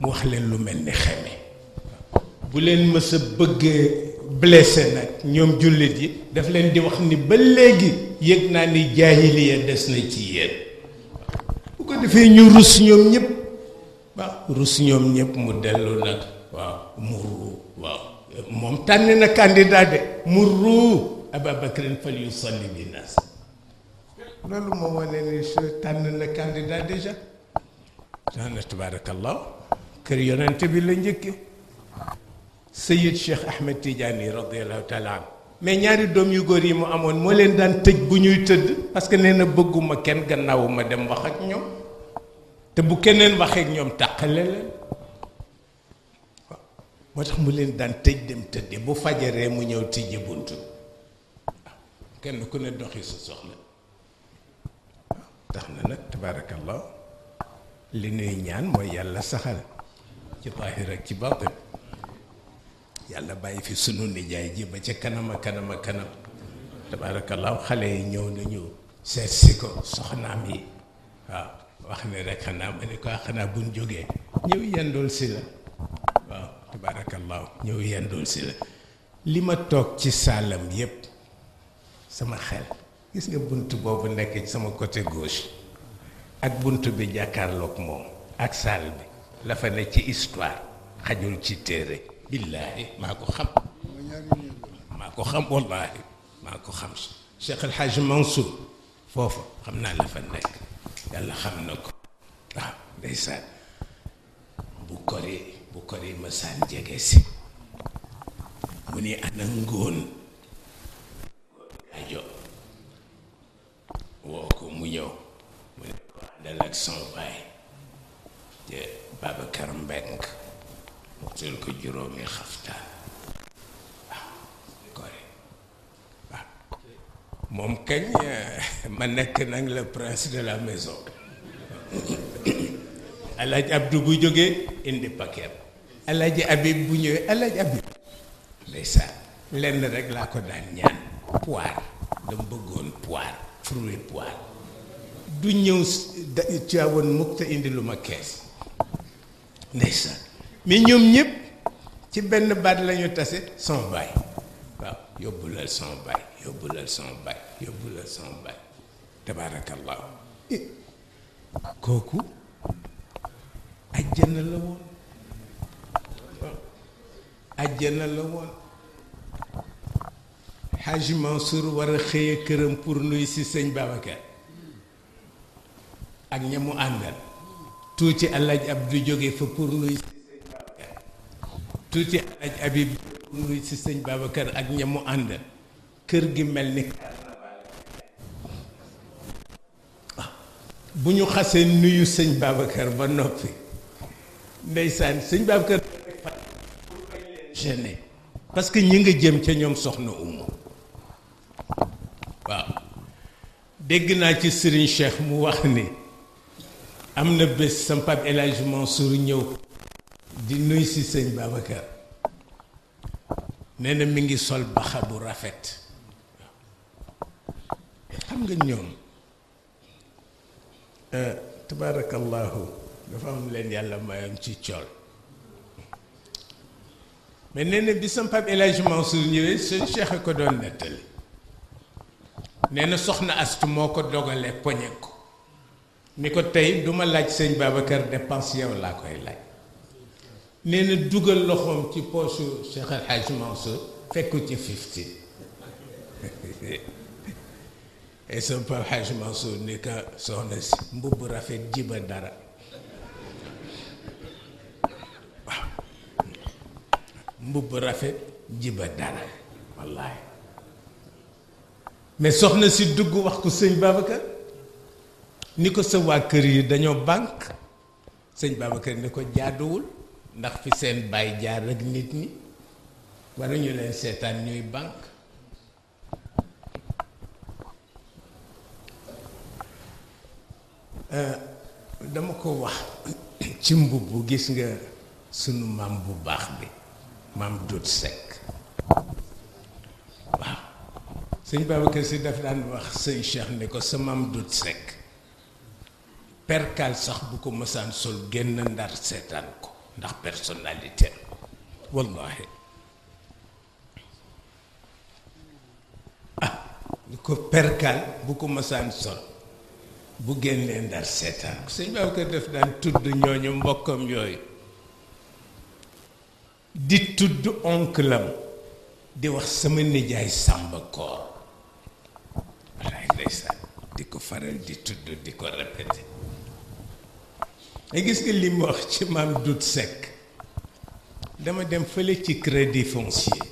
mu wax leen lu mel ni xeme bu leen mës bëggee blessé nag ñoom jullit yi daf leen di wax ni ba léegi yëg naa ni jaahiliya des na ci yéen bu ko defee ñu rus ñoom ñëpp waaw rus ñoom ñëpp mu dellu nag waaw muru waaw moom tànn na candidat de muru ababacrin fal yusalli bi nas loolu moo kër yonente bi la njëkke Seyid Cheikh Ahmed Tidiane radiallahu taala an mais ñaari doom yu góor yi mu amoon moo leen daan tëj bu ñuy tëdd parce que nee na bëgguma kenn gannaawuma dem wax ak ñoom te bu keneen waxee ak ñoom tàqale leen tax mu leen daan tëj dem tëdde bu fajaree mu ñëw tijji bunt kenn ku ne doxi sa na nag tabaarakallah li nuy ñaan mooy yàlla saxal ci zaahir ak ci baatin yàlla bàyyi fi sunu nijaay ji ba ca kanam a kanam a xale yi ñëw nañu seet si ko soxnaam yi waaw wax ne rek xanaa ma ne ko ah, xanaa buñ jógee ñëw yendool si la waaw tabaarakallaahu ñëw yendool si la li ma toog ci saalam yépp sama xel gis nga bunt boobu nekk sama côté gauche ak bunt bi jàkkaarloog moom ak saal bi la ci histoire xajul ci téere billaahi maa ko xam maa ko wallaahi maa xam si Cheikh El Hadj foofu xam naa la fa nekk yàlla xam na ko waaw ah, ndeysaan bu koree bu koree masaan jege mu ni ana ngóon ajo woo mu ñëw mu ne ko àndal ak son baay te wutal ko moom kañ euh, ma nekk nag le prince de la maison [COUGHS] alaaji Abdou bu jógee indi paquet alaaji Abib bu ñëwee alaaji Abib ndeysaan lenn rek laa ko daan ñaan poire dama bëggoon poire fruit poire du ñëw caawoon mukk te indi lu ma kees ndeysaan mais ñoom ñëpp ci benn baat lañu tase sama baay waaw yóbbulal sama baay yóbbulal sama sama baay tabaarakallaahu kooku ajjana la woon waaw ajjana la woon Haji Mansour war a këram pour nuy si sëñ ak ña mu àndal tuuti El Hadj Abdou jóge fa pour nuy tuuti alaj abib nuy si sëñ Babacar ak ñamu ànd kër gi mel ni ah, bu ñu xasee nuyu sëñ Babacar ba noppi ndeysaan sëñ Babacar gêné parce que ñi nga jëm ca ñoom soxna umu waaw dégg naa ci Serigne Cheikh mu wax ni am na bés sa Pape El Hadj ñëw di nuy si sëñ Babacar nee mi ngi sol baxa bu rafet xam nga ñoom eh, tabaarakallaahu dafa am leen yàlla mayoon ci cool mais nee na bi sam Pape ñëwee sëñ Cheikh a ko doon nettali nee na soxna astu moo ko dogale poñe ko ni ko tey duma laaj sëñ Babacar dépense yow laa koy laaj nee dugal loxoom ci poosu Cheikh El Hadj Mansour fekk ci fifty [LAUGHS] et sama Pape Hadj Mansour ni ko soxna si mbubb rafet jiba dara waaw rafet jiba dara wallaay mais soxna si dugg wax ko sëñ Babacar ni ko sa kër yi dañoo bànk sëñ Babacar ni ko jaaduwul ndax fi seen baay jaar ak nit ñi waruñu leen seetaan ñuy banque euh, dama ko wax [COUGHS] ci mbubb gis nga sunu maam bu baax bi maam dut sekk waaw sëñ Babacar si daf daan wax sëñ Cheikh ne ko sa maam dut sekk perkaal sax bu ko mësaan sol génn ndar seetaan ko ndax personnalité wallahi ah lu ko perkal bu ko masaan sol bu génnee ndar seetaan sëñ Babacar def daan tudd ñooñu mbokkam yooyu di tudd oncle am di wax sama nijaay Samba Koor walaay ndeysaan di ko faral di tudd di ko répété mais e gis nga li wax ci maam Dut Seck dama dem fële ci crédit foncier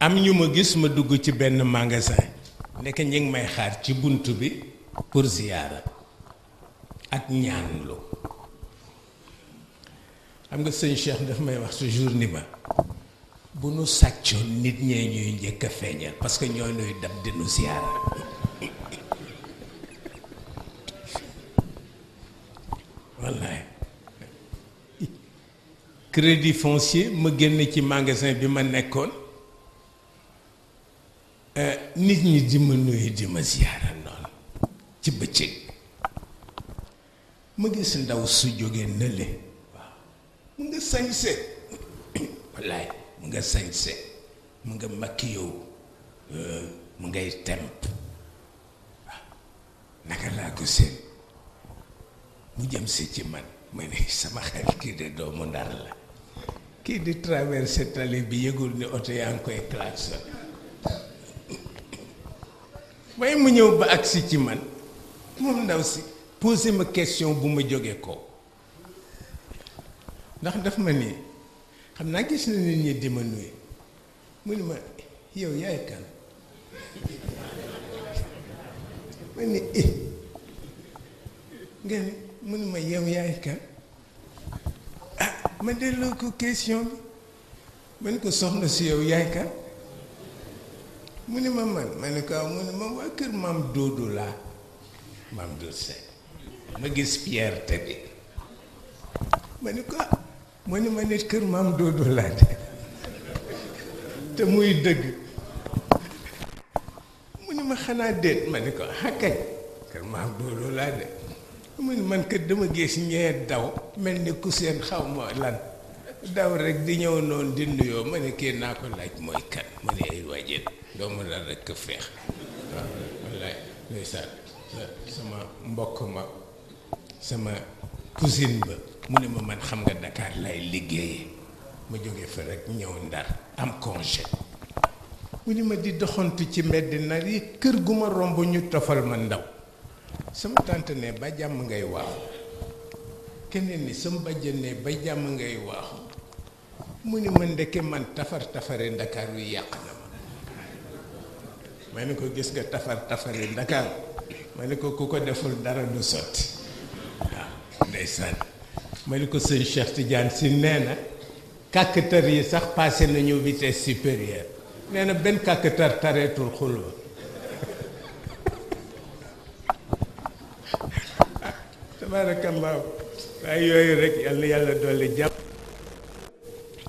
am ñu ma gis ma dugg ci benn magasin nekk ñi ngi may xaar ci bunt bi pour ziyaara ak ñaanlu xam nga sëñ Cheikh daf may wax toujours ni ma bu nu sàccoon nit ñee ñuy njëkk a feeñal parce que ñoo nuy dab di ziyaara wallaay crédit foncier ma génn ci magasin bi ma nekkoon euh, nit ñi di ma nuyu di ma ziyaara noonu ci bëccëg ma gis ndaw su jógee nële waaw mu nga sañse [COUGHS] wallaay mu nga sañse mu nga makki yow euh, mu ngay temp waaw ah, naka laa ko seen mu jëm si ci man ma ne sama xel kii de doomu ndar la kii di traversé tali bi yëgul ni oto yaa ngi koy klaxon waaye mu ñëw ba agsi ci man moom ndaw si posé ma question bu ma jóge ko ndax daf ma ni xam naa gis na nit ñi di ma nuyu mu ni ma yow yaay kan ma ni eh, nga mun ma yow yaay kan ah ma delloo ko question bi ma ne ko soxna si yow yaay kan mu ne ma man ma ne ko aw ah, mu ne ma waa kër maam Doodu laa maam Doodu Seck ma gis Pierre te bi ma ne ko ah mu ne ma nit kër maam Doodu laa de te muy dëgg mu ne ma xanaa déet ma ne ko ah kër maam Doodu laa de mun man kat dama gis ñee daw mel ni ku seen xaw ma lan daw rek di ñëw noonu di nuyoo ma ne kii naa ko laaj mooy kan rek ka feex waaw mbokk ma sama cousine ba mu ne ma man xam nga Dakar lay liggéeyee ma jóge fa rek ñëw ndar am congé mu ne ma di doxantu ci mbedd nar yi kër gu ma romb ñu tofal ma ndaw sama tante ne ba jàmm ngay waaxu keneen ni sama bàjjen ne ba jàmm ngay waaxu mu ni ma ndeke man tafar tafari ndakaar wi yàq na ma ma ne ko gis nga tafar tafari ndakaar ma ne ko ku ko deful dara du sotti waaw ndeysaan ma ne ko sëñ Cheikh Tidiane si neena na yi sax passé nañu vitesse supérieure nee na benn kàkkatar tareetul xulwa tabaarakallaahu waaye yooyu rek yàlla yàlla dolli jàpp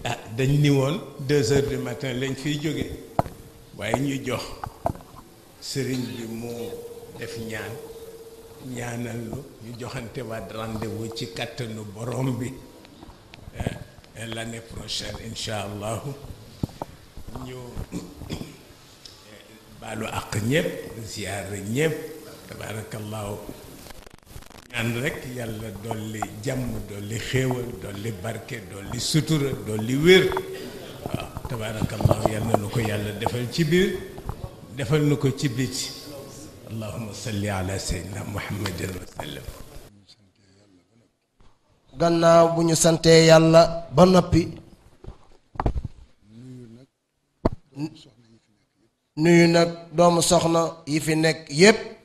ah dañ ni woon deux heures du matin lañ fiy jóge waaye ñu jox sëriñ bi mu def ñaan ñaanal lu ñu joxante waat rendez-vous ci kàttanu borom bi eh, l'année prochaine incha allahu ñu eh, baalu àq ñëpp ziyaar ñëpp tabaarakallaahu ñaan rek yàlla dolli jàmm dolli xéewal dolli barke dolli sutura dolli wér waaw tabaarakallahu yàlla nu ko yàlla defal ci biir defal nu ko ci biti allahuma salli ala seydina muhammadin wa sallam gannaaw bu ñu
santee yàlla ba noppi nuyu nag doomu soxna yi fi nekk yépp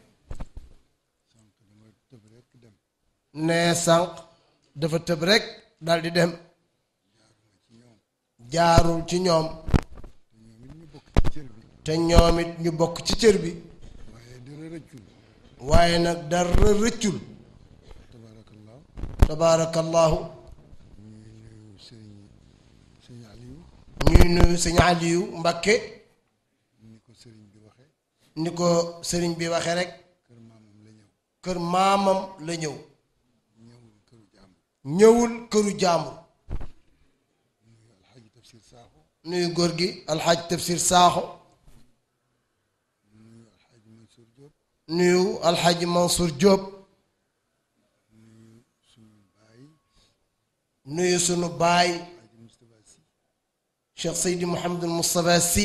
nee sànq dafa tëb rekk dal di dem jaarul ci ñoom te ñoom it ñu bokk ci cër bi waaye nag dara rëccul tabaarakallaahu ñuy nuyu sëñ Aliyu Mbàkke ni ko sëriñ bi waxe rek kër maamam la ñëw ñëwul këru jaambur nuyu góor gi alxaaj tafsir saaxo nuyu alxaaji mansour jóob nuyu sunu baay cheikh seydi mohamadul moustapha si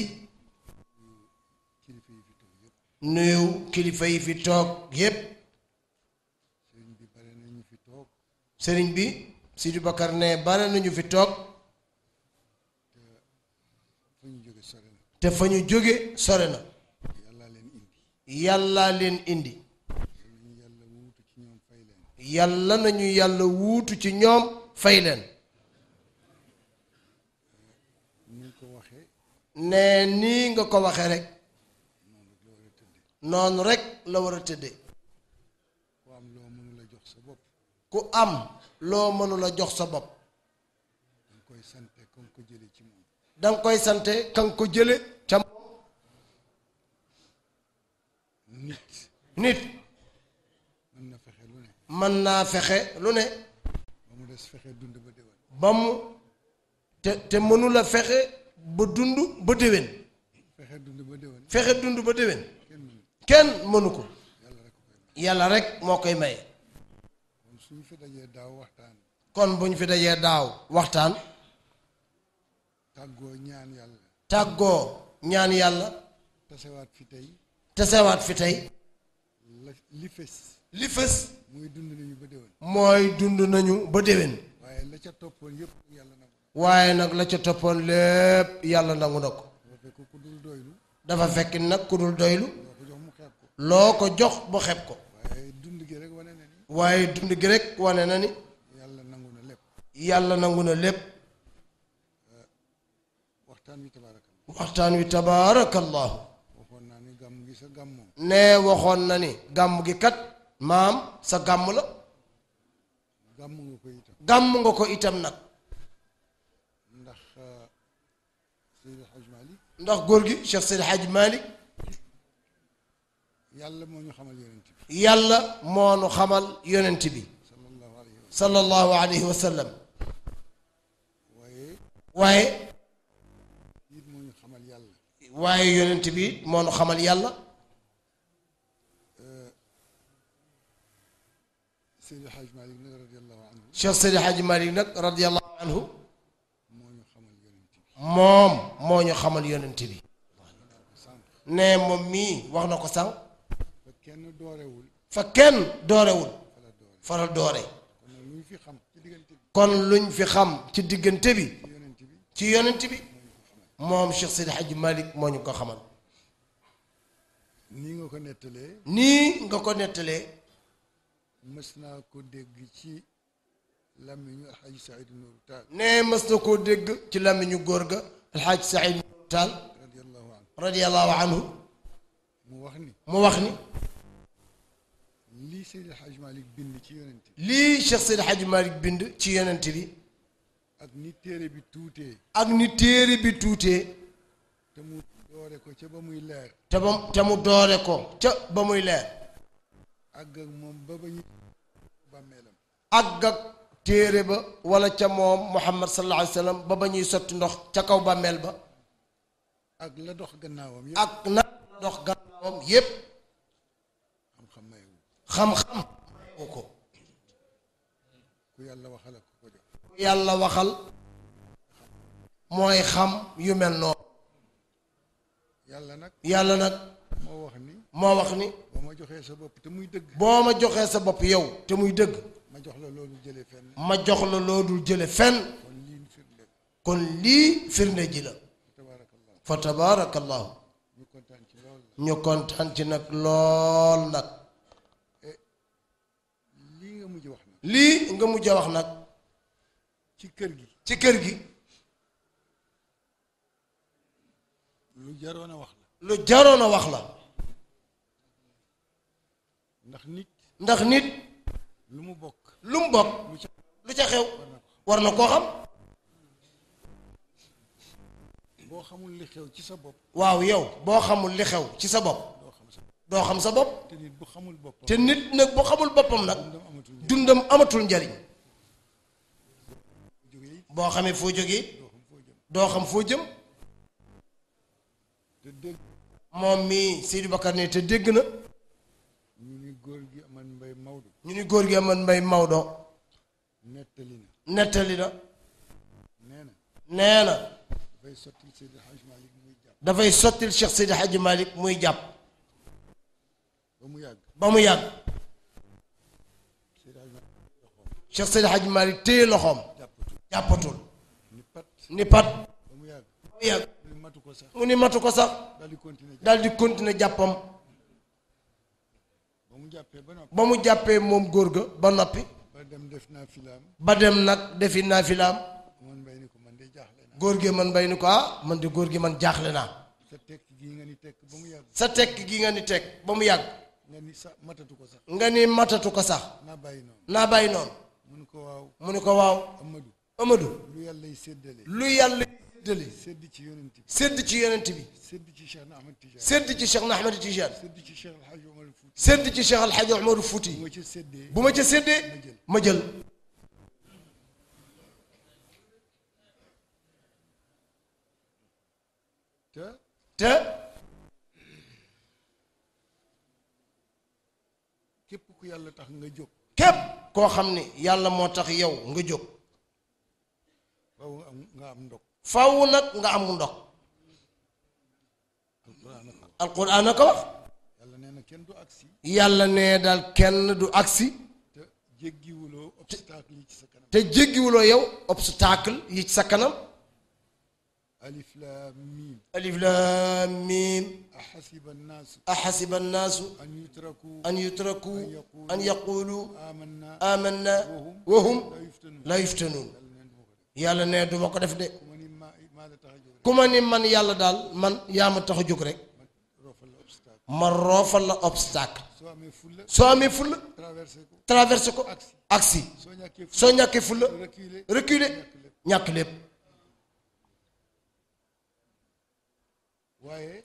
nuyu kilifa yi fi toog yépp sëriñ bi Sidi Bakar ne bare nañu fi toog te fa ñu jóge sore na yàlla leen indi yàlla nañu yàlla wuutu ci ñoom fay leen ne nii nga ko waxe rek noonu rek la war a tëdde ku am loo mënula jox sa bopp
danga koy sante kan ko jële ci moom
danga koy sante kan ko jële ca moom nit nit mën na fexe lu ne mën naa fexe lu ne
ba mu des fexe dund ba déwén
ba mu te fexe ba dund ba déwén fexe dund ba déwén fexe dund ba déwén kenn mënu ko yàlla rek moo koy maye
suñ fi dajee daaw waxtaan.
kon buñ fi dajee daaw waxtaan.
tàggoo ñaan yàlla.
tàggoo ñaan yàlla.
tesewaat fi tey.
tesewaat fi tey. li fës. li fës. mooy dund nañu ba déwén. mooy dund nañu ba déwén. waaye la yëpp yàlla nangu. waaye nag la ca toppoon lépp yàlla nangu na ko. dafa fekk ku doylu. dafa fekk nag ku dul doylu. loo ko jox mu xeeb ko. waaye dund gi rek wane na ni yàlla nangu na lépp yàlla nangu na lépp eh, waxtaan wi tabaarakallahu waxtaan wi tabaarakallahu waxoon naa ni gàmm gi sa gàmm ne waxoon na ni gàmm gi kat maam sa gàmm la
gàmm nga ko itam nga ko itam nag ndax eh, Seydi Hadj Malick ndax góor gi Cheikh Seydi Hadj Malick yàlla moo ñu xamal yéen
yàlla moo nu xamal yonent bi sallallahu alayhi wa sallam waaye waaye yonent bi moo nu xamal yàlla Cheikh Seydi Hadji Malick nag radiyallahu anhu moom moo xamal yonent bi ne moom mii wax na ko sànq kenn doorewul. fa kenn doorewul. fala doore. kon luñ fi xam ci diggante bi. ci yonent bi. moom Cheikh Seydi Hadji Malick moo ñu ko xamal.
nii nga ko nettalee.
nii nga ko nettalee.
mës naa ko dégg ci làmmiñu Alxaaji Saïd
Nourou koo dégg ci làmmiñu góor ga Alxaaji Saïd Nourou Taal. radiyallahu anhu. mu wax ni mu wax ni.
lii Seydi Hadj Malick bind ci yonent
bi. lii Cheikh Seydi bind ci yonent bi.
ak ni téere bi tuutee.
ak ni téere bi tuutee.
te mu doore ko ca ba muy leer.
ko ca ba muy leer.
àgg ak moom ba
ba téere ba wala ca moom Muhammad sallallahu alayhi ñuy sotti ndox ca kaw bàmmeel ba.
ak dox gannaawam yépp ak
la dox gannaawam yépp xam-xam mayewu ko yàlla waxal mooy xam yu mel noonu yàlla nag yàlla nag moo wax ni moo wax ni
boo ma joxee sa bopp te muy dëgg
boo ma joxee sa bopp yow te muy dëgg ma jox
la loolu jële fenn
ma jox la loolu jële fenn kon lii firnde ji la fa tabaarakallahu ñu kontaan ci nag lool nag lii nga mujj a wax nag ci kër gi ci kër gi lu jaroon a wax la lu jaroon a wax la ndax nit ndax nit lu mu bokk lu mu ca xew war na koo xam
boo xamul li xew ci sa bopp
waaw yow boo xamul li xew ci sa bopp doo xam sa bopp. te nit bu xamul boppam nag bu xamul boppam nag. dundam amatul njariñ boo xamee foo jógee doo xam foo jëm moom mii Seydou Bakar ne te dégg na
ñu ni góor gi aman mbay Maodo
ñu ni góor gi aman mbay Maodo nettali na nettali na nee na nee na dafay sottil Cheikh Seydi Hadji Malick muy jàpp ba mu yàgg ba mu yàgg Cheikh Seydi Hadj Malick téye loxoom jàppatul ni pat ba mu yàgg mu ni matu ko sax dal di continuer jàppam ba mu jàppee moom góor ga ba noppi ba dem nag defi naa filaam góor gi man bay ni ko ah man de góor gi man jaaxle naa
sa tekk gi nga ni tekk ba mu yàgg ba mu yàgg nga ni sa matatu ko sax. nga ni matatu ko sax. naa bàyyi
noonu naa bàyyi noonu. mu ni ko waaw mu ni ko waaw. Amadou Amadou.
lu yàlla yi séddale.
lu yàlla yi séddale. sédd ci yonent bi sédd ci yonent bi. sédd ci Cheikh na Ahmed Tidiane. sédd ci Cheikh na Ahmed Tidiane. sédd ci Cheikh Alhaji Omar Fouti. sédd ci Cheikh Alhaji Omar Fouti. bu ma ca séddee bu ma ca séddee ma jël. te. te. ku yàlla tax nga jóg képp koo xam ne yàlla moo tax yow nga jóg
faw nga am ndox
faw nag nga am ndox alquran a ko wax yàlla nee na kenn du agsi yàlla nee daal kenn du agsi te jéggiwuloo ci sa kanam te yow obstacle yi ci sa kanam alif
lam mim
alif lam mim أحسب الناس أحسب الناس أن يتركوا أن يتركوا أن يقولوا آمنا آمنا وهم yàlla ne du ma ko def de ku ma ni man yàlla daal man yaa ma tax a jóg rek ma roofal la obstacle soo amee fulla traversé ko agsi soo ñàkkee fulla reculer ñàkk lépp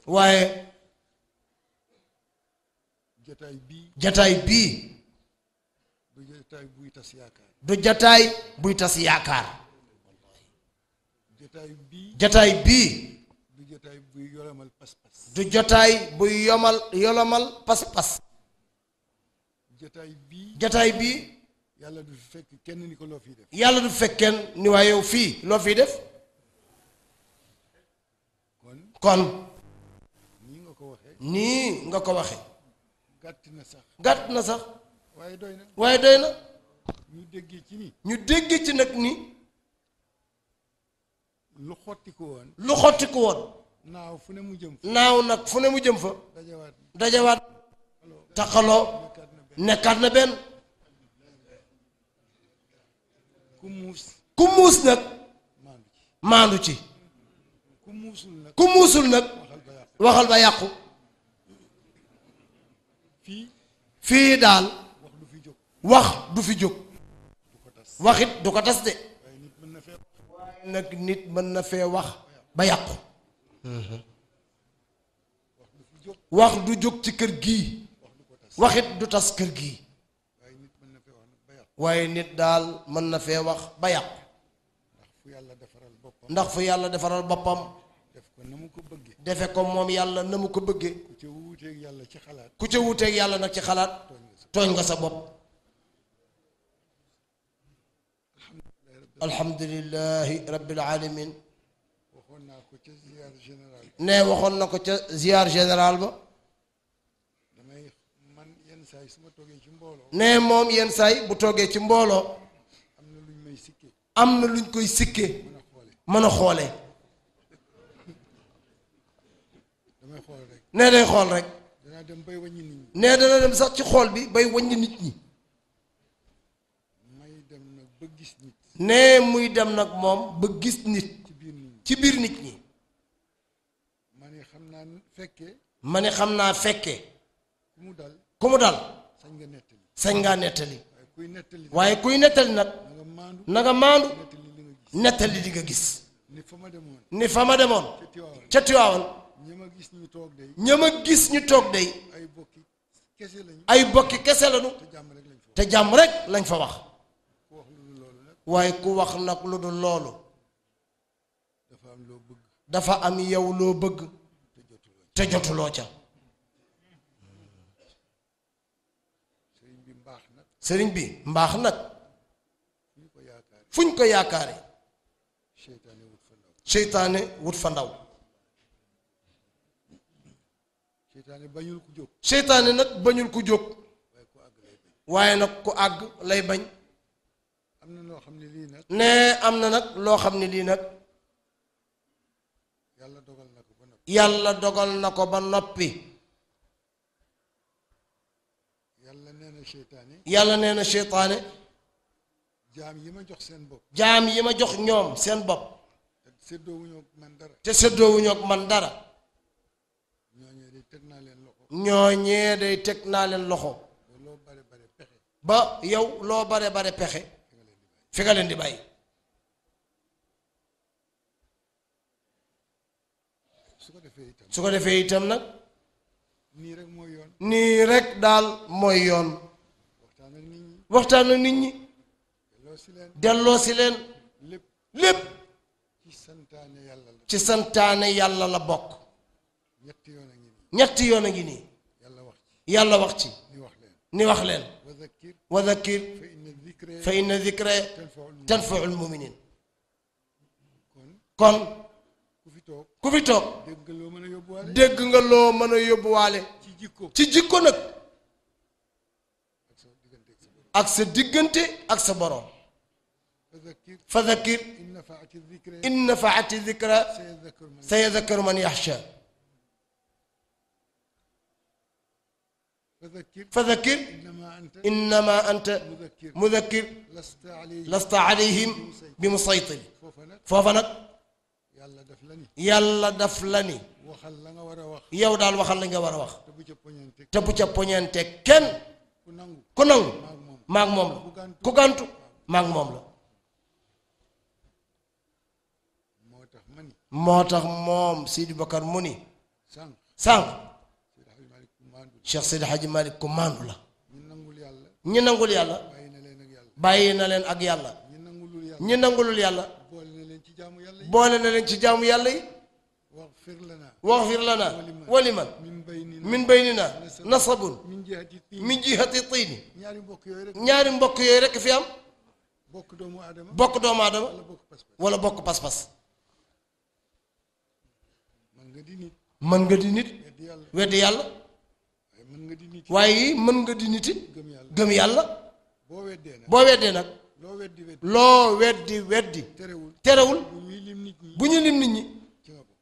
waaye
jataay bii
jataay bii
du jataay buy tas
yaakaar du buy tas yaakaar
jataay bii
jataay bii
du jataay buy
yolomal pas-pas du bii jataay bii
yàlla du fekk kenn ni ko loo fii
def yàlla du fekk kenn ni waaye fii loo fii def kon nii nga ko waxe
gàtt na sax na sax waaye doy na
waaye doy na ñu déggee ci ni ñu déggee ci nag ni lu xottiku woon lu xottiku woon naaw fu ne mu jëm fa nag fu ne mu jëm fa dajawaat dajawaat taxaloo nekkaat na benn ku muus ku muus nag maandu ci ku muusul nag ku muusul nag waxal ba yàqu fii daal wax du fi jóg waxit du ko tas de waaye nag nit mën na fee wax ba yàqu wax du jóg ci kër gii waxit du tas kër gii waaye nit daal mën na fee wax ba yàqu ndax fu yàlla defaral boppam defe ko moom yàlla na mu ko bëggee wuteeg yàlla ci xalaat ku ca wuteeg yàlla nag ci xalaat tooñ nga sa bopp alhamdulilahi rabbil alamin
waxoon ko ca ziar
ne waxoon na ko ca ziar général ba damay yenn saay su ma toogee ci mbooloo ne moom yenn saay bu toogee ci mbooloo am na luñ may sikke am na luñ koy sikke mën a xoole nee day xool rek. dana dem bay wàññi nit ñi. nee dana dem sax ci xool bi bay wàññi nit ñi. may dem nag ba gis nit. nee muy dem nag moom ba gis nit. ci biir nit ñi ci biir nit ñi.
ma ne xam naa
fekkee. ma ne xam naa fekkee. ku mu dal ku mu dal. sañ nga nettali sañ ngaa nettali. waaye kuy nettali nag. na nga maandu. nettali li nga gis. ni fa ma demoon. ni fa ma demoon. ca Tiwaawan. ña ma gis ñu toog day ña ma gis ñu toog day ay bokki kese lañu ay bokki kese lañu te jàmm rek lañ fa wax waaye ku wax nag lu dul loolu dafa am bëgg dafa am yow loo bëgg te jotuloo ca sëriñ bi mbaax nag fu ñu ko yaakaare seytaane wut fa ndaw seytaane bañul ku nag bañul ku jóg waaye nag ku àgg lay bañ
am na loo xam ne
lii nag nee am na nag loo xam ne lii nag yàlla dogal na ko ba noppi yàlla dogal na ko ba noppi
yàlla nee na seytaane
yàlla nee na seytaane
jaam yi ma jox seen bopp
jaam yi ma jox ñoom seen bopp te séddoowuñu ak man man dara ñooñee day teg naa leen loxo ba yow loo bare bare pexe fi nga leen di bàyyi su ko defee itam nag nii rek daal mooy yoon waxtaan ak nit ñi delloo si leen lépp ci santaane yàlla la bokk ñetti yoon a ngi nii yàlla wax ci ni wax leen wa dakkir fa inna dikra tanfaul muminin kon ku fi toog dégg nga loo mën a yóbbuwaale ci jikko nag ak sa diggante ak sa boroom fa dakkir in nafaati dikra sayadakkaru man yaxsha fa fadhakkir innama anta mudhakkir lasta alayhim bi mu musaytir foofa nag yàlla daf la ni yow daal waxal la nga war a wax te bu ca poñante kenn ku nangu maag moom la ku gàntu maag moom la moo tax moom Sidi Bakar mu ni sànq Cheikh Seydi Hadji Malick ku maandu la ñi nangul yàlla bàyyi na leen ak yàlla ñi nangulul yàlla boole na leen ci jaamu yàlla yi waxfir lana waliman min baynina nasabun min jihati tiini ñaari mbokk yooyu rekk fi am bokk doomu aadama wala bokk pas-pas mën nga di nit weddi yàlla waaye mën nga di nit gëm yàlla boo weddee nag loo weddi weddi terewul bu ñu lim nit ñi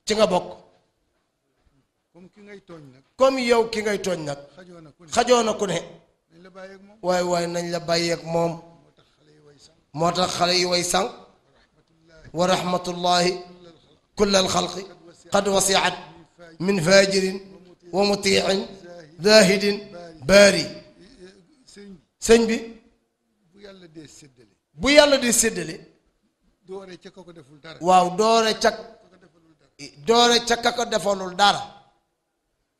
ci nga bokk comme yow ki ngay tooñ nag xajoo na ku ne waaye waaye nañ la bàyyeek moom moo tax xale yi way sànq wa rahmatullahi kullal xalqi qad wasiat min fajirin wa mutiin zaahidin baari sëñ bi bu yàlla dee séddale bu yàlla dee seddale
doore ca ka deful
dara waaw doore ca doore ca ko defalul dara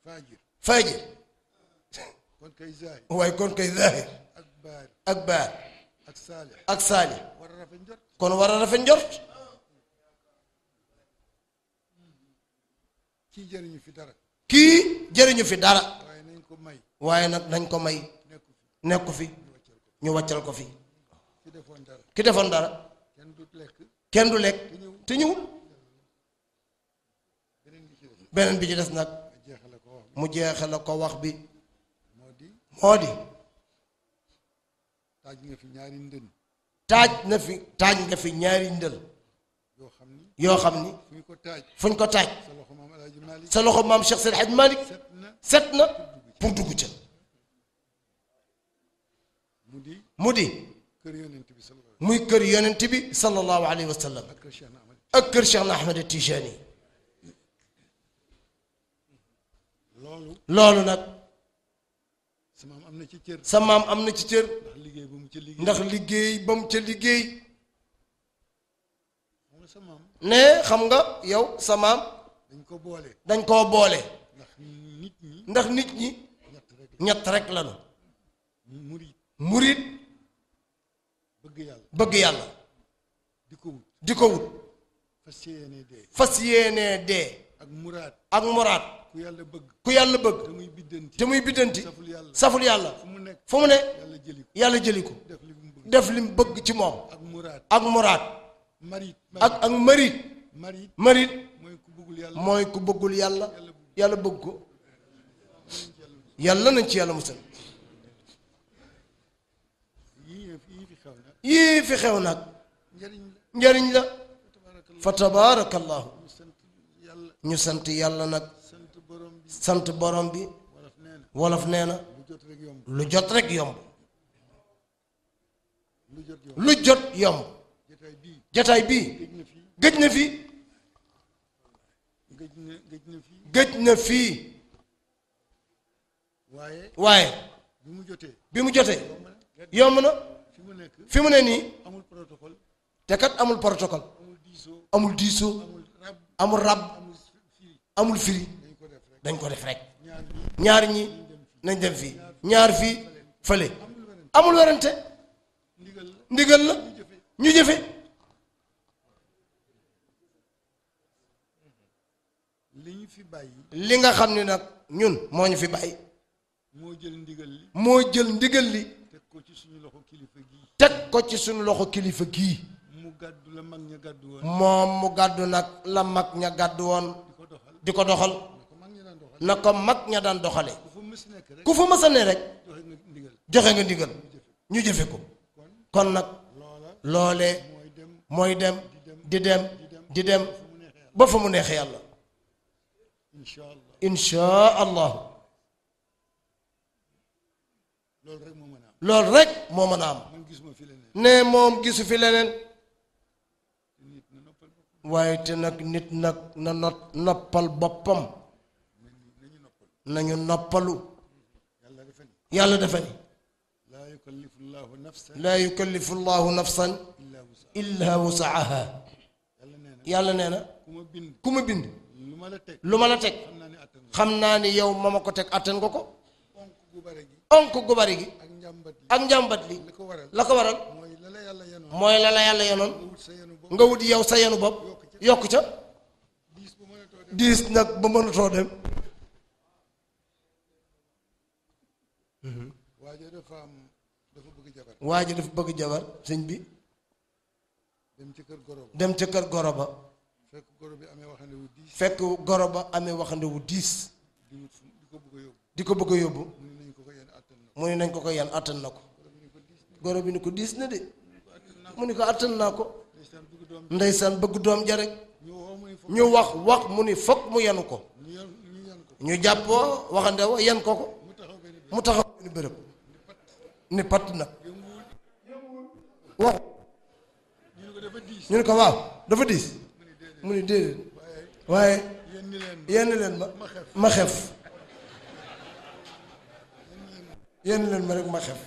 faajir faajir kon kay zaahir waaye kon kay zaahir ak baar ak baar kon war a rafet njort kii jëriñu fi dara waaye nag dañ ko may nekku fi ñu wàccal ko fi ki defoon dara kenn du lekk te ñëwul beneen bi ci des nag mu jeexe la ko wax bi moo di taaj nga fi ñaari ndël taaj na fi taaj nga fi ñaari ndël yoo xam ni fuñ ko taaj sa loxo maam Cheikh Seydi Hadj Malick set na pour dugg ca mu di muy kër yonent bi sallallahu alayhi wa sallam ak kër Cheikh na Ahmed Tijani loolu nag sa maam am na ci cër ndax liggéey ba mu ca liggéey ne xam nga yow sa maam dañ koo boole ndax nit ñi ndax nit ñi ñett rek lanu murit murit bëgg yàlla bëgg yàlla di ko wut di ko wut fas yéenee dee fas yéenee dee ak muraat ak muraat ku yàlla bëgg ku yàlla bëgg te muy biddanti te muy biddanti saful yàlla fu mu ne yàlla jëli ko yàlla jëli def li bëgg ci moom ak muraat ak muraat ak ak marit ku bëggul yàlla mooy ku bëggul yàlla yàlla bëgg ko yàlla nañ ci yàlla mu musal yii fi xew nag njariñ la fa tabaarakallaahu ñu sant yàlla nag sant borom bi wolof nee na lu jot rek yomb lu jot yomb jataay bii gëj na fii gëj na fii waaye bi mu jotee bi mu jotee yomb na fi mu ne nii te kat amul protocole amul diisoo amul rab amul firi dañ ko def rek ñaar ñi nañ dem fii ñaar fii fële amul werante ndigal la ñu jëfe li nga xam ni nag ñun moo ñu fi bàyyi moo jël ndigal li moo jël ndigal li teg ko ci suñu loxo kilifa gii teg ko ci suñu loxo kilifa gii mu la mag ña gàddu woon moom mu gàddu nag la mag ña gàddu woon di ko doxal na ko mag ña daan doxale ku fa mës a ne rek joxe nga ndigal ñu jëfe ko kon nag loole mooy dem di dem di dem ba fa mu neex yàlla insha allah
loolu rek moo mën a
am loolu rek moo mën a am ne moom gisu fi leneen waaye te nag nit nag na not noppal boppam nañu noppalu yàlla dafa ni laa yukallifu llahu nafsan illa wusaaha yàlla nee na ku ma bind lu ma la teg xam naa ni yow ma ma ko teg attan nga ko onk gu bari gi ak njàmbat li la ko waral mooy la la yàlla yenoon nga wut yow sa yenu bopp yokk ca diis nag ba mënatoo dem
waa ji dafa bëgg
jabar sëñ bi
dem ca kër goro ba fekk
goro ba amee waxande wu diis di ko bëgg a yóbbu mu ne nañ ko ko yan àttan na ko goro bi ni ko diis na de mu ni ko attan naa ko ndeysaan bëgg doom ja rek ñu wax wax mu ni foog mu yanu ko ñu jàppoo waxande wa yan ko ko mu taxaw benn bërëb ni patt nag wax ñu ne ko waaw dafa diis mu ni déedéet waaye yenn leen ma ma xef yenn leen ma rek ma xef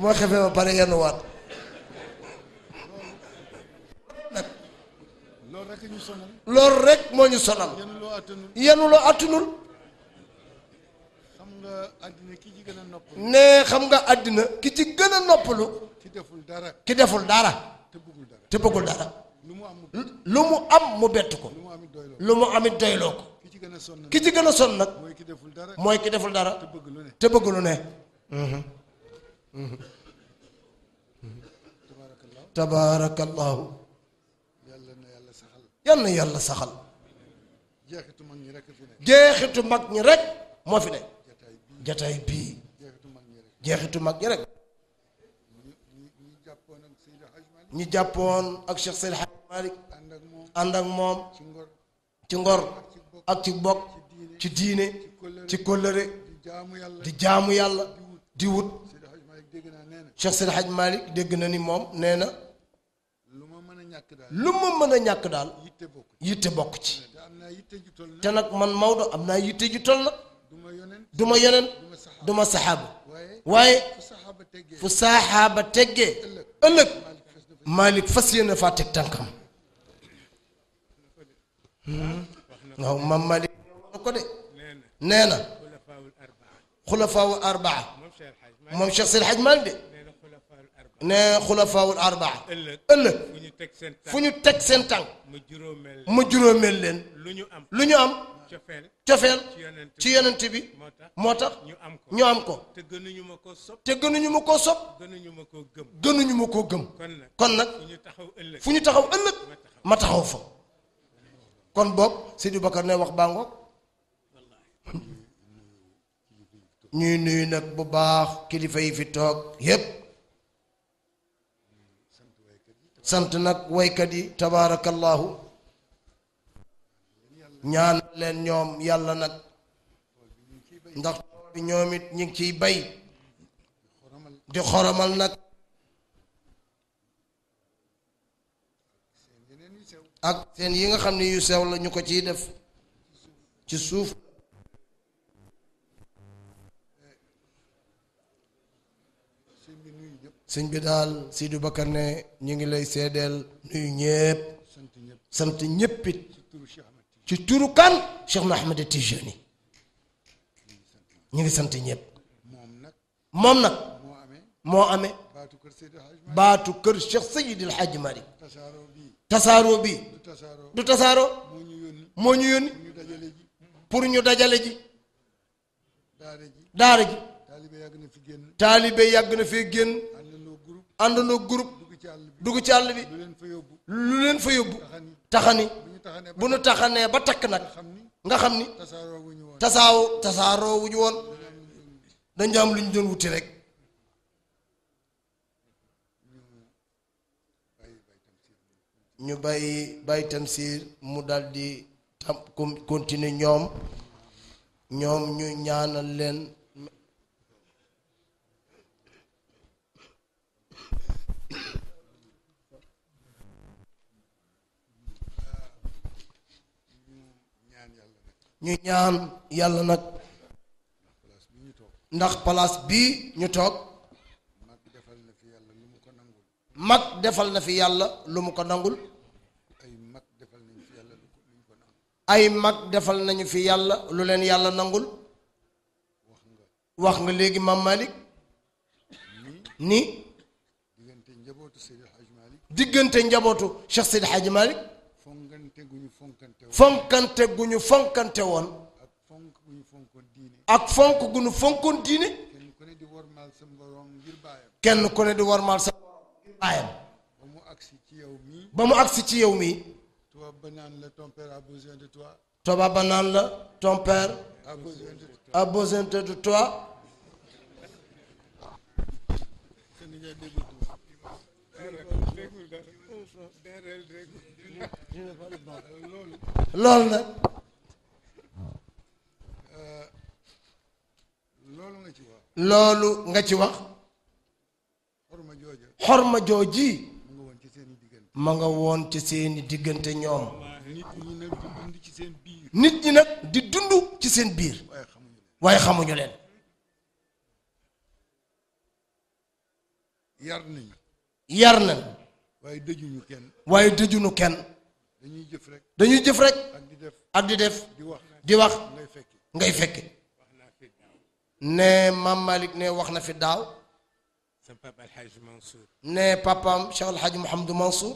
moo xefee ba pare yenn waat
nag loolu rek ñu sonal
loolu rek moo ñu sonal yenn loo àttanul ne xam nga àddina ki ci gën a noppalu ki deful dara ki dara te bëggul dara lu mu am mu bett ko lu mu amit doyloo ko ki ci gën a sonn nag deful dara mooy ki deful dara te bëgg lu ne te bëgg lu ne. Mhm. tabaarakallaahu. yàlla na yàlla saxal. yàlla na yàlla saxal.
jeexitu mag ñi rek fi ne.
jeexitu mag ñi rek moo fi ne. jataay bii jeexitu mag ñi rek. ñu jàppoon ak Cheikh Seydi Hadji Malick ànd ak moom ci ngor ak ci bokk ci diine. ci kóllëre di jaamu yàlla di wut Cheikh Seydi Hadj Malick dégg na ni moom nee na lu ma mën a ñàkk daal yitte bokk ci te nag man Maodo am naa yitte ju toll nag du ma yoneen du ma saxaaba waaye fu saxaaba teggee ëllëg Malick fas yéene faa teg tànkam hmm? waaw maam Malick ko de nee na xulafaawu arbaa moom Cheikh Seydi Hadj Malick de nee xulafaawul arbaa ëllëg fu ñu teg seen tànk ma juróomeel leen lu ñu am cofeel ci yonent bi moo tax ñu am ko te gënuñu ma koo sopp gënuñu ma koo gëm kon nag fu ñu taxaw ëllëg ma taxaw fa kon boog Sidi Bakar ne wax baa ñuy nuyu nag bu baax kilifa yi fi toog yépp sant nag waykat yi tabaarakallaahu ñaan leen ñoom yàlla nag ndax tool bi ñoom it ñu ngi ciy bay di xoromal nag ak seen yi nga xam ne yu sew la ñu ko ciy def ci suuf sëñ bi daal Sidou Bakar ne ñu ngi lay seedeel nuyu ñëpp sant ñëpp ci turu kan Cheikh Ahmed Tijani ñu ngi sant ñëpp moom nag moo amee baatu kër Cheikh Seydi El Hadj Malick tasaaroo bi du tasaaroo moo ñu yónni pour ñu dajale ji daara ji taalibe yàgg na fi génn àndandoo groupe dugg ci àll bi lu leen fa yóbbu taxani bu nu taxanee ba takk nag nga xam ni tasaaw tasaaroo wuñu woon dañu am lu ñu doon wuti rek ñu bàyyi bàyyi tamsiir mu daldi tam continuer ñoom ñoom ñu ñaanal leen ñu ñaan yàlla nag ndax palaas bii ñu toog mag defal na fi yàlla lu mu ko nangul ay mag defal nañu fi yàlla lu leen yàlla nangul wax nga léegi maam Malick ni diggante njabootu Cheikh Seydi Hadji Malick fonkante gu ñu fonkante woon. fonkante gu ñu fonkante woon. ak fonk gu ñu fonkoon diine. ak fonk gu ñu fonkoon diine. kenn ku ne di warmaal sa morom ngir baayam. kenn ku ne di warmaal sa morom ngir baayam. ba mu agsi ci yow mii. ba mu agsi ci yow mii.
tubaab ba naan la ton père a besoin de toi.
tubaab ba naan la ton père.
a besoin de
toi a besoin de toi. loolu nag loolu nga ci wax xorma jooji ma nga woon ci seeni diggante ñoom nit ñi nag di dund ci seen biir waaye xamuñu leen yar nañ yar nañ waaye dëjuñu kenn waaye dëjuñu kenn dañuy jëf rek dañuy jëf rek ak di def di wax ngay fekke ne maam Malick ne wax na fi daaw
ne papaam Cheikh El Hadj Mouhamadou Mansour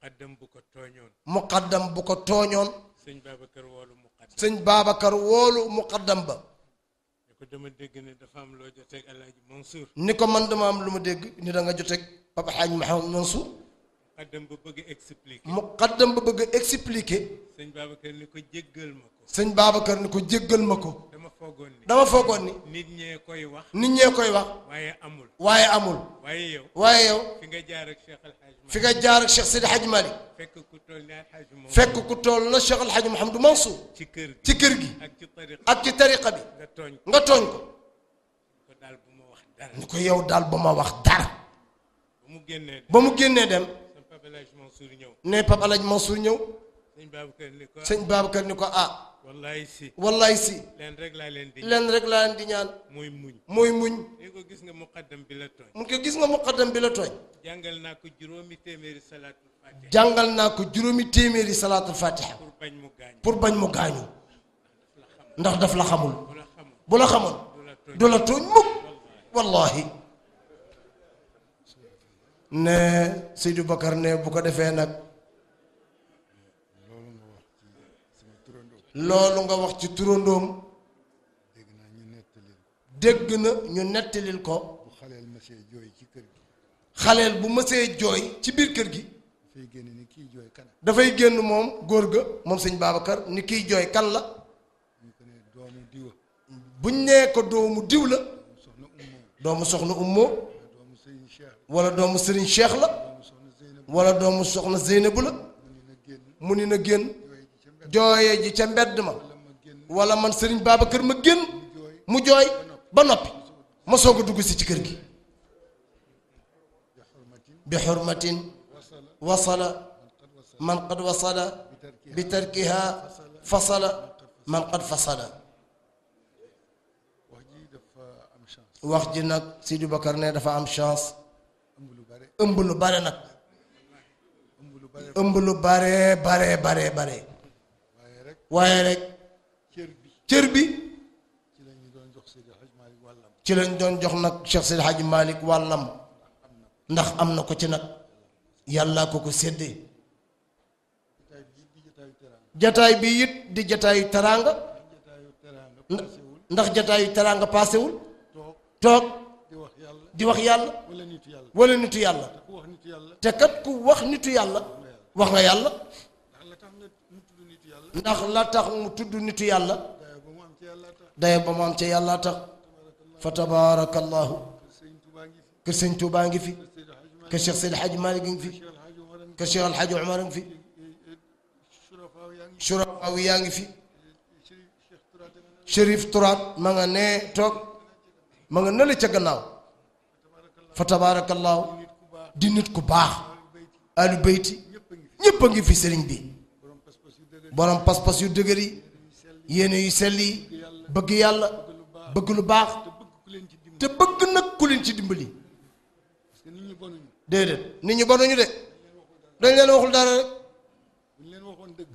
muqaddam bu ko tooñoon muqaddam bu ko tooñoon sëñ Babacar woolu
muqaddam sëñ Babacar woolu muqaddam ba
ni ko dama dégg ne dafa am loo joteeg El Hadj Mansour ni ko
man dama am lu ma dégg ni da nga joteeg papa Hadj Mouhamadou Mansour
muqaddam ba bëgg expliquer.
muqaddam ba bëgg expliquer. sëñ Babacar ni ko jéggal ma ko. sëñ baaba Babacar ni ko jéggal ma ko.
dama foogoon ni dama
foogoon ni. nit ñee koy wax. nit ñee koy wax. waaye amul. waaye amul. waaye yow. waaye yow. fi nga jaar ak
Cheikh Al Hadj Malick. fi nga jaar ak Cheikh Sidi Hadj Malick. fekk ku toll ni Al Hadj Mansour. fekk ku toll na Cheikh Al Hadj Mouhamadou Mansour. ci kër gi ci kër gi. ak ci tariqa nga tooñ ko nga tooñ ko.
ni ko yow daal ba ma wax dara. ba mu génnee dem. ne Pape El Hadj Mansour ñëw. sëñ Babacar ni ko ah.
wallaay si si. leen rek laa leen di ñaan leen laa leen di ñaan. mooy muñ mooy muñ. ni ko gis nga muqaddam bi la tooñ. mu ko gis nga muqaddam bi la jàngal naa ko juróomi
téeméeri jàngal naa ko juróomi téeméeri salaatul fatiha. pour bañ mu ndax daf la xamul. ne Seydou Bakar ne bu ko defee nag loolu nga wax ci turandoom dégg na ñu nettalil ko xaleel bu mësee jooy ci biir kër gi dafay génn moom góor ga moom sëñ Babacar ni kiy jooy kan la buñ nee ko doomu diw la doomu soxna ummoo wala doomu Serigne Cheikh la wala doomu soxna Zeynabu la mu ni na génn jooye ji ca mbedd ma wala man sëriñ baaba kër ma génn mu jooy ba noppi ma soog a dugg si ci kër gi bi xurmatin wasala man qad wasala bi tarkiha fasala man qad fasala wax ji nag Sidi Bakar ne dafa am chance ëmb lu bare nag ëmb lu bare bare bare bare waaye rek cër bi ci lañ doon jox nag Cheikh Seydi Hadji Malick wàllam ndax am na ko ci nag yàlla ko ko séddee jataay bi it di jataayu teraanga ndax jataayu teraanga paasewul toog di wax yàlla wala nitu yàlla te kat ku wax nitu yàlla wax nga yàlla ndax la tax mu tudd nitu yàlla daye ba mu am ca yàlla tax fa tabarakallahu kër sëñ Tuubaa ngi fi kër Cheikh Seydi Hadji Malick ngi fi kër Cheikh Alhaji Omar ngi fi surafaaw yaa ngi fi Chérif Turaat ma nga nee toog ma nga nële ca gannaaw fa tabaarakallaahu di nit ku baax alu bayti ñëpp a ngi fi sëriñ bi borom pas-pas yu dëgër yi yéene yu sell yi bëgg yàlla bëgg lu baax te bëgg nag ku leen ci dimbali déedéet nit ñu bonuñu de dañ leen waxul dara rek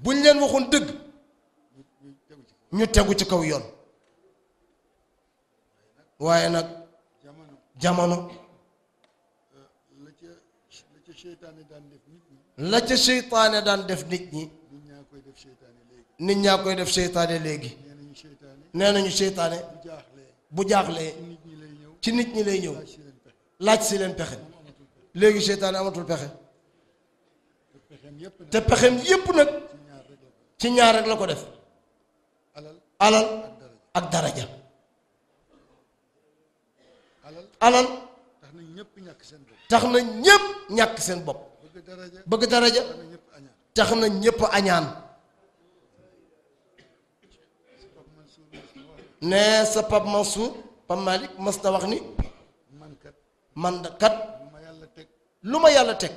buñ leen waxoon dëgg ñu tegu ci kaw yoon waaye nag jamono la ca seytaane daan def nit ñi nit ñaa koy def seytaane léegi nee nañu seytaane bu jaaxlee ci nit ñi lay ñëw laaj si leen pexe léegi seytaane amatul pexe te pexem yépp nag ci ñaar rek la ko def alal ak daraja alal tax na ñépp ñàkk seen bopp bëgg daraja tax na ñépp añaan ne sa Pape Mansour Pape Malick mas na wax ni man kat lu ma yàlla teg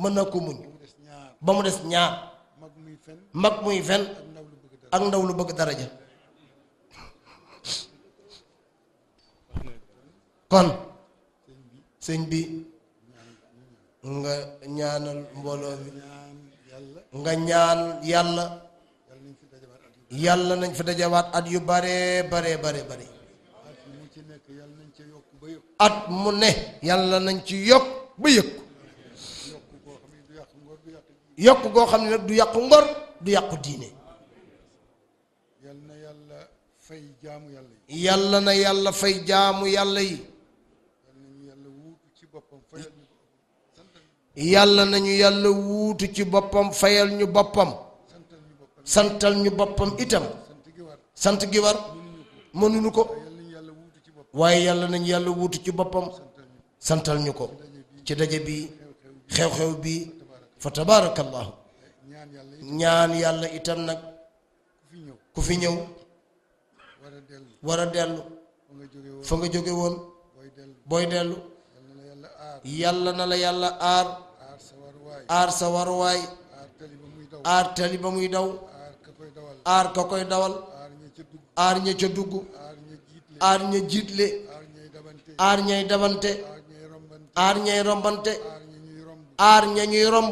mën naa ko muñ ba mu des ñaar mag muy fen ak ndaw lu bëgg daraja kon sëñ bi nga ñaanal mbooloo mi nga ñaan yàlla yàlla nañ fi dajawaat at yu bare bare bare bare at mu ne yàlla nañ ci yokk ba yëg yokk goo xam ne du yàqu ngor du yàqu diine yàlla na yàlla fay jaamu yàlla yi yàlla nañu yàlla wuutu ci boppam fayal ñu boppam santal ñu boppam itam sant gi war mënuñu ko waaye yàlla nañu yàlla wuutu ci boppam santal ñu ko ci daje bi xew-xew bi fa tabaarakallaahu ñaan yàlla itam nag ku fi ñëw
war a dellu fa nga jóge woon
booy dellu yàlla na la yàlla aar aar sa waruwaay aar tali muy daw aar ka koy dawal aar ña ca dugg aar ña jiitle aar ñay dabante aar ñay rombante aar ña ñuy romb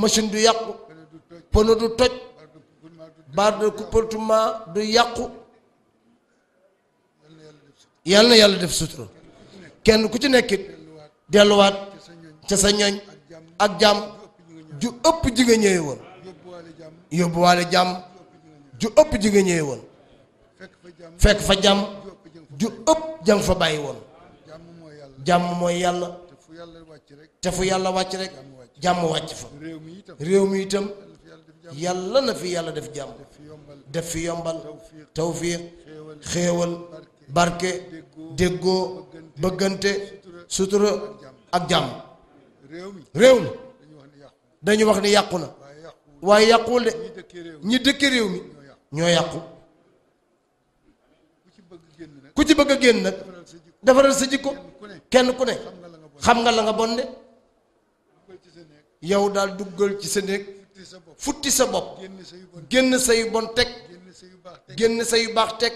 machine du yàqu pono du toj bar de du yàqu yal na yàlla def sutura kenn ku ci nekkit delluwaat ca sa ñoñ ak jàmm ju ëpp ji ñëwee woon yóbbuwaale jàmm ju ëpp ji ñëwee woon fekk fa jàmm ju ëpp jàng fa bàyyi woon jàmm mooy yàlla te fu yàlla wàcc rek jàmm wàcc fa réew mi itam yàlla na fi yàlla def jàmm def fi yombal tawfiix xéewal barke déggoo bëggante sutura ak jàmm réew mi dañu wax ni yàqu na waaye yàquwul de ñi dëkke réew mi ñoo yàqu ku ci bëgg a génn nag defaral sa jikko kenn ku ne xam nga la nga bon de yow daal duggal ci sa néeg futti sa bopp génn sa yu bon teg génn sa yu baax teg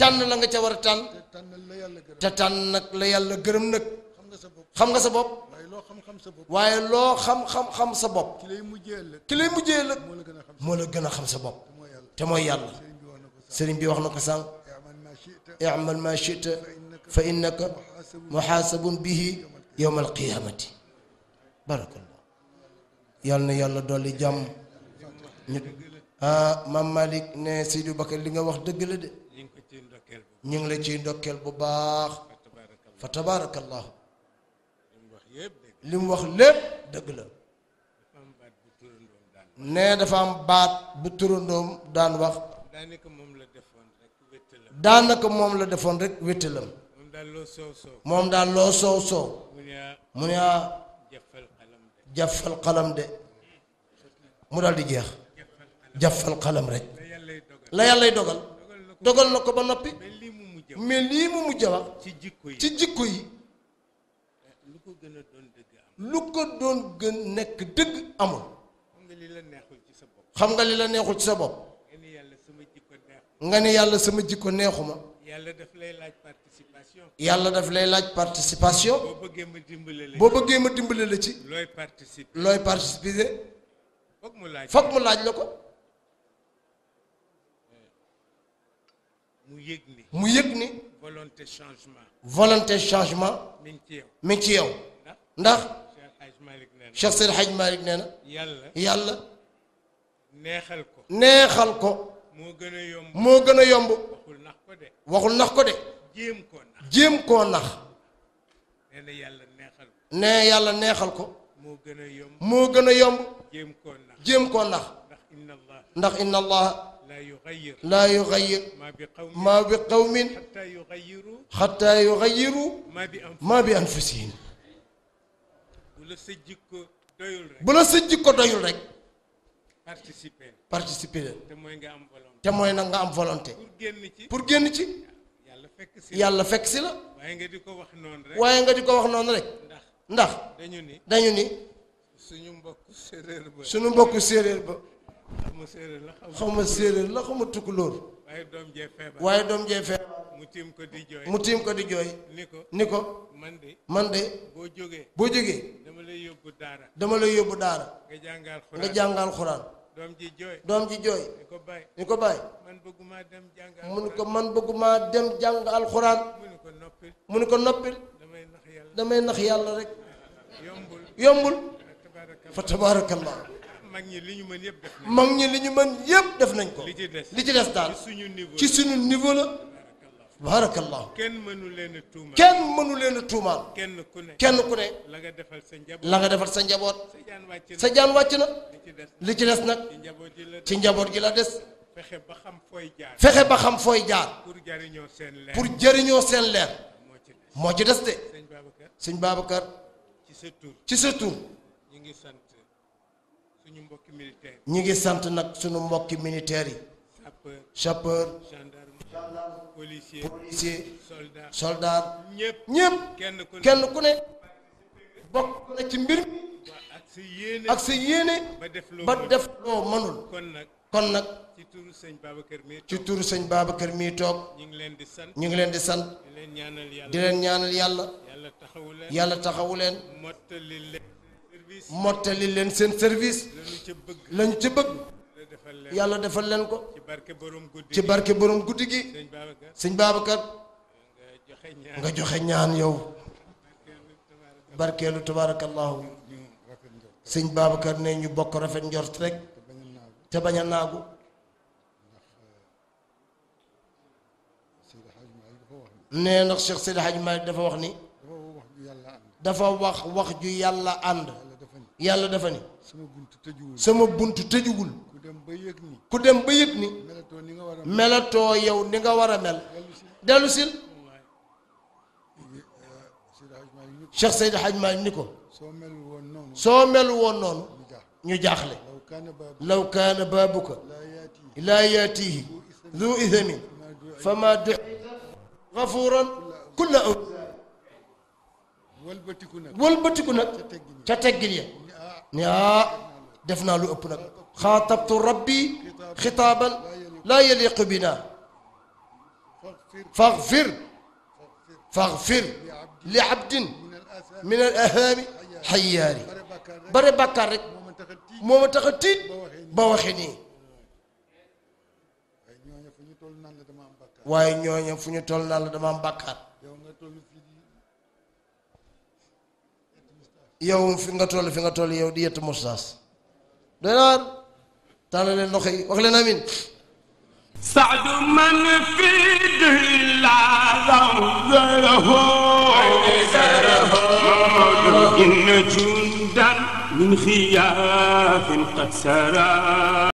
tànn la nga ca war a tànn te tànn nag la yàlla gërëm nag xam nga sa bopp waaye loo xam-xam-xam sa bopp ki lay mujjee ëllëg moo la gën a xam sa bopp te mooy yàlla sëriñ bi wax na ko sànq i'mal ma shi'ta fa innaka muhaasabun bihi yowma alqiyaamati barakallah yàlla na yàlla dolli jàmm ñu ah ne Seydou li nga wax dëgg la de ñu ngi la ciy ndokkeel bu baax fa tabaarakallahu li mu wax lépp dëgg la nee dafa am baat bu turandoom daan wax
daanaka moom la
defoon rek wéttalam
moom daal loo soow soow mu ne ah
jafal xalam de mu daal di jeex jafal xalam rek la yàllay dogal dogal na ko ba noppi mais lii mu mujj wax ci jikko yi ko gën a doon dëgg amul. lu ko doon gën nekk dëgg amul.
xam nga li la neexul ci sa bopp. xam nga li la neexul ci sa bopp. nga ni yàlla sama jikko neexuma. nga ni yàlla sama jikko neexuma. yàlla daf lay laaj participation.
yàlla daf lay laaj participation. boo bëggee ma dimbale la ci boo ma dimbale la ci. looy
participer looy participer. foog mu laaj foog mu laaj la ko. mu mu yëg ni. volonté changement.
volonté changement. mi ngi ci yow mi ngi ci yow. Ah. ndax. Cheikh Seydi Hadj Malick nee na. yàlla yàlla.
neexal ko.
neexal ko. moo gën a yomb moo gën a yomb. waxul nax ko de. waxul nax ko de. jéem koo nax jéem koo nax. yàlla neexal ko. yàlla neexal ko. moo gën a yomb moo gën a yomb. jéem koo nax ndax inna allah. laa yuxayir maa bi qawmin xataa yuxayiru maa bi anfusihim bu la sa jikko doyul rek participer leen te mooy nag nga am volonté pour génn ci yàlla fekk si la waaye nga di ko wax noonu rek nga di ko wax ndax dañu ni suñu mbokku séeréer ba suñu mbokku séeréer ba xaw ma séeréer la xaw ma tukkulóor waaye doom jee feebar waaye doom jee feebar mu tiim ko di jooy mu tiim ko di jooy ni ko man man de boo jógee boo jógee dama lay dama lay yóbbu daara nga jàngal doom ji jooy ko bàyyi ni ko bàyyi man bëgguma dem jàng man bëgguma dem jàng alxuraan mu ni ko noppil mu ni ko noppil damay nax yàlla damay nax yàlla rek yombul yombul fa tabaarakallah mag ñi li ñu mën yëpp def nañ li ñu mën yëpp def nañ ko. li ci des li ci des daal ci suñu niveau la. barakallahu kenn mënu leen a tuumaal kenn mënu leen a tuumaal. kenn ku ne kenn ku ne. la nga defal sa njaboot la nga defal sa njaboot. sa jaan wàcc na li ci des nag ci njaboot gi la des.
fexe ba xam
fooy jaar fexe ba xam fooy jaar. pour jëriñoo seen leer seen leer. moo ci des de. sëñ Babacar. ci sa tur ci sa tur. ñi ngi sant nag suñu mbokki militaire yi
sapeur gendarme policier
soldat ñëpp kenn ku ne bokk na ci mbir mi ak sa yéene ba def loo mënul kon nag ci turu sëñ Babacar mi ci turu sëñ Babacar mi toog ñu ngi leen di sant ñu ngi leen di sant di leen ñaanal yàlla yàlla taxawu leen mottali leen mottali leen seen service lañ ca bëgg yàlla defal leen ko ci barke borom guddi gi sëñ Babacar nga joxe ñaan yow barkeelu tabaarakallaahu sëñ Babacar ne ñu bokk rafet njort rek te bañ a naagu nee ndax Cheikh Seydi Hadj Malick dafa wax ni dafa wax wax ju yàlla ànd yàlla dafa ni sama buntu tëjuwul sama buntu tëjuwul ku dem ba yëg ni ku dem ni yow ni nga war a mel dellu sil Cheikh Seydi Hadj Malick ni ko soo melu woon noonu soo melu woon ñu jaaxle law kaana baabuka laa yaatihi zu ithamin fama duxita gafuran kulla aw wëlbatiku nag wëlbatiku nag ca teggin ya ni ah def naa lu ëpp nag xaatabtu rabbi xitaaban laa yaliqu bina faxfir faxfir li abdin min al ahaami xayaari bare bàkkaar rek moo ma tax a tiit ba waxe nii waaye ñooñu fu ñu toll naan la dama am bàkkaar yow fi nga toll fi nga toll yow di yett mustaas doy na waar tàllal leen loxo yi wax leen amin سعد من في دلا زره إن جندا
من خياف قد سرى